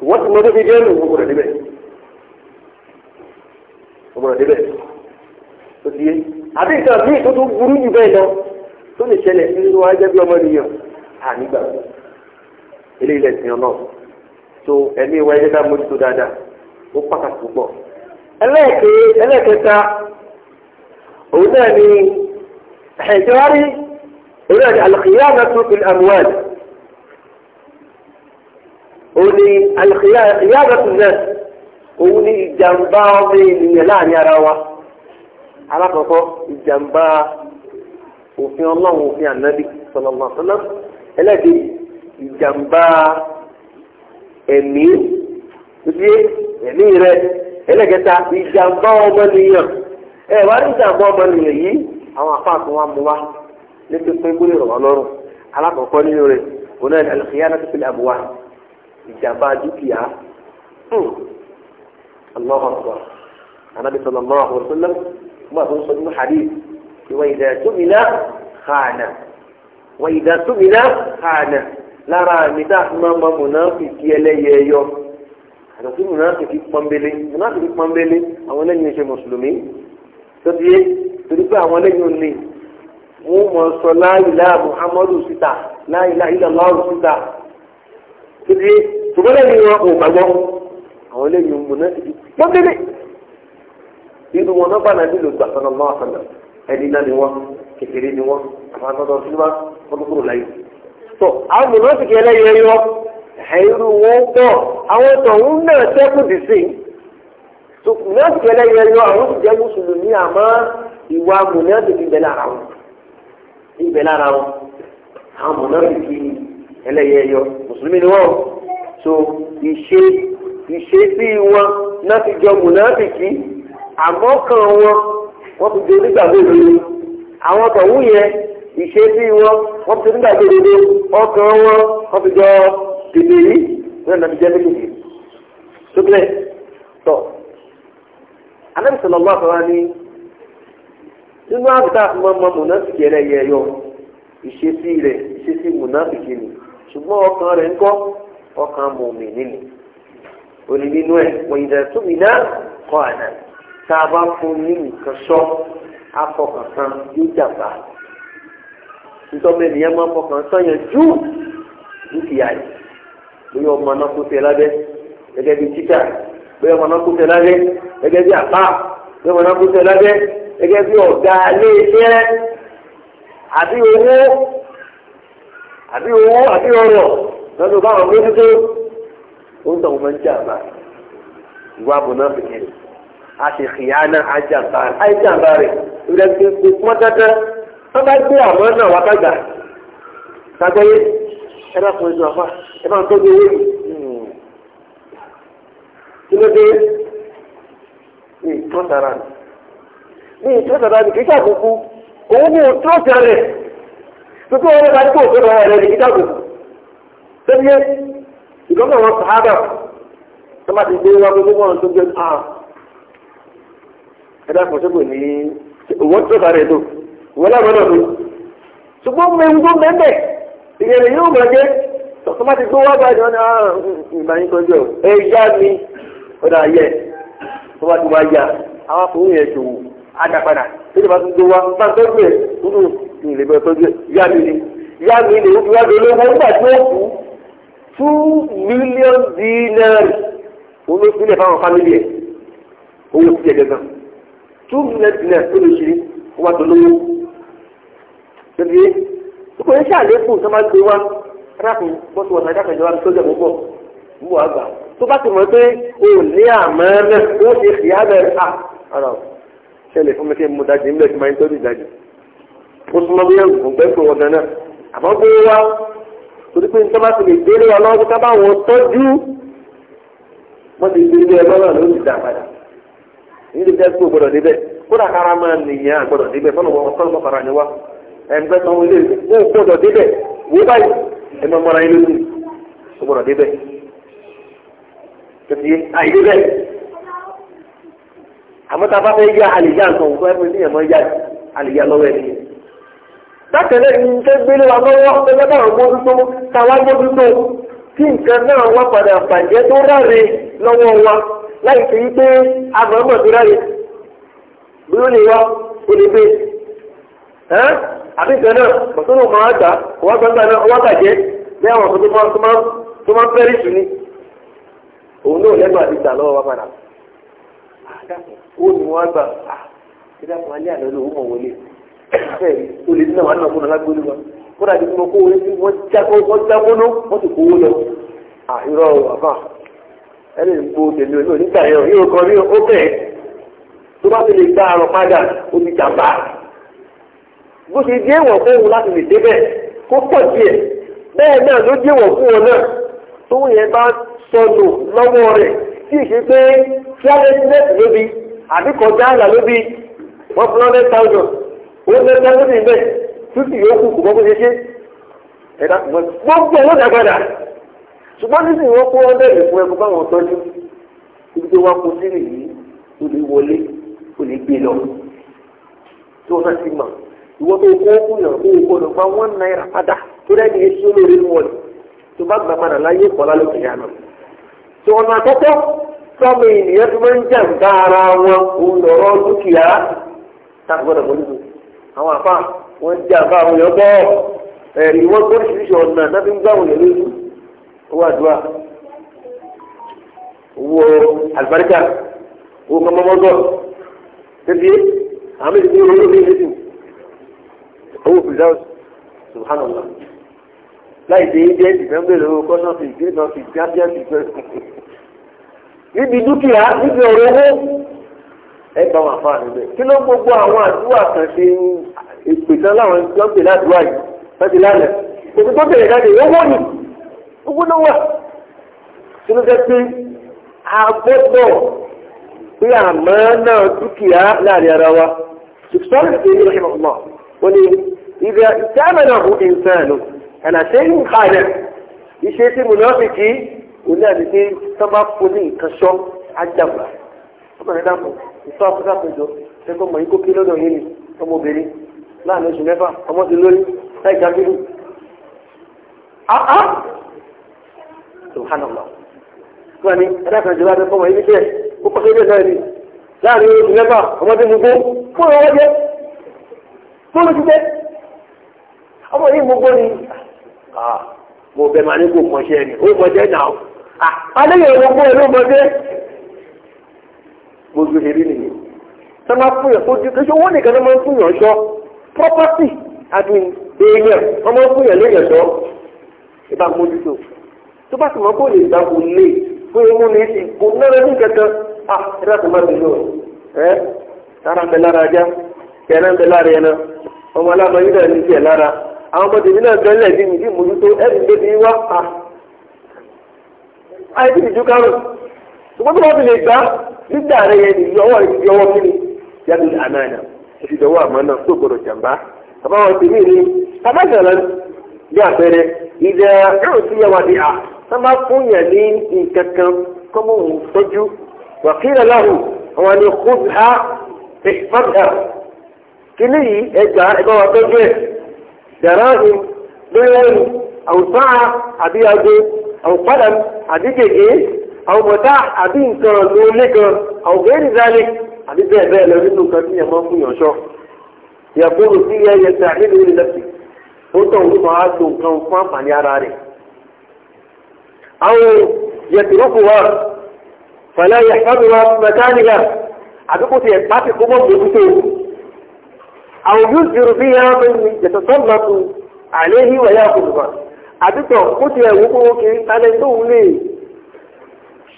Speaker 1: wọ́n ti mọ bó ṣe jẹ́ nù wọ́n gbọ́dọ̀ débẹ̀ wọ́n gbọ́dọ̀ débẹ̀ tó ti àbí ìtàn míì tó tún burú jù bẹ́ẹ̀ lọ tó lè ṣẹlẹ̀ nínú ajẹ́bí ọmọ nìyẹn à nígbà eléyìí lẹ́sìn ọ náà so ẹ̀mí wa ẹ̀yẹ́ká mójútó dáadáa ó pàtàkì púpọ̀. ẹlẹ́ẹ̀kẹ́ ẹlẹ́ẹ̀kẹta òun náà ni ẹ̀jọ́rí òun náà ni al-khiyānatu bil-amwāl òun ni al-khiyānatu nas òun ni ìjàmbá ọmọ ènìyàn láàrin ara wa alákọ̀ọ́kọ́ ìjàmbá òfin ọlọ́run òfin ànábì sallallahu alaihi ẹlẹ́ẹ̀kẹ́ ìjàmbá ẹ̀mí ṣe ẹ̀mí rẹ ẹlẹ́gẹ̀ta ìjàmbá ọmọnìyàn ẹ wá ní ìjàmbá ọmọnìyàn yìí àwọn afáàtún wa mú wa ní pípín kó lè rọ̀ wá lọ́rùn alákọ̀ọ́kọ́ nínú rẹ̀ òun náà al-khiyana fil amwal ìjàmbá dúkìá hmm. Allahu akbar anabi sallallahu alaihi wasallam kuma sun sọ nínú hadith ìwà idha tumila khana lára àmì tá a fi máa ma mùnáfìkì ẹlẹ́yẹ ẹyọ àtàkì mùnáfìkì pọ́nbélé mùnáfìkì pọ́nbélé àwọn lẹ́yìn ìṣe mùsùlùmí tó ti yé torí pé àwọn lẹ́yìn òní wọ́n mọ̀ sọ láìlá muhammadu síta láìlá ìlàláwù síta tó ti yé ṣùgbọ́n lẹ́yìn wọn kò gbàgbọ́ àwọn lẹ́yìn mùnáfìkì pọ́nbélé nínú wọn náà bá nàbí lò gbà sọ́nà náà sọ́nà ẹni náà ni wọ́n kékeré ni wọ́n àwọn sílùmá wọ́n láyé tó àwọn mùnàfíkì ẹlẹ́yẹ yọ ẹ̀rù wọn pọ̀ àwọn tọ̀hún náà sẹ́kù dì sí tó mùnàfíkì ẹlẹ́yẹ yọ àwọn ti jẹ́ mùsùlùmí àmọ́ ìwà mùnàfíkì ibẹ̀ lára wọn ibẹ̀ lára wọn àwọn mùnàfíkì ẹlẹ́yẹ yọ mùsùlùmí ni wọ́n so ìṣe ìṣe sí wọn náà ti jọ mùnàfíkì àmọ́ kan wọn wọ́n ti di onígbàgbọ́ ìlú àwọn tọ̀hún yẹn ìṣesí wọn wọ́n ti nígbà gbèrèdè ọkàn wọn wọ́n fi jọ tètè yìí wọ́n nàbí jẹ́ méjèèjì sókè tọ́ alẹ́ sọ̀rọ̀ lọ́wọ́ àfọwọ́ ni nínú àbúta àfọmọ́mọ́ mùnáfìkì rẹ̀ yẹ yọ ìṣesí rẹ̀ ìṣesí mùnáfìkì ni ṣùgbọ́n ọkàn rẹ̀ ń kọ́ ọkàn mùmí nínú òní nínú ẹ̀ wọ́n ìdá tóbi náà kọ́ àná tá a bá fún ní nǹkan ṣọ́ afọkàntán yóò jàmbá nítorí ènìyàn máa fọkàn sọyàn jù dúkìá yìí bóyá ọmọ náà kó tẹ lábẹ́ gẹ́gẹ́ bí títà bóyá ọmọ náà kó tẹ lábẹ́ gẹ́gẹ́ bí àpá bóyá ọmọ náà kó tẹ lábẹ́ gẹ́gẹ́ bí ọ̀gá ilé iṣẹ́ àbí owó àbí owó àbí ọrọ̀ lọ́dún báwọn mójútó ó ń tọ̀wọ́ máa ń jàmbá ìwà àbùnà fìkìrì àṣìkìyà náà àjàmbá rẹ̀ ìrẹsì kò pọ́n dandan tó bá gbé àmọ́ náà wá bàgbà sàgbẹ́yé ẹ bá fún ẹjọ́ àfà ẹ bá ń tọ́jú owó yìí hmm. kí ló dé ní ìtọ́sára ní ìtọ́sára ní kíkà kúkú òun ní ìtọ́sára rẹ̀ tuntun wọn bá tó òfin ọ̀rọ̀ rẹ̀ ní kíkà kúkú sẹ́ni ìgbọ́nà wọn sàádà tó bá ti gbé wá gbogbo wọn tó gbé ah ẹ fún ṣẹ́gun ní owó tó sáré tó ìwọ náà gbọ́dọ̀ mi ṣùgbọ́n mẹ́rin tó mẹ́mẹ́ ìrẹ̀lẹ̀ yóò máa jẹ́ tọ́kọ́ má ti gbówó àgbà ìjọ náà ìbáyín tó jẹ́ ẹ yá mi ọ̀dà ayẹ tó bá ti wá yá àwọn akọ̀wé yẹn ṣòwò àdàpadà tó ti bá ti gbówó bá tọ́jú ẹ̀ nínú ìlẹ̀bẹ̀ tọ́jú yá mi ni yá mi ni òkú wájú olówó nígbà tí ó kú two million dinari òun ló sílẹ̀ fáwọn fámìlì ẹ̀ owó ti jẹ gẹ́gẹ́ two million dinari ó lè ṣe wọ́n wá tó lówó tóbi kò ní sàlékún tó máa gbé wá rákùn bọ́sù wọn sàdá kan jọ wá ní sójà púpọ̀ ń bọ̀ àgbà tó bá ti mọ̀ pé o ní àmọ́ náà ó ṣe fìyà bẹ́ẹ̀ à ara o ṣẹlẹ̀ fún mi kí n mú dájú ń bẹ̀ tí máa ń tọ́jú ìdájú ó tún máa bí yẹn kò gbẹ́ pé wọn gan náà àmọ́ gbé wá torí pé nítorí bá ti lè gbélé wa lọ́wọ́ ká bá wọn tọ́jú wọ́n ti gbélé ẹgbẹ́ náà ló ti dà padà nílùú jẹ́ kó gbọ́dọ̀ máa nìyẹn àgbọ̀dọ̀ débẹ̀ fọ́nà wọn kọ́ ẹnìkan tó ń lé wọn ò gbọdọ̀ débẹ̀ wó báyìí ẹ máa mọra yín lójú ó gbọdọ̀ débẹ̀ tètè àìdí bẹ́ẹ̀ àmọ́ a bá fẹ́ yá àlèyá nǹkan òkú ẹ̀fọ́ ní ẹ̀mọ́ yá àlèyá lọ́wọ́ ẹ̀ nìyẹn. bákan náà ní ṣé gbélé wa lọ́wọ́ ẹgbẹ́ náà mójútó táwa mójútó kí nǹkan náà wá padà bàjẹ́ tó ráre lọ́wọ́ wa láì fi yí pé àgbọ̀n mọ̀ tó ráre bí ó lè wá ó lè gbé. a ìgbà náà bàtúnú máa gbà wá gbàgbà náà àwọn ọ̀sán tó máa ń ni òun náà lẹ́nu àti lọ́wọ́ ah, ah, wá padà wa kódà bí mo wọ́n jágbó wọ́n jágbó ló wọ́n kówó lọ àìrọ̀ ah, àbá ẹni tèmi òní nígbà yẹn yóò ní bó ṣe dé wọ̀ fún òun láti lè débẹ̀ kó pọ̀ díẹ̀ bẹ́ẹ̀ náà ló dé wọ̀ fún wọn náà tó yẹn bá sọnù lọ́wọ́ rẹ̀ tí ìṣe pé fíálẹ́sílẹ́sì ló àbí kọjá àlà ló bi one hundred thousand owó mẹ́ta ló bi bẹ́ẹ̀ fífi yòókù kò mọ́ bó ṣe ṣe ẹ̀dá kò mọ́ gbogbo owó dàgbàdà ṣùgbọ́n nísìnyí wọ́n kó ọ́ndẹ̀ lè fún báwọn tọ́jú ìwọ́n tó kó fún yàn kó kó lọ fún wọn náírà padà tó lẹ́yìn èsì olórí ni wọ́n tó bá gbà padà láyé kọ́lá ló kìí àná. tòun àkọ́kọ́ sọ́mi ènìyàn tó máa ń jà ń bá ara wọn òun lọ́rọ́ dúkìá tágbọ́dọ̀ mọ́lú àwọn àfa wọ́n jà bá àwọn èèyàn bọ́ ẹ̀rí wọ́n tó oríṣiríṣi ọ̀nà tábí ń gbà àwọn èèyàn lójú owó àdúrà owó àlùbáríkà owó kọ́mọ́mọ́gọ́ tẹ́tí owó fìdáwùs subhanallah láì dé ilé ìdìbọn bèrè owó kọ́ nọ́ọ̀sì ìgbé nọ́ọ̀sì ìgbé ábíá ìgbé níbi dúkìá níbi ọ̀rọ̀ owó ẹ bá wọn àfa àmì bẹ́ẹ̀ kí ló gbogbo àwọn àdúrà kan ṣe ìpèsè láwọn ìjọba ìlàdúrà yìí láti lálẹ́ òkú tó bẹ̀rẹ̀ jáde owó ni owó ló wà tí ló jẹ́ pé a gbọ́dọ̀ pé àmọ́ náà dúkìá láàrin ara wa ṣùgbọ́n ìgbé ní ìrìn ọ̀gbọ̀n ó ní إذا ائتمنه إنسان على شيء خالف ìṣesí mùnàfíkì òun náà ní pé tó bá fún ní nǹkan ṣọ́ ájàmùlá ọmọ rẹ dàpọ̀ ìfọ́ àfúnṣà péjọ ṣẹ́gun mọ̀ ikú kí lọ́dọ̀ yìí ni ọmọbìnrin láàrin oṣù mẹ́fà ọmọ ti lórí láì jábírù. áá subhanallah fún ẹni ẹ̀dá kan jọba tó fọmọ yìí níbẹ̀ ó kọ́ sórí ẹ̀dá yìí láàrin oṣù mẹ́fà ọmọ ti mú gbó fún ọ̀rọ̀ ọ̀jẹ́ fún ọ̀rọ̀ ọmọ yìí gbogbo ni ah, mo bẹ máa ní kò mọ̀ṣẹ́ ni ó mọ̀ṣẹ́ náà àlẹ́yìn ah, ìwọ̀n mọ́ ẹ̀rọ gbogbo èrí nìyẹn sọ́mà fún yàn ojú kí owó nìkan ló máa ń ṣọ́ àti èèyàn wọ́n máa ń ìbá mójútó tó bá sì kó lè lè kó ní ti náírà ní kankan à máa sára ń bẹ lára ajá ń bẹ lára náà ọmọ yìí àwọn ọmọdé mi náà bẹ́ẹ̀ lẹ́ẹ̀dí mi bí mójútó ẹ̀rí ló ti wá pa àìsí ìjú kárùn ṣùgbọ́n tó bá fi lè gbá nígbà rẹ yẹn nìyí ọwọ́ rẹ ti ọwọ́ kí ni yàtọ̀ àná àná èsì ìdánwò àmọ́ náà tó gbọdọ̀ jàmbá bàbá wọn ti mí ni bàbá ìṣẹ̀lẹ̀ bí àpẹẹrẹ ìdẹ ẹ̀rọ sí yẹ wá di à tá bá fún yẹn ní nǹkan kan kọ́ mọ́ òun tọ́jú wàkílà láhùn àwọn ni kó ha ìfọ́dà kí ni yìí ẹgbàá ẹgbàá wa tọ́jú ẹ̀ dẹ̀rọ́hìn bílẹ̀rù àwùsáà àbí ago àwùpadàm àbí gègé àwùmọ̀tá àbí nǹkan lóore kan àwùgbẹ́rì zálí àbí bẹ́ẹ̀ bẹ́ẹ̀ lọ nínú nǹkan tí yẹn máa ń fún yànṣọ́ yàgbọ́rò sí yẹn yẹn tẹ̀ àdéhùn ilé lẹ́sì ó tọ̀ wọ́n máa lo nǹkan fún àǹfààní ara rẹ̀. àwọn yẹtùrọ́kù wa fàlẹ́ yẹ fábíwá mẹkáníkà àbí kò tiẹ̀ pàṣẹ kó mọ̀ أو يزجر بها من يتسلط عليه ويأخذها àdìtọ̀ ó ti ẹ̀wù kó kí alẹ́ tó ń lè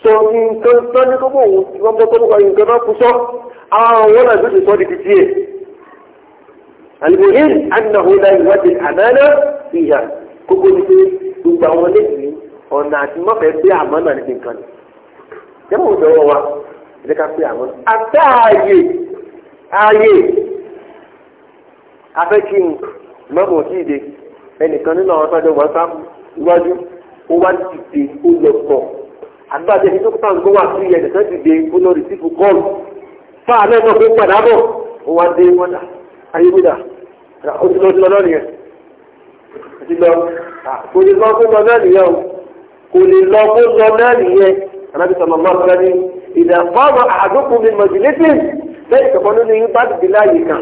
Speaker 1: sọ ní nǹkan tó ní kókó òun tí wọ́n bọ́ tó nípa nǹkan bá kú sọ àwọn ọ̀wọ́ náà tó ti sọ di ti tiẹ̀. àlùmọ́hìn àdìnàwó náà ìwádìí àmánà ìyà kókó ní pé gbogbo àwọn lẹ́yìn ọ̀nà àti mọ́fẹ̀ẹ́ pé àmánà ní nǹkan ni. jẹ́wọ́n ìdọ́wọ́ afẹ́ kí n mọ́mọ́ sí ìdè ẹnìkan nínú àwọn sọ́jọ́ wọn sá iwájú ó wá dìde ó lọ pọ̀ àdúrà tí ẹni tó kọ́ táwọn gbọ́wọ́ àti ìyẹn nìkan dìde ó lọ rìsífù kọ́ọ̀lù fáà náà náà fún padà bọ̀ ó wá dé wọn dà ayé gbé dà ó ti lọ sí lọ lọ́nìyẹn ó ti lọ kò lè lọ fún lọ náà nìyẹn o kò lè lọ fún lọ náà nìyẹn alábi sọ̀rọ̀ máa fẹ́ ní ìdàpọ̀ àwọn àdókùn mi mọ̀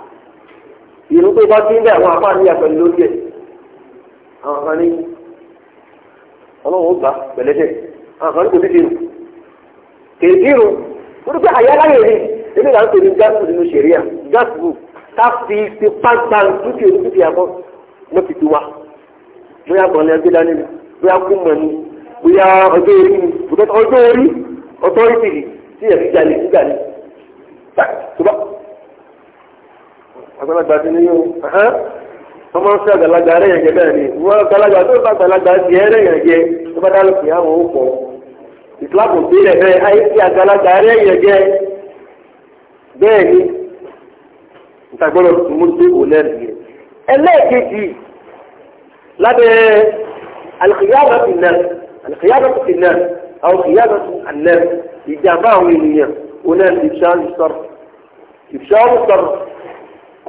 Speaker 1: ìrún tó bá ti ń bẹ àwọn apá níyà pẹ̀lú lórí ẹ̀ àwọn kan ní ọlọ́run ó gbà pẹ̀lẹ́dẹ̀ àwọn kan ní kò sí dìrù kèé dìrù ó dúpẹ́ àyáláyè ni èmi là ń pè ní gáàsì nínú sẹ̀ríà gáàsì bù ká fi ti pàgbà dúkìá ní dúkìá kan mo ti ti wa bóyá kan ní ẹgbẹ́ dání ni bóyá kú mọ̀ ni bóyá ọjọ́ orí ni ọjọ́ orí ọtọ́rìtì ni tí ẹ̀ àgbàlagbà ti ní yóò wọ́n máa ń fẹ́ àgbàlagbà rẹ̀ yẹn jẹ bẹ́ẹ̀ ni wọ́n àgbàlagbà tó bá àgbàlagbà ti ẹ́ rẹ̀ yẹn jẹ tó bá dá lókè àwọn ó pọ̀ ìsìláàmù bí rẹ̀ bẹ́ẹ̀ ayé ti àgbàlagbà rẹ̀ yẹn jẹ bẹ́ẹ̀ ni ìtàgbọ́dọ̀ tó mú sí òun lẹ́nu yẹn ẹlẹ́ẹ̀kejì lábẹ́ alìkìyàmọ̀ ti nà alìkìyàmọ̀ ti nà àwọn kìyàmọ̀ ti nà ìjàmbá àwọn ènìyàn òun náà ìfṣàlù sọ̀rọ̀ ìfṣàlù sọ̀rọ̀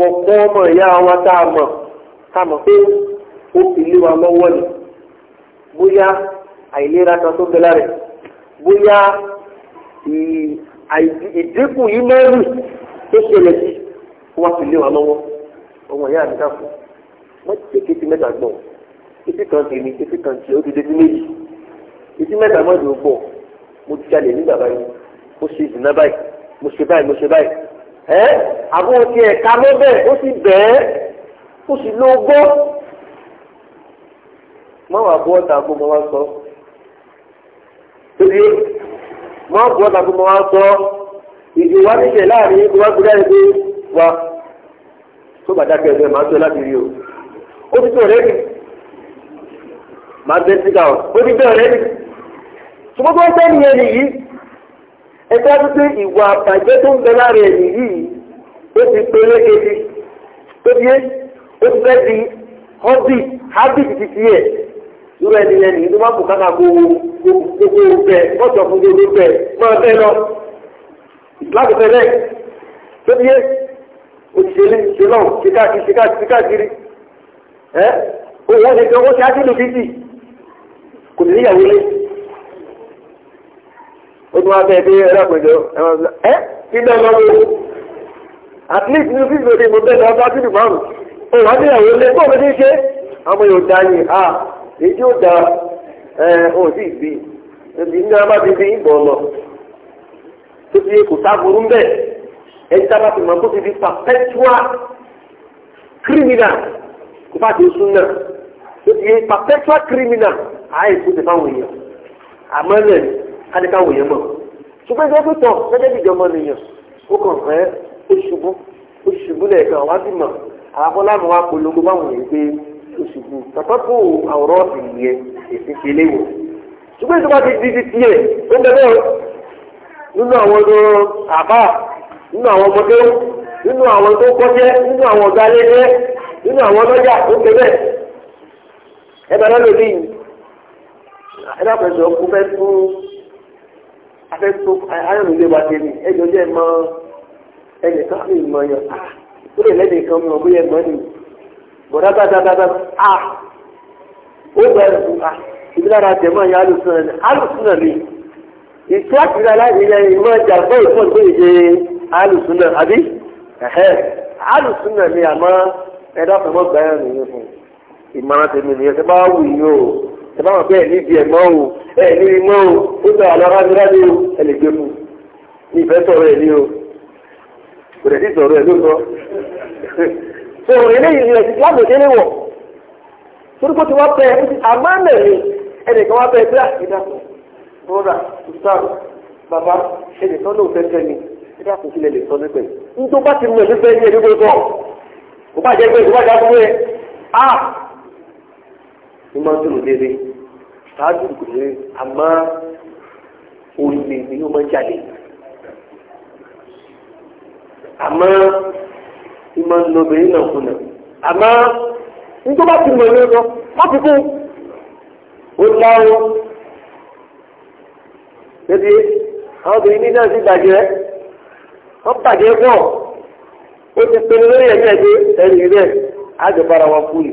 Speaker 1: ọ̀kọ̀ọ̀kan ọmọ ìyá wa tá a mọ̀ tá a mọ̀ pé ó fi lé wa lọ́wọ́ ni bóyá àìlera kan tó bẹ̀rẹ̀ rẹ̀ bóyá ìdínkù yìí mẹ́rin tó ṣẹlẹ̀ sí wá fi lé wa lọ́wọ́ ọmọ ìyá mi káfọ́ wọ́n ti tẹ̀ké ti mẹ́ta gbọ̀n etí kan tèmi etí kan tì ó ti dé sí méjì etí mẹ́ta mọ́tò gbọ̀ mo ti jalè ní bàbá mo ṣe ìdìnnà báyìí mo ṣe báyìí mo ṣe báyìí ẹ́ àbó ti ẹ̀ka lọ́bẹ̀ ó sì bẹ́ẹ̀ ó sì ló gbọ́. máa wà bọ́ ọ̀tà kó mo wá sọ. tóbi máa bọ́ ọ̀tà kó mo wá sọ ìdí wa níṣẹ́ láàrin kó wá gbúdá ẹni pé wa tó bàtà kẹfẹ màá tó láti rí o ó ti tó rẹ ni màá bẹ síkà ó ti bẹ́ẹ̀ rẹ ni. ṣùgbọ́n tó sẹ́yìn yẹn nìyí. ẹ dájú pé àbàjẹ́ tó ń bẹ lára ẹ̀yìn yìí ó ti pélé kejì tó bí ó ti fẹ́ di hobby habit ti ẹ̀ irú ẹni yẹn nìyí máa bù kánà gbogbo bẹ mọ́tò fún gbogbo bẹ máa bẹ lọ láti fẹ́ bẹ́ẹ̀ tó bí òṣèlú ìṣèlú ṣíkàkiri ṣíkàkiri òun ó tún wá fẹ́ pé ẹlẹ́kùnjọ ẹ kí bẹ́ẹ̀ lọ wọ at least ní fífi òde mo bẹ́ẹ̀ lọ bá tìlù márùn òun á níyàwó lé a èyí yóò da ẹ òun sì bí ẹbí ní wọn bá ti fi ìbọn lọ tó a bá ti mọ kó ti di perpetual criminal kó bá ti sún náà tó ti perpetual criminal àìkú ti fáwọn èèyàn káníkàwò yẹn mọ̀ ṣùgbọ́n ìjọba pé tọ̀ gẹ́gẹ́ bí ìjọba nìyàn ó kàn fẹ́ ó ṣubú ó ṣubú lẹ́ẹ̀kan àwa sì mọ̀ àfọláàmù wa polongo báwọn yẹn pé ó ṣubú tàbá kó àwòrán ọ̀sìn yẹn èsì ṣe léwò ṣùgbọ́n ìjọba ti di ti tiẹ̀ ó ń bẹ bẹ́ẹ̀ nínú àwọn ọdún àbá nínú àwọn ọmọdé nínú àwọn tó kọjẹ nínú àwọn ọ̀gá lẹ́jẹ́ nínú àwọn ọlọ́jà ó ń bẹ bẹ́ẹ̀ ẹ bẹ̀rẹ̀ lórí ẹ dákun ẹ̀sọ́ kú fẹ́ fún afẹ́ tó ayọ̀nù ilé wa ẹjọ́ jẹ́ mọ ẹnìkan lè mọ yàn ah, ó lè lẹ́nìkan mọ bóyá ẹ̀mọ́ ni bọ̀dá dáadáa a ah, ó gba ẹ̀sùn a ah, ìdí lára jẹ̀mọ́ yẹn alùsùn náà alùsùn náà ni ìtú àtìlá láti ìmọ̀ ẹja fún ìfọ̀n tó yẹ alùsùn náà àbí alùsùn náà ni àmọ́ ẹ̀dá fún ọgbà ẹ̀rọ nìyẹn fún ìmọ̀ràn tèmi nìyẹn tẹ́ ẹ bá wọn pé ẹni ibi ẹmọ o ẹni imọ o ó sọ àlọ rádúrádú o ẹ lè gbé fún ní ìfẹ́ sọ̀rọ̀ ẹ ní o kò dẹ̀ sí sọ̀rọ̀ ẹ ló sọ. sọ eléyìí ilẹ̀ ti láàbò délé wọ̀ torípò tí wọ́n pẹ́ ah, ẹ àmọ́ mẹ́rin ẹnìkan wọ́n pẹ́ ẹ bíra ìdàpọ̀ bọ́dà ìsàrò bàbá ẹnìkan ló fẹ́ fẹ́ mi ìdàpọ̀ sílẹ̀ lè sọ nípẹ́ nítorí bá ti mọ̀ nípẹ́ ní ẹ̀dúgbò ní máa ń tòrò dédé sáájú ìgbèrè àmọ́ olè ni ó máa ń jáde àmọ́ ìmọ̀ ń lọ obìnrin náà kùnà àmọ́ nítorí bá ti mọ̀ ní ọ̀dọ́ má fi kún ó láwọ́ dédé àwọn obìnrin ní náà sì bàjẹ́ wọ́n bàjẹ́ pọ̀ ó ti pinnu lórí ẹ̀mí ẹ̀dẹ́ ẹ̀rì rẹ̀ á jọ bára wọn kú ni.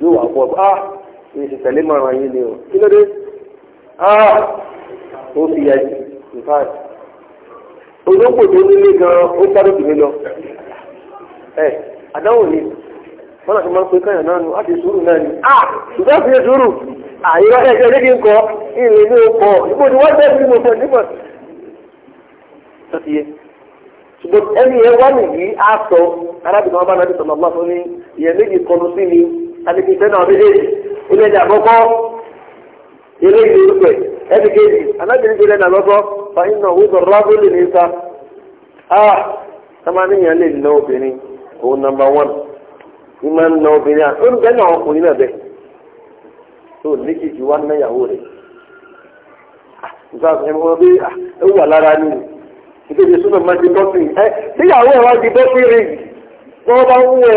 Speaker 1: yóò wà bọ̀ ah èsì tẹ̀lé máa ra yín ni o kí ló dé ah ó fi yà jù nípa olóńgbò tó nílé gan ó sáré jù mí lọ ẹ àdáwò ni wọn àti máa ń pe káyọ̀ náà nu àti sùúrù náà ni ah ṣùgbọ́n fi sùúrù ah, àyíwá ẹgbẹ́ ẹgbẹ́ kí n kọ ìrìn ní o kọ ibo ni wọ́n bẹ́ẹ̀ fi mo fẹ́ nígbà sọ́tìyẹ. ṣùgbọ́n ẹni yẹn wá nìyí á sọ arábìnrin ọba náà ti sọ̀rọ̀ ọgbà fún mi ìyẹn méjì kọlu sí mi àti kìí sẹ́nu ọ̀bí léyìí ilé ní àkọ́kọ́ ilé ìlú rúpẹ̀ ẹni kéjì anábìrin tó lẹ́nu àkọ́kọ́ fa iná sọ̀rọ̀ lè ní sa a sábà níyàn lè ná obìnrin òun nàmbà wọn ìmọ̀ ń ná obìnrin àti olùkẹ́ náà ọkùnrin náà bẹ́ẹ̀ tó lékìkì wá náyàwó rẹ̀ nígbà tó ń bí ẹ lára ní ìdíje súnmọ́ máa di bọ́sìn ẹ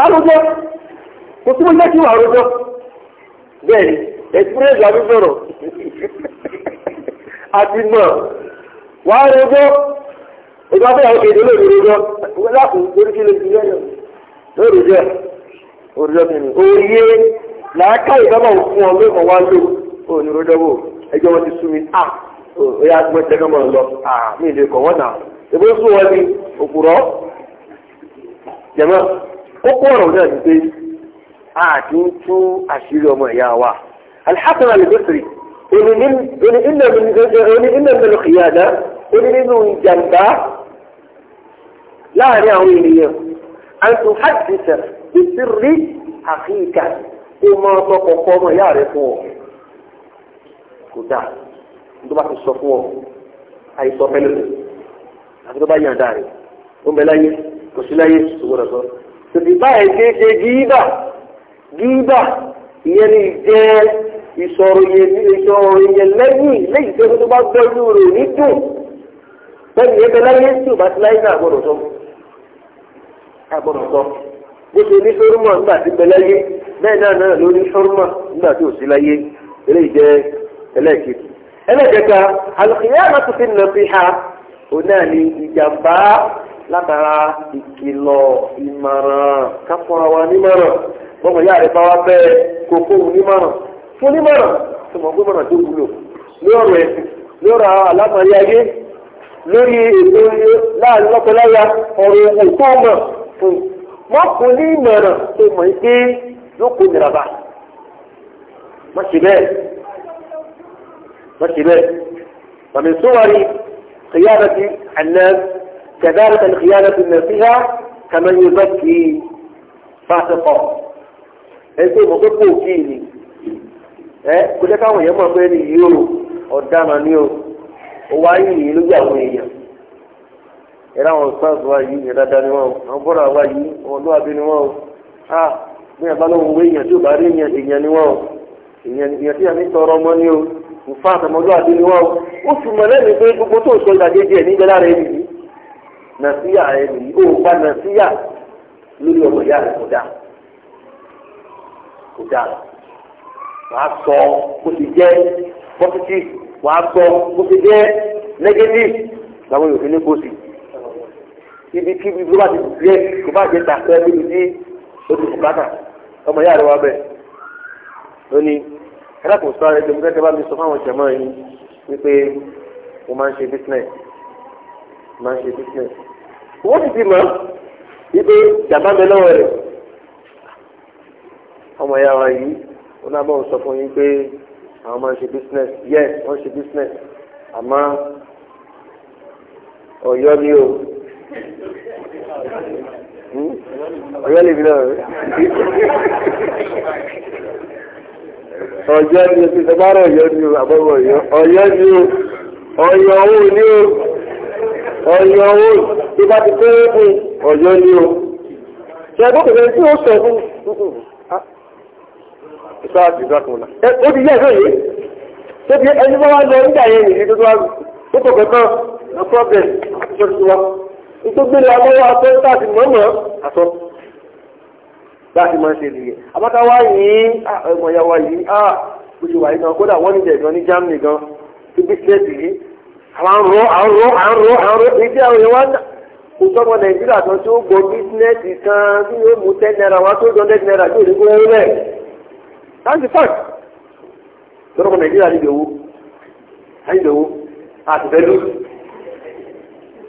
Speaker 1: wà lójọ́ kò túnmọ̀ jẹ́ kí wà lójọ́ bẹ́ẹ̀ ẹ̀kúrẹ́jì àbíbọ̀rọ̀ àti mọ̀ wà lójọ́ ìgbà fẹ́ àwọn èdè lórí lójọ́ lákùn lórí kí lè fi lẹ́yìn lórí jẹ́ òrùjọ́ mi ni òye làákà ìbámọ̀ fún ọ lóko wá lò ó ní rọjọ́ wò ẹjọ́ wọn ti sú mi à ó yà gbọ́n tẹ́lẹ̀ mọ́ lọ à mí ìlú ẹ̀kọ́ wọn nà ìbúrú sún wọn ni òkúrọ́ jẹ̀mọ́ kókó ọ̀rọ̀ náà ni pé a ti ń tú àṣírí ọmọ ìyá wa alḥasan alibasiri oni iná mẹlẹ kìyàdá oni nínú ìjàmbá láàrin àwọn ènìyàn àti hajjita ìsirí àfíìkà ó máa sọ kọ̀ọ̀kan ọmọ ìyá rẹ fún ọ kò dáa tó bá ti sọ fún ọ àìsọ fẹlẹ àti tó bá yàn dáa rẹ ó ń bẹ láyé kò sí láyé ìṣòwò rẹ sọ tòbí báyìí ṣe ṣe gííbà gííbà ìyẹn ni jẹ́ ìṣòro ìyẹn lẹ́yìn lẹ́yìn tó tó bá gbọ́ inú rẹ̀ ní dùn bẹ́ẹ̀ ni ẹgbẹ́ láyé tí ò bá ti láyé náà gbọ́dọ̀ sọ agbọ́dọ̀ sọ bó ṣe ní sọ́rùmọ̀ nígbà tí bẹ láyé bẹ́ẹ̀ náà náà ló ò náà ni ìjàmbá látara ìkìlọ̀ ìmọ̀ràn káfọ́ra wa nímọ̀ràn bọ́mọ̀ yára bá wa bẹ́ẹ̀ kókó nímọ̀ràn fún nímọ̀ràn tó mọ̀ pé mọ̀ràn tó wúlò ní ọ̀rọ̀ ẹ̀sìn ní ọ̀rọ̀ àlámọ̀rí ayé lórí ètò láàrin lọ́pọ̀láyà ọ̀rọ̀ òwò tó mọ̀ fún mọ́ fún ní ìmọ̀ràn tó mọ̀ pé yóò kó nira má ṣe bẹ́ẹ̀ má ṣe bẹ́ẹ̀ màmí sówárí kìyàrá ti àná كذلك الخيانة النصيحة كمن يزكي فاسقا أنت مطلوب فيني ẹ kó jẹ́ káwọn èèyàn mọ̀ pé ní yìí o ọ̀daràn ni o ó wá yìí lójú àwọn èèyàn ìrà àwọn sars wa yìí ìrà dáadáa ni wọn o àwọn bọ́dà wa yìí wọn ló àbí ni wọn o a ní àbálòhùn wé èèyàn tí ò bá rí èèyàn èèyàn ni wọn o èèyàn tí àmì tọrọ ọmọ ni o nfa àtọmọdún àbí ni wọn o ó sì mọ lẹ́nu pé gbogbo tó sọ ìdàgé díẹ̀ nígbẹ́ lára ẹni yìí nàṣíyà ẹ nìyí ó gba nàṣíyà lórí ọmọ ìyá rẹ kò dáa kò dáa wàá sọ kó ti jẹ pọtitì wàá sọ kó ti jẹ nẹgẹtì làwọn yòókù ní kó ibi kí ibi bá ti gbé kó bá jẹ tàkẹ́ níbi tí ó ti bùkátà ọmọ ìyá rẹ wá bẹ ó ní ẹlẹ́kùn sọ ẹgbẹ́ mi gẹ́gẹ́ bá mi sọ fáwọn ìṣẹ̀mọ́ yìí wípé mo máa ń ṣe business máa ń ṣe business wọ́n sì ti mọ̀ ibi jàmbá mi lọ́wọ́ rẹ̀ ọmọ ìyá wa yìí wọn náà bọ̀ sọ fún yín pé àwọn máa ń ṣe business yes wọ́n ṣe business àmọ́ ọ̀yọ́ ni o
Speaker 2: hmm? ọ̀yọ́ lè fi náà
Speaker 1: ọ̀yọ́ ni o ti sọ bá rọ̀ ọ̀yọ́ ni o àbọ̀wọ̀ ọ̀yọ́ ọ̀yọ́ ni o ọ̀yọ́ òun ni o ọ̀yọ́ owó tí bá ti péré fún ọ̀yọ́ ni o ṣe ẹgbẹ́ kò tí ó sọ fún ìṣọ́ àti ìṣọ́kùnlá ó ti yẹ́ ẹ̀fẹ́ yìí tó fi ẹni bá wá lọ nígbà yẹn nìyí tó tó wá tó kọ̀ kọ̀kan no problem àtúnṣe tó wá nítorí gbé lọ lọ́wọ́ aṣọ láti mọ̀ọ́mọ̀ aṣọ láti máa ṣe nìyẹn àbáta wá yìí ọmọ ìyá wa yìí ah gbèsè wà yìí gan kódà wọ́n ní jẹ̀ gan ní Germany gan tó gbé sílẹ̀ àwọn àrùn àrùn àrùn àrùn ìdí àwọn yẹn wá dà ìjọba nàìjíríà tó tó gbọ́ bísínẹ́sì kan tí yóò mú ten naira wá tó jọ ten naira tó lè gbówó rẹ̀ láti fàt ìjọba nàìjíríà ní ìdòwò ní ìdòwò àtìfẹ́lú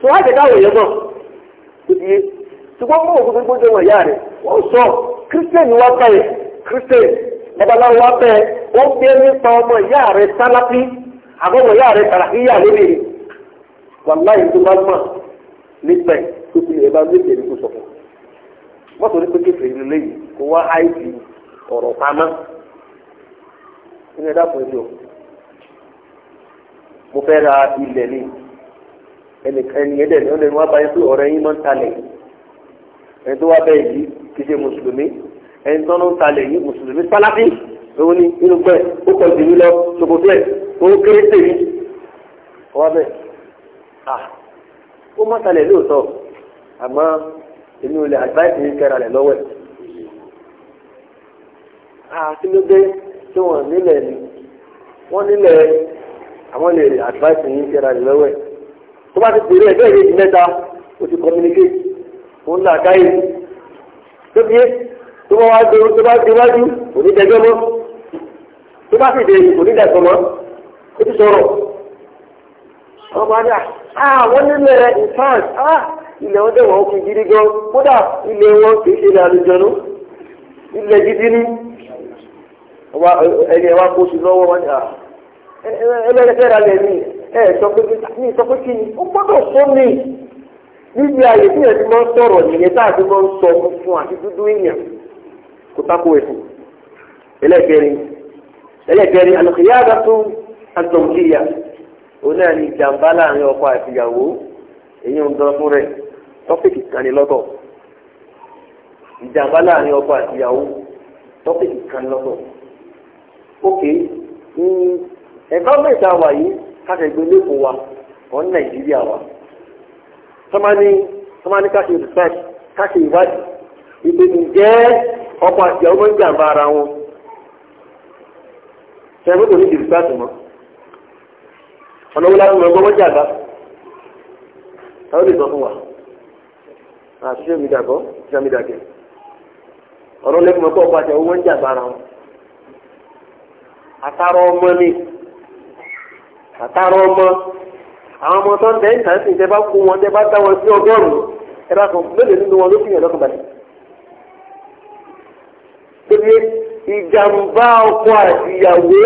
Speaker 1: tó wá jẹ káwọ̀ yẹn mọ̀ tó di ṣùgbọ́n mú òkú gbogbo jẹ wọ̀n ìyá rẹ̀ wọ́n sọ kírísítẹ́nì wá bẹ̀rẹ̀ kírísítẹ́nì babaláwo wá àbọ̀wọ̀ yá rẹ̀ tàrà yíyá lóbìnrin wàláyé tó bá mọ̀ nípa ẹ̀ tó fi lè bá lóde ní kó sọ fún un wọ́n sọ pé kéfì ìlú lẹ́yìn kó wá àìsí ọ̀rọ̀ pamọ́ nínú ẹ̀dá fún mi o mo fẹ́ ra ilẹ̀ ni ẹnìkan ẹ̀dẹ̀ ni ó lè wá báyìí pé ọ̀rẹ́ yín máa ń talẹ̀ ẹni tó wá bẹ́ẹ̀ yìí kì í ṣe mùsùlùmí ẹni tó ń talẹ̀ yìí mùsùlùmí sálábì òun ni inú pẹ́ ó pọ̀ jù mí lọ ṣòkòtò ẹ̀ òun kéré tèmi ọwọ́ bẹ́ẹ̀ à ó má talẹ̀ lóòótọ́ àmọ́ èmi ò lè advice mi kẹ́ra rẹ̀ lọ́wọ́ ẹ̀ àti ló dé tí wọ́n nílẹ̀ ni wọ́n nílẹ̀ àwọn lè advice mi kẹ́ra rẹ̀ lọ́wọ́ ẹ̀ tó bá ti pèrè ẹ̀ bẹ́ẹ̀ yéé mẹ́ta o ti communicate òun là káyé tó fi yé tó bá wá dé wájú kò ní dẹjọ́ mọ́ tó bá sì dé kò ní dẹjọ́ mọ́. ó sọ̀rọ̀ ah wọ́n nílẹ̀ in ah ilẹ̀ wọn dẹ̀ wọ́n kì gidi gan kódà ilẹ̀ wọn kì ṣe àlùjọ́nú ilẹ̀ gidi ni ẹni kó sí lọ́wọ́ wọn ni ah ẹlẹ́rẹ́fẹ́ lẹ̀ mí sọ pé mi sọ pé kí ni ó gbọ́dọ̀ mi níbi ààyè tí ẹ̀ ti máa ń sọ̀rọ̀ nìyẹn tá a ti máa ń sọ fún àti dúdú èèyàn tako àlùkìyà azọ̀nkìyà òun náà ni ìjàmbá láàrin ọkọ àtìyàwó èyí ń dán fún rẹ̀ tọ́pìkì kan ìjàmbá láàrin ọkọ àtìyàwó tọ́pìkì ẹ̀ka mẹ́ta wà yìí lẹ́kọ̀ọ́ wa ọ̀n nàìjíríà wa tọ́mání káṣe káṣe ìwádìí ìpè ọkọ àtìyàwó ń jàmbá ara wọn kò ní ọ̀nà wo láti mọ̀ ẹgbẹ́ wọ́n jàgbá táwọn lè sọ fún wa àti ṣé mi dàgbọ́ ṣé mi dàgẹ̀ ọ̀rọ̀ lẹ́kùn mọ́kọ́ ọkọ̀ àti ọwọ́ ń jàgbá ara wọn àtàrà ọmọ ni àtàrà ọmọ àwọn ọmọ tó ń tẹ̀ ń tà sí ìtẹ́ bá kó wọn tẹ́ bá dá wọn sí ọgọ́rùn-ún ẹ bá kan mélòó nínú wọn ló fi hàn lọ́kàn pé ìjàmbá ọkọ àti ìyàwó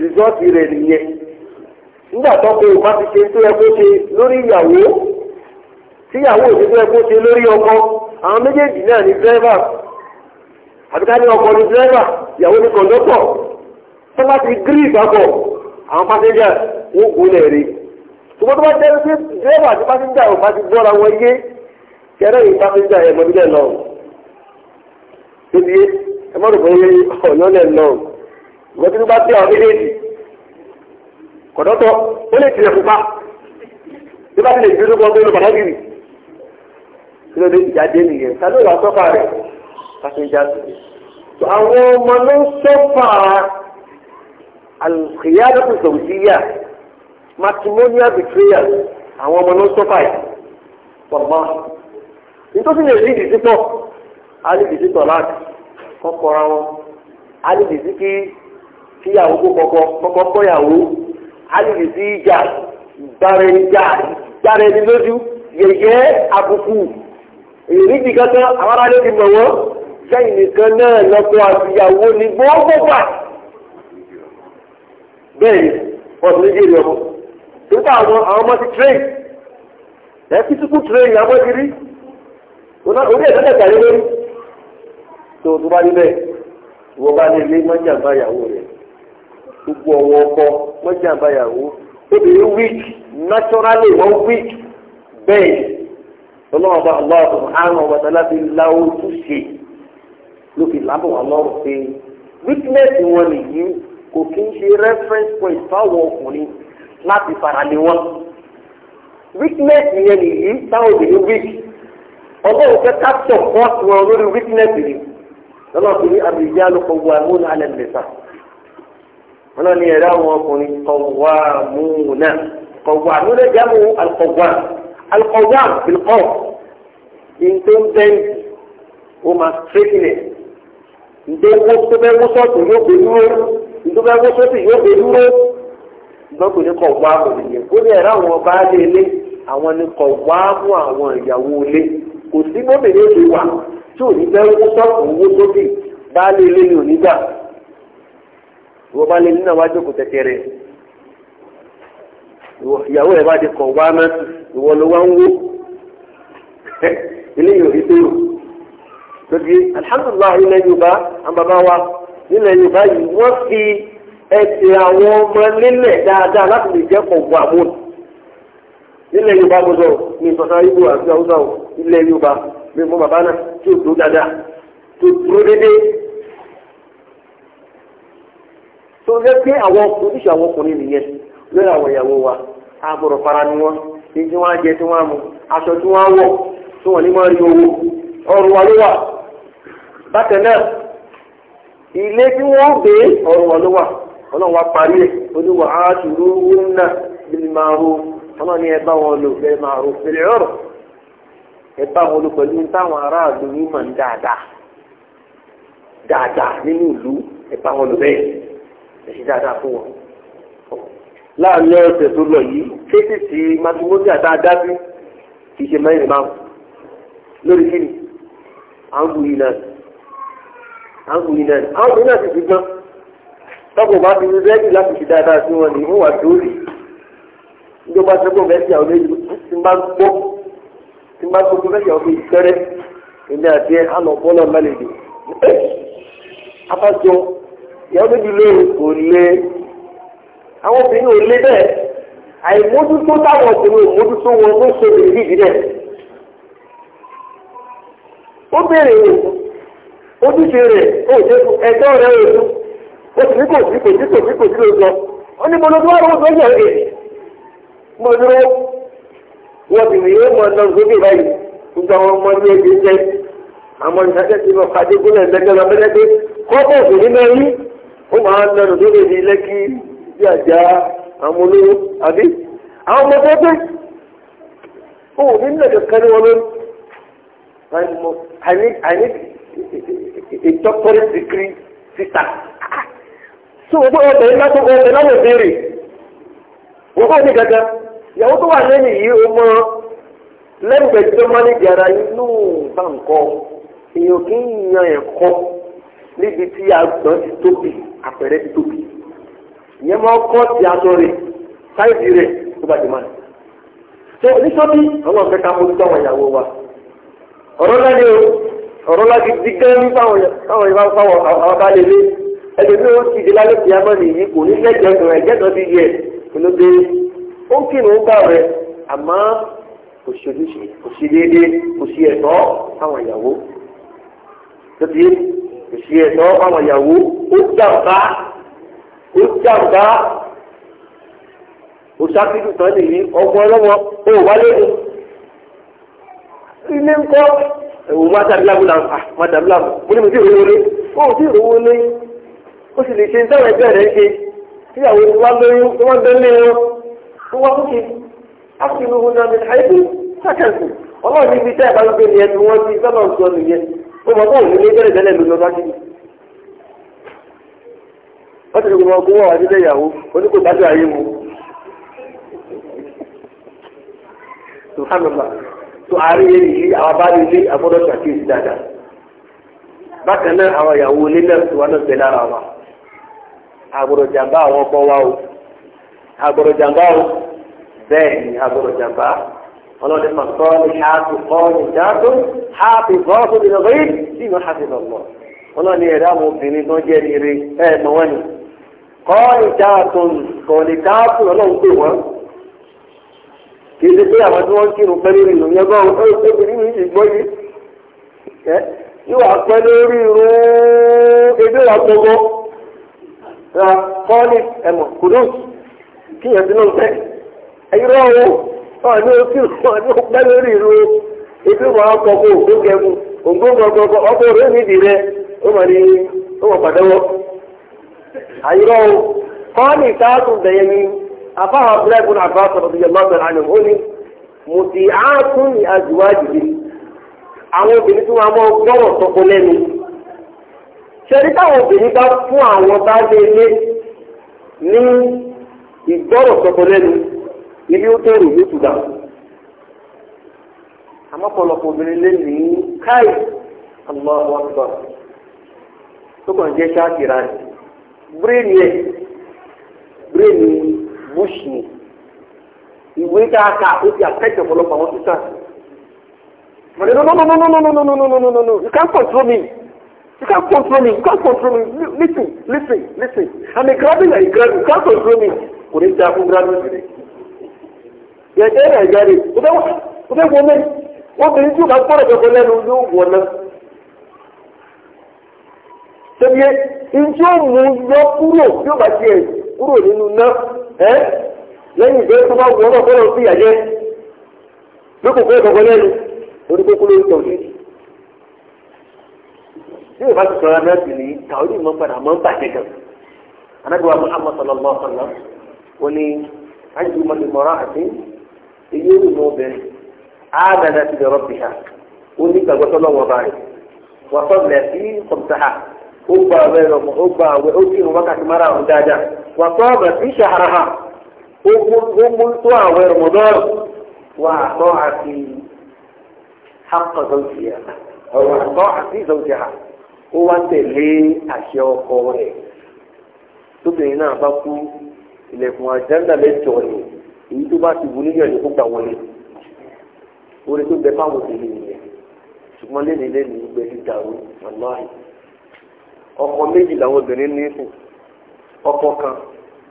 Speaker 1: rìsọ́ọ̀tì rẹ̀ nìyẹn nígbà tó kò bá ti ṣe tó yẹ kó ṣe lórí ìyàwó tíyàwó òṣèlú tó yẹ kó ṣe lórí ọkọ àwọn méjèèjì náà ní dírẹ́fà àbíká ní ọkọ ní dírẹ́fà ìyàwó ní kọ̀ńdọ́tọ̀ tó bá ti gírí ìgbàgbọ́ àwọn pásẹ́jà wọ́n kú lẹ̀ rí ṣùgbọ́n tó bá jẹ́ pé dírẹ́fà àti pásẹ́jà ò bá ti gbọ́ra wọn yé kẹrẹ́ yìí pásẹ́jà ẹ̀ mọ́ nílẹ̀ lọ. ṣébi ẹ mọ́ rò pé ọ̀yọ́ lẹ̀ lọ ìwọ́n tí wọ́n bá tẹ àwọn méjèèjì kọ̀dọ́tọ̀ ó lè tilẹ̀ fúnpa bí bá tilẹ̀ ìdúró kan tó lọ bàdá gírì kí ló dé ìjà dé nìyẹn ta ló wà sọ́fà rẹ̀ kàtó ìjà sí. àwọn ọmọ ló ń sọ́fà al-khiyaratu zawjiyya matrimonial betrayal àwọn ọmọ ló ń sọ́fà yìí pọ̀mọ́. nítorí lè rí ìdí pọ̀ alìdìdí tọ̀láàtì kọ́kọ́ra wọn alìdìdí kí kíyàwó kó kọ́kọ́ kọ́kọ́ kọ́yàwó alùpùpù sí ìjà gbàrẹ̀ ìjà gbàrẹ̀ ní lójú yẹ̀yẹ́ àbùkù èyí ti kankan àwọn aráàlú ti mọ̀ wọ́n sẹ́yìn nìkan náà lọ́kọ àtìyàwó ni gbogbo gbà bẹ́ẹ̀ ni wọ́n ti ní jèrè ọmọ nípa àwọn àwọn ọmọ ti train ẹ fi tukú train àwọn ti rí orí ẹ̀sán tẹ̀sán lórí tó tó bá rí ìwọ bá lè lé májàmbá ìyàwó rẹ̀ gbogbo ọwọ́ ọkọ wọ́n jẹ́ àbáyàwó obìnrin weak naturally wọ́n weak bẹ́ẹ̀ ọlọ́run bá ọlọ́run tó àrùn ọ̀bàtà láti la ojú ṣe ló fi lábọ̀ wọn lọ́rùn pé weakness wọn nìyí kò kí ń ṣe reference point fáwọn ọkùnrin láti faralé wọn weakness yẹn nìyí táwọn obìnrin weak ọlọ́run fẹ́ capture fọ́ọ̀tù wọn lórí weakness yìí lọ́nà tó ní abidjan ló kọ́ wọ àwọn àlẹ́ nìyẹn sáà wọn náà ní ẹ̀rọ àwọn ọkùnrin kọ̀wá múnà kọ̀wá múnà jámù alkọ̀wá alkọ̀wá bìlkọ̀ ìntòǹtẹ̀ǹ ó máa tẹ́kìlẹ̀ ìdẹ́wọ́ tó bẹ́ wọ́ sọ́ọ̀tù yóò gbé dúró ìdúgbà wọ́ sọ́ọ̀tù yóò gbé dúró ìgbọ́kùn ní kọ̀wá ònìyàn ó ní ẹ̀rọ àwọn ọba alẹ́ ilé àwọn ni kọ̀wá mú àwọn ìyàwó ilé kò sí gómìnà èdè tí ò ní bẹ́ wọ́ sọ́ọ̀tù owó sókè bá alẹ́ ilé ní gbà ìwọ bá lè nínú àwọn àjòkò tẹtẹrẹ ìyàwó ẹ bá ti kọ wá mọ ìwọ ló wá ń wó ilé yòó ìdè yòó tóbi alihamudulilayi ilẹ̀ yorùbá àwọn bàbá wa nílẹ̀ yorùbá yìí wọ́n fi ẹsẹ̀ àwọn ọmọ nílẹ̀ dáadáa láti lè jẹ́ kọ̀ọ̀bù àmúl nílẹ̀ yorùbá gbọdọ̀ ní ìfọ̀sán ibo àti haúsá ilẹ̀ yorùbá mi mọ bàbá náà tí dúró dáadáa tó dúró déédéé. tó yẹ pé àwọn ojúṣe àwọn ọkùnrin nìyẹn lórí àwọn ìyàwó wa agbọ̀rọ̀ fara ni wọ́n ní tí wọ́n á jẹ tí wọ́n á mu aṣọ tí wọ́n á wọ̀ tí wọ́n ní máa rí owó ọrùn wa ló wà bákan náà ilé tí wọ́n gbé ọrùn wa ló wà ọlọ́run wa parí ẹ̀ oníwà á ti rú owó bíi ẹ̀ṣin dáadáa fún wọn. láàárín ọ̀sẹ̀ tó lọ yìí kéṣì sí matimosi àti adájú kì í ṣe mẹ́rin márùn lórí kíni à ń wuyì náà à ń wuyì náà àwọn obìnrin náà sì ti gbọ́n tọ́pọ̀ bá fi rẹ́ẹ̀dì láti ṣe dáadáa sí wọn nìyí wọ́n wà lórí ìjọba sẹ́gbọ̀n mẹ́sì àwọn méjì tí bá gbọ́ tí bá gbọ́ mẹ́sì àwọn méjì tẹ́rẹ́ èmi àti ẹ̀ hàn ọ̀pọ̀ náà ìyàwó bèbí lé kò lé àwọn obìnrin ò lé bẹ́ẹ̀ àìmójútó táwọn obìnrin ò mójútó wọn ló ṣe lè rí ìdílé ó béèrè ojúṣe rẹ̀ ó ṣe ẹ̀tọ́ rẹ̀ ó ṣe ó sì ní kò sí kò sí kò sí kò sí ló sọ ó ní bọ́lá tó wà lọ́wọ́ tó yẹ ẹ̀ mo dúró wọ́n ti rìn yóò mọ ọ̀nà òṣèlú báyìí nígbà wọn mọ ní ẹgbẹ́ jẹ́ àwọn ìdájọ́ ti lọ fàdé gúnlẹ̀ lẹ́gbẹ̀rún abẹ́lẹ́gbẹ́ kọ́kọ́ òṣèlú mẹ́rin ó máa ń lẹ́nu tó lè di lẹ́kí bí àjà àwọn olówó àbí àwọn ọmọ tó dé ó ní nílẹ̀ kankan ní wọn lórí àní àní ìtọ́kọ́rẹ́ sìkiri síta tó o gbọ́ ọ̀tẹ̀ yìí látọ̀ ọ̀tẹ̀ láwọn ìbéèrè o gbọ́ ní kankan ìyàwó tó wà lẹ́yìn yìí o mọ lẹ́yìn ìgbà tí ó máa ní ìjàrá inú bá ń kọ́ èèyàn kì í yan ẹ̀kọ́ níbi tí àgbọ̀n ti tóbi àpẹẹrẹ ti tóbi ìyẹn máa kọ́ ti aṣọ rẹ̀ sáìdì rẹ̀ tó bá ti máa tó oníṣọ́bí àwọn ọ̀fẹ́ ká mójú táwọn ìyàwó wa ọ̀rọ̀ láti o ọ̀rọ̀ láti di gẹ́rẹ́ táwọn ìyàwó fáwọn àwọn bá lè lé ẹgbẹ́ tí wọ́n ti di lálẹ́ ti yàmọ́ nìyí kò ní lẹ́jọ́ ẹ̀jẹ̀dọ̀ ti yẹ olóde ó ń kírun bá rẹ̀ àmọ́ kò ṣe ojúṣe kò ṣe déédéé kò ṣe ẹ̀tọ́ táwọn ìyàwó tó ti kò sí ẹ̀tọ́ àwọn ìyàwó ó jàmbá ó jàmbá ó sáfíìkì tán nìyí ọgbọ́n ọlọ́wọ́ ó wà lẹ́nu ilé ń kọ́ ẹ̀wò má dàbí lábúlà má dàbí lábù mo ní mo sì rí wọlé ó sì rí wọlé ó sì lè ṣe ní táwọn ẹgbẹ́ rẹ̀ ń ṣe tíyàwó wa lóyún tó wọ́n bẹ́ẹ̀ lẹ́yìn wọn wọ́n kúkì á sì rí wọn náà ní àyè tó sákẹ̀sì ọlọ́run níbi tẹ́ ẹ̀ bá ló gbé nìyẹn wọ́n ti sọ́nà ọ̀sán nìyẹn ó mọ̀ kó òun ní tẹ́lẹ̀ tẹ́lẹ̀ ló lọ bá sí. wọ́n ti fi gbogbo ọkọ̀ wọ́n wá sílẹ̀ ìyàwó oníkó dájú ayé mu. subhanallah tó àárín yẹn yìí àwọn bá nílé àgbọ́dọ̀ ṣàkíyèsí dáadáa. bákan náà àwọn ìyàwó ilé náà ti wá náà tẹ̀lé ara wa. àgbọ́dọ̀ jàǹbá àwọn ọkọ wa o àgbọ́dọ̀ jàǹbá o bẹ́ẹ̀ ni àgbọ́dọ̀ jàǹbá ọlọ́dẹ fàkọ́ọ́lì ṣáàtù kọ́ọ̀lì ṣáàtù ṣáàtù bọ́ọ̀kù nínú bẹ́ẹ̀ sí ìmọ̀ ṣáàtù lọ́mọ ọlọ́ni ẹ̀dá àwọn obìnrin tó jẹ́ rere ẹ̀ mọ̀ wọ́n ni kọ́ọ̀lì ṣáàtù kọ́ọ̀lì ṣáàtù ọlọ́run pè wọ́n kì í ṣe pé àwọn tí wọ́n ń kírun pẹ́ lórí ìròyìn ọgbọ́n obìnrin mi ti gbọ́ yìí yóò wá pẹ́ lórí irun ebi wà gbogbo kọ́ọ̀lì ẹ̀mọ̀ kùdùs kí Ọ òkú ọ̀ní òpẹ́ lórí ìlú ibi wọn kọ kó òkú kẹmu òǹgbò gbọgbọgbọ ọkọ rẹ nídìí rẹ ó mà ní ó mà àyíró bẹ̀yẹ ni afáhà sọ̀rọ̀ lọ́sẹ̀ ó ní mo ti àákún ní àwọn obìnrin tí wọn mọ gbọ́rọ̀ sọ́kọ lẹ́nu ṣẹ́ni táwọn obìnrin bá fún àwọn ilé ó tẹ̀rù ní ìtura àmọ́ pọ̀lọpọ̀ obìnrin lé ní káì ọmọ wọn gbọ́ tó kàn jẹ́ ṣáàkì rà ní bírèèni ẹ̀ bírèèni búṣì ìwé tá a kà ó ti àkẹ́kẹ̀ ọ̀pọ̀lọpọ̀ àwọn títà but no no no no no no no no no no no no no you can't control me you can't control me you can't control me listen listen listen i'm a grabbing and a grabbing you can't control me kò ní dáa fún grabbing today. yẹ̀jẹ̀ náà jáde kúdẹ́ wọ́n mẹ́rin obìnrin tí o bá gbọ́dọ̀ kẹ́kọ̀ọ́ lẹ́nu yóò wọ̀ náà. Ṣebíye njẹ́ mú yọ kúrò tí o bá ya kúrò nínú náà ẹ́ lẹ́yìn ìgbẹ́ tó bá náà sí ìyàjẹ́ lẹ́nu ló ń tọ̀ Tí bá ti sọ̀rọ̀ náà sì ní padà bàjẹ́ wọ́n ní èyí ò mú bẹ àmàna ti dọ̀rọ̀ bìhà ó ní gbàgbọ́ sọ́lọ́ wọn bá rẹ̀ wọ́n sọ lẹ̀ sí kọ̀mùtàhà ó gba àwẹ̀ rẹ̀ mọ́ ó gba àwẹ̀ ó kí wọn wákàtí mara àwọn dáadáa wọ́n sọ ọ̀rọ̀ sí sàhárà ha ó mú tó àwẹ̀ rẹ̀ mọ́ dọ́rọ̀ wọ́n àtọ́ àti hàkà zọ́ọ̀tìyà ọ̀rọ̀ àtọ́ àti zọ́ọ̀tìyà ó wá tẹ̀lé àṣẹ ọkọ rẹ̀ tóbi náà bá kú ilẹ̀kùn àjẹ́ńdà lẹ́tọ̀ọ́ ni èyí tó bá ti wù níyàn ní kó gbà wọlé orí tó bẹ fáwọn òṣèlú nìyẹn ṣùgbọ́n lẹ́nu lẹ́nu ìgbẹ́ ti dàrú àláì ọkọ méjì làwọn obìnrin ní fún ọkọ kan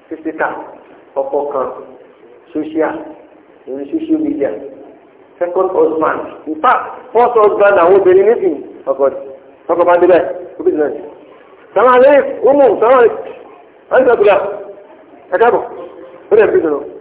Speaker 1: sísítà ọkọ kan sóṣíà lórí social media second husband in fact first husband làwọn obìnrin ní sìn ọkọ ọkọ bá débẹ̀ ó bí nàìjíríà sàmàlẹ́ ọmọ sàmàlẹ́ àyíká gbìyà ẹ káàbọ̀ ó dẹ̀ bí nàìjíríà.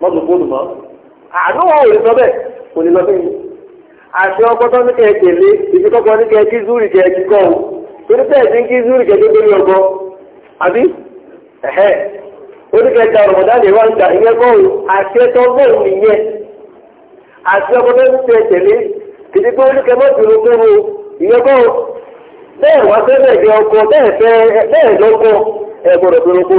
Speaker 1: mọ́tò fóònù mọ́ àdúgbò ò lè sọ bẹ́ẹ̀ kò lè lọ bẹ́ẹ̀ ni àti ọgbọ́tọ́ ní kẹ́ẹ̀ tẹ̀lé ibi kọ́kọ́ ní kẹ́ẹ̀ kí zúrì kẹ́ẹ̀ kí kọ́ o torí bẹ́ẹ̀ ti ń kí zúrì kẹ́ẹ̀ tó lórí ọgbọ́ àbí ẹ̀hẹ́ oníkẹ́ẹ̀ta rọ̀mọ̀dán lè wá ń ta ìyẹn kọ́ o àti ẹ̀tọ́ bẹ́ẹ̀ nìyẹn àti ọgbọ́tọ́ ní kẹ́ẹ̀ tẹ̀lé kìdí pé oníkẹ́ẹ̀ mọ́tò ló tó o ìyẹn kọ́ o bẹ́ẹ̀ wá fẹ́ bẹ́ẹ̀ jẹ ọkọ bẹ́ẹ̀ lọ́kọ ẹ̀ gbọ́dọ̀ tó lọ́kọ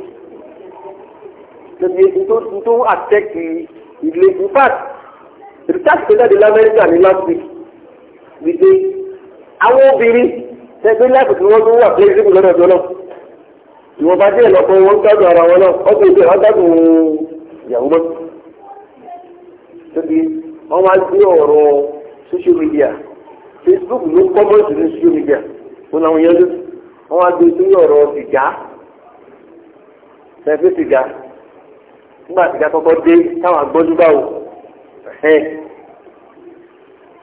Speaker 1: nítorí tó àtẹ́kì ilé in fact research tó jáde lamẹ́ríkà ní last week wípé àwọn obìnrin tẹgbẹ́ láti fi wọ́n tó wà pé ìdíbò lọ́dọ̀ tó náà ìwọ̀nba díẹ̀ lọ́kọ wọn gbádùn ara wọn náà ọdún ìgbẹ́ wọn gbádùn ìyàwó mọ́ tóbi wọ́n máa gbé ọ̀rọ̀ social media Facebook ló kọ́ mọ́ọ̀sì ní social media wọn làwọn yẹn lóṣù wọ́n máa gbé sórí ọ̀rọ̀ sìgá tẹ̀gbẹ́ sìgá nígbà tí kakọ́kọ́ dé táwọn agbọ́dún bá wò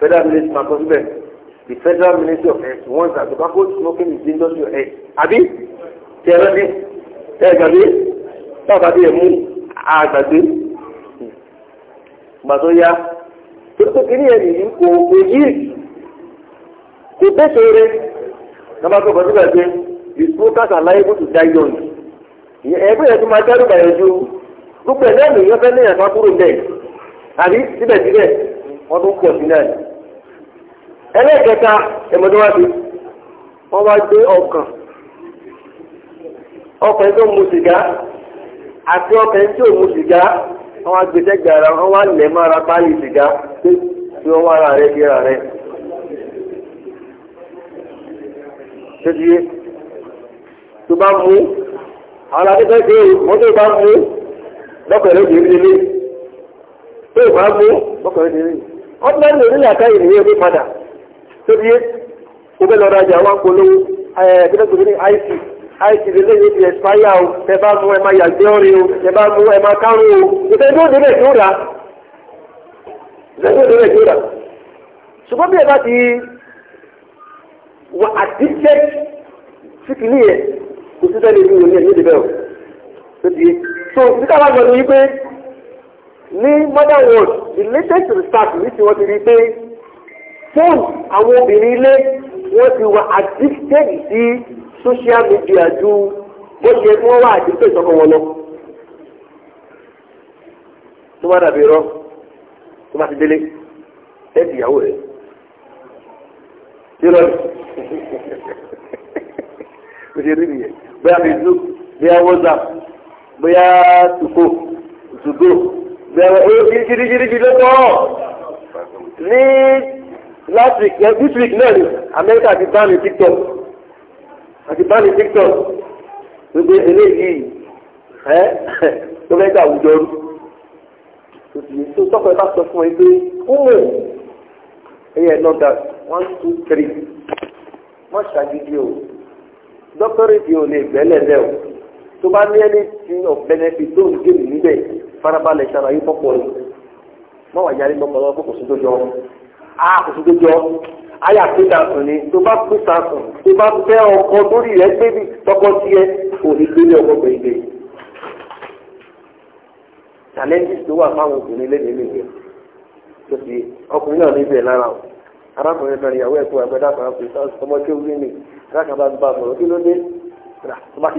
Speaker 1: federal ministry ma kọ́ síbẹ̀ the federal ministry of health wants that tobacco smoking is dangerous to your health àbí tí ẹ rántí ẹ gbàgbé bàbá bí ẹ mú àgbàgbé gbà tó yá tó tó kí ní ẹ nìyí kò kò yí kò tẹ̀sọ̀ rẹ nàbà tó kọ́ síbẹ̀ pé the smokers are liable to die young ẹgbẹ́ yẹn tó máa dárúbà yẹn ju gbogbo ẹ̀ náà nìyẹn fẹ́ lẹ́yìn àtàkùrò bẹ́ẹ̀ àbí síbẹ̀síbẹ̀ wọ́n tún pọ̀ sí náà ni. ẹlẹ́ẹ̀kẹta ẹ̀mọ́dọ́wádìí wọ́n wá gbé ọkàn ọkàn tó mu sìgá àti ọkàn tí ò mu sìgá wọ́n wá gbé sẹ́gbẹ̀ ara wọ́n wá lẹ̀ mọ́ ara pálí sìgá pé kí wọ́n wá ara rẹ̀ sí ara rẹ̀. ṣé ti yé tó bá mú àwọn akẹ́kọ̀ọ́ ìgbéyàwó mọ́tò bá mú bọ́kọ̀rẹ́ ti rí ilé tó ìwà gbé bọ́kọ̀rẹ́ ti rí ọdún mẹ́rin lórí àká ìrìn ewé padà tó bí ó bẹ́ lọ́ra jà wọn polówó ẹ̀ẹ́dẹ́gbẹ̀rẹ́ ní ic ic lélẹ́ yóò ti ẹ̀spáyà o ẹ bá mú ẹ máa yàgbé ọ̀rẹ́ o ẹ bá mú ẹ máa kárùn o ìfẹ́ tó débẹ̀ tó rà ìfẹ́ tó débẹ̀ tó rà ṣùgbọ́n bí ẹ bá ti wà àdíjẹ́ síkìlì yẹn kò sí sẹ́ni ìlú yẹn ní ìdíbẹ̀ o tó bí so nígbà wà gbọ́dọ̀ yí pé ní modern world the latest research ní ti wọ́n ti rí pé fóònù àwọn obìnrin ilé wọ́n ti wà addicted sí social media ju bó ṣe kí wọ́n wà addicted sọ́kọ̀ wọn lọ. tó bá dàbí rọ tó bá ti délé ẹ ti ìyàwó rẹ yóò lọ rí bó ṣe rí nìyẹn bóyá facebook bóyá whatsapp bóyá tùkò tùdò bẹ̀rẹ̀ oríṣiríṣiríṣi lọ́tọ̀ ní last week ẹ eh, this week náà ni Amẹ́ríkà ti bá ní TikTok àti bá ní TikTok gbogbo eléyìí ẹ eh, tó fẹ́ gbà àwùjọ rú òtún tó tọ́kọ̀ ẹ bá sọ fún ẹ pé kúmù ẹyẹ nọ́dà one two three wọ́n ṣàgídí o dọ́kítọ́rì ti ò lè gbẹ́lẹ̀ lẹ́ tó bá ní ẹni tí of benefit tó ń gé mi níbẹ̀ farabalẹ̀ ṣàlàyé fọ́pọ̀ rẹ̀ mọ́ wà yarí lọ́pọ̀lọpọ̀ pé kò sí tó jọ á kò sí tó jọ ayé àpéta sùn ni tó bá pèsè sùn tó bá fẹ́ ọkọ lórí rẹ̀ gbé bí tọkọ tiẹ̀ kò ní gbé ní ọkọ gbèǹgbè challenges tó wà fáwọn obìnrin lẹ́nu ilé yẹn tó fi ọkùnrin náà níbẹ̀ lára o arákùnrin kan ìyàwó ẹ̀kọ́ ẹgbẹ́ dàpọ̀ àpèta ọmọ tó bá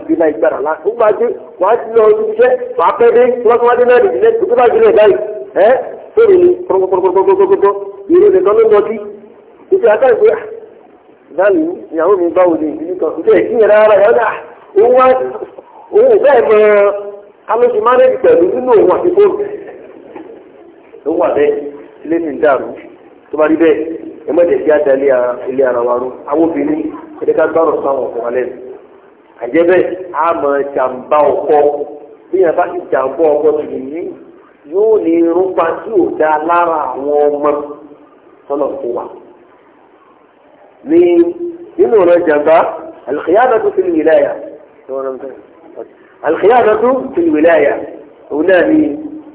Speaker 1: ara wa rú àwọn obìnrin ẹ̀dẹ́ká sáwọn àjẹbẹ́ a mọ̀ jàǹbá ọkọ bí yàrá bá ti jàǹbá ọkọ tìlìyí yóò ní irúpa tí ò dáa lára àwọn ọmọ sọlọ fún wa. ní nínú ọ̀nà jàǹbá alìkìyàdàtú fi wìláyà alìkìyàdàtú fi wìláyà òun náà ni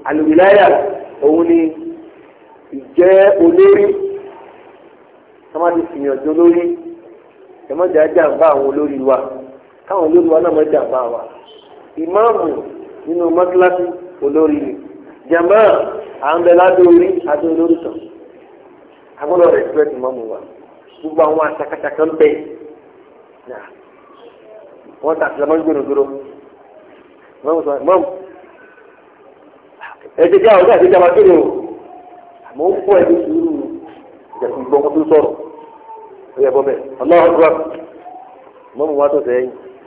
Speaker 1: alìwìláyà òun ni ìjẹ́ olórí sọmọdé fìyànjú olórí ẹ̀mọ́jà jàǹbá àwọn olórí wa káwọn olórí wa náà mọ jàmbá wa ìmáàmù nínú mọ́tíláṣí olórí ni jàmbá à ń bẹ ládùn orí àti olórí tán agbọ́dọ̀ rẹ̀ fẹ́ tì mọ́mù wa gbogbo àwọn àtàkàtàkà ń bẹ̀ wọ́n ta àtìlámọ́ gbòdòdòdò mọ́mù sọ mọ́mù ẹ̀jẹ̀ jẹ́ àwọn ọ̀gá àti ìjọba àmọ́ ó fọ́ ẹni sùúrù ìjàkùn ìgbọ́n kó tó sọ̀rọ̀ ó bẹ́ẹ̀ ọlọ́run gbọ́ wa tó sẹ́yìn.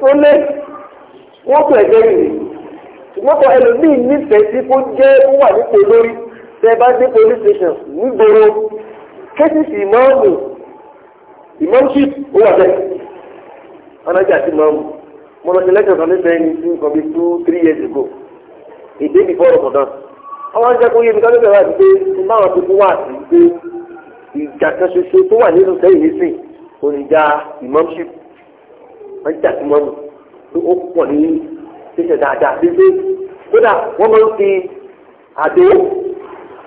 Speaker 1: tó lé wọ́n tó ẹ̀jẹ̀ rèé ṣùgbọ́n kan ẹlòmíì nífẹ̀ẹ́ sí kó jẹ́ ó wà nípò lórí tẹ bá dé police station nígboro kéṣìṣì ìmọ̀ọ́mù ìmọ̀ọ́mùsíp ó wà bẹ́ẹ̀ ọlọ́jà àti ìmọ̀ọ́mù mo lọ sí lẹ́tọ̀ kan nípa ẹni tí nǹkan bíi two three years ago èdè before Ramadan ọmọ ń jẹ́ kó yé mi kájọ́ bẹ̀rẹ̀ àti pé báwọn ti fún wa àti pé ìjà kan ṣoṣo tó wà nínú sẹ́yìn nísìn òní ìjà ìmọ̀ọ́mùsíp wọ́n jà sí mọ́mù tó ó pọ̀ ní ṣíṣe dáadáa gbígbé kódà wọ́n máa ń fi àdó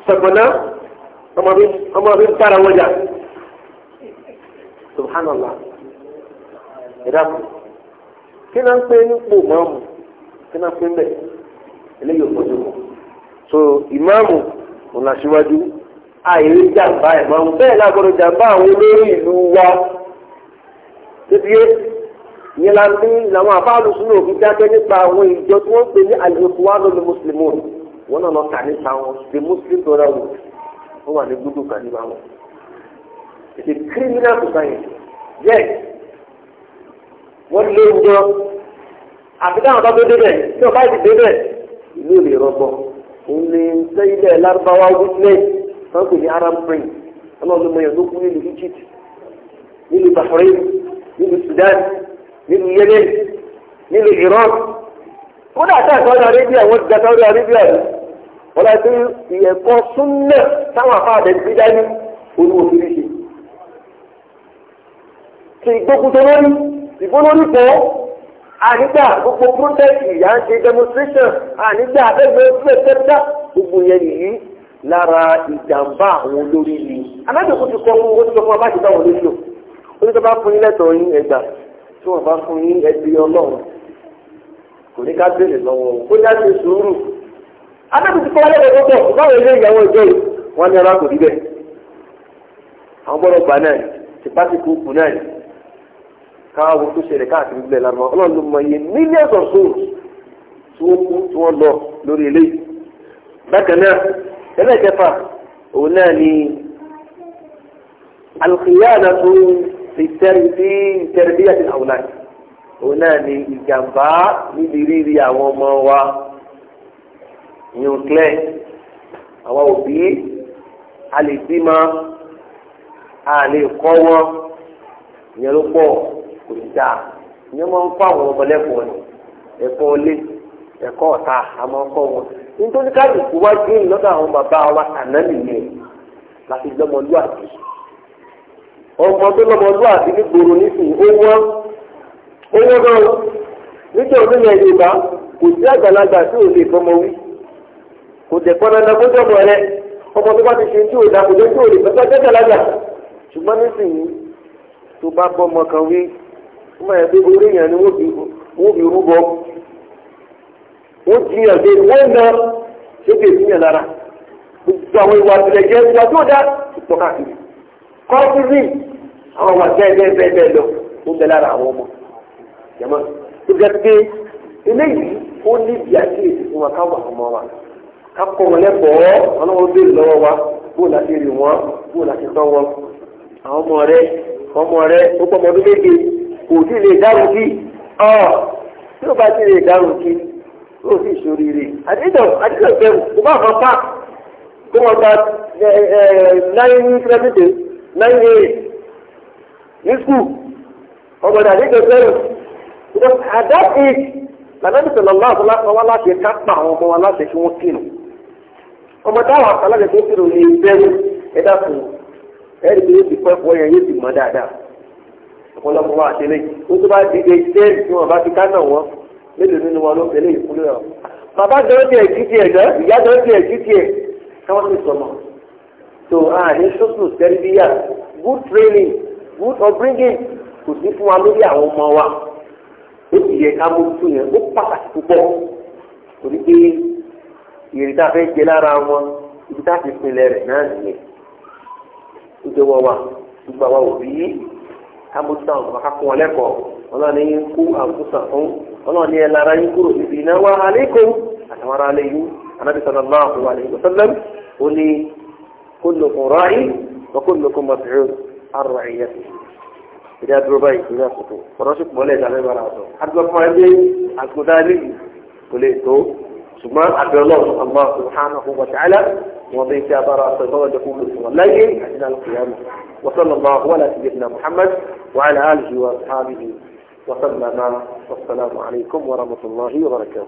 Speaker 1: sọ̀gbọ̀nà ọmọ mi bára wọn jà subhanallah ìdáàbò kí náà ń pè nípò mọ́mù kí náà ń pè bẹ́ẹ̀ eléyìí ò fojú mọ́ so ìmáàmù ọ̀nà síwájú àìrí jàǹbá ìmáàmù bẹ́ẹ̀ lágbọ́dọ̀ jàǹbá àwọn olórí ìlú wa débi ìyẹn la ní làwọn àbáàlù sínú òfin dákẹ́ nípa àwọn ìjọ tí wọ́n gbé ní àlùkò wa lónìí mùsùlùmù wọn náà lọ kà nípa wọn the muslim brotherhood wọn wà ní gbogbo kan nípa wọn it's a criminal society yes wọ́n lé ìjọ àfi káwọn bá tó débẹ̀ tí wọ́n bá ti débẹ̀ ìlú ìlú ìrọ́gbọ́ òun ni sẹ́yìnlẹ̀ lárúbáwá witness wọ́n pè ní Arab Spring ọlọ́run mọ̀ yẹn ló kú nílùú Egypt nílùú Bahrain nílùú Sudan nínú Yemen nínú Iran kódà táwọn Saudi Arabia wọ́n ti gba Saudi Arabia ni wọ́n lọ sí ìyẹ̀kọ́ súnmọ́ táwọn afáàdé ti dání olúwo fi ṣe. kì í gbógun tó lórí ìgbónórí pọ̀ ànígbà gbogbo protest ìyá ń ṣe demonstration ànígbà abẹ́gbẹ́ sílẹ̀ tẹ́tà gbogbo yẹn yìí lára ìjàmbá àwọn olórí yìí. alájòkó ti kọ́ fún owó tí wọ́n fún abájọba wọn lórí lò ó ní sọ bá fún ilẹ̀ tọ̀ yín ẹgbàá tí wọ́n bá fún yín ẹbí ọlọ́run kò ní ká béèrè lọ́wọ́ kó já ṣe sùúrù adágún ti kọ́ wọlé ẹ̀rọ bọ̀ báwo ilé ìyàwó ìjọ yìí wọ́n ní ara kò rí bẹ́ẹ̀ àwọn gbọ́dọ̀ gbà náà tìpátìkù kù náà káwọn tó ṣẹlẹ̀ káàkiri gbẹ lánàá ọlọ́run ló mọ iye millions of souls tí wọ́n kú tí wọ́n lọ lórí eléyìí bákan náà ẹlẹ́kẹfà òun náà ni alùpùpù yára tó في تربية الأولاد هنا ìjàmbá níbi rírí àwọn ọmọ wa nuclear àwọn òbí a lè bímọ a lè kọ́ wọn ìyẹn ló pọ̀ kò sí dáa ìyẹn máa ń kọ́ àwọn ọmọ lẹ́kọ̀ọ́ ni ẹ̀kọ́ ilé ẹ̀kọ́ ọ̀tá àmọ́ kọ́ wọn nítorí káàdì kú wájú àwọn bàbá wa àná nìyẹn láti dọ́mọlúwàbí ọmọ tó lọ́mọdún àti gbígboro nísìnyí ó wọ́n ó wọ́n gan nítorí onílẹ̀ yorùbá kò sí àgbàlagbà tí ò lè fọmọ wí kò dẹ̀ pọ́n dandan kó jọ̀bọ̀ rẹ ọmọ tó bá ti ṣe tí ò dá kò dé tí ò lè fẹ́ fẹ́ ṣùgbọ́n nísìnyí tó bá bọ́ ọmọ kan wí ọmọ yẹn pé orí yẹn ni wọ́n fi rúbọ wọ́n jiyàn pé wọ́n na ṣé kò sí yẹn lára gbogbo àwọn ìwà àtìlẹ́jẹ́ ìwà tó dá ìtọ́ka kiri kọ́ọ̀tùrì àwọn ọmọ bẹ́ẹ̀ bẹ́ẹ̀ bẹ́ẹ̀ lọ ó bẹ lára àwọn ọmọ jẹ̀mọ́ tó jẹ́ pé eléyìí ó ní ibi àkíyèsí fún wa káwọn ọmọ wa ká kọ́ wọn lẹ́kọ̀ọ́ ọlọ́wọ́ béèrè lọ́wọ́ wa bó la ti rìn wọn bó la ti tọ́ wọn àwọn ọmọ rẹ ọmọ rẹ ó pọ̀ ọmọdún méje kò tí ì lè dárò kí ọ tí ó bá ti lè dárò kí ó sì ṣoríire àdéhùn àdéhùn bẹ̀rù kò bá àwọn pa kó wọn gba ẹ ẹ náírà ní kírẹ́mìtì. nine years ní skul ọgbọ̀dà ní kẹsẹ̀rù because at that lànàbí sọ̀rọ̀ láti ká pa àwọn ọmọ láti fi kírun ọmọ táwọn tó kírun ní ìbẹ́rù ẹ̀dá fún ẹ̀rí ti pẹ́ fún yóò ti dáadáa ọ̀pọ̀lọpọ̀ wa ó tó bá di age ten tí wọ́n bá ti ká náà wọ́n mélòó nínú wọn ló fẹ́lẹ́ ìkúlẹ̀ ọ̀ bàbá jẹ́ ó ìyá jẹ́ ó so a ní sọ́sù sẹ́ríbíyà good training good upbringing kò sí fún wa lórí àwọn ọmọ wa ó sì yẹ ká mójútó yẹn ó pàtàkì púpọ̀ torí pé ìrì tá a fẹ́ jẹ lára wọn ibi tá a ti pinlẹ̀ rẹ̀ náà nìyẹn ó jẹ́ wọ́n wa gbogbo àwa òbí ká àwọn ọmọ ká wọn lẹ́kọ̀ọ́ kú fún lára yín kúrò níbi iná wa alaikum àtàwọn ará alẹ́ yín anábìsọ̀rọ̀ كلكم راعي وكلكم مسعود عن رعيته إذا دربي إذا سكو فرشك بولي جانب راسه حد ما فاهمي حد داري قلت إيه سبحان عبد الله الله سبحانه وتعالى وضيك يا ترى سيطان يقول الليل عندنا القيامة وصلى الله على سيدنا محمد وعلى آله وأصحابه وسلم والسلام عليكم ورحمة
Speaker 2: الله وبركاته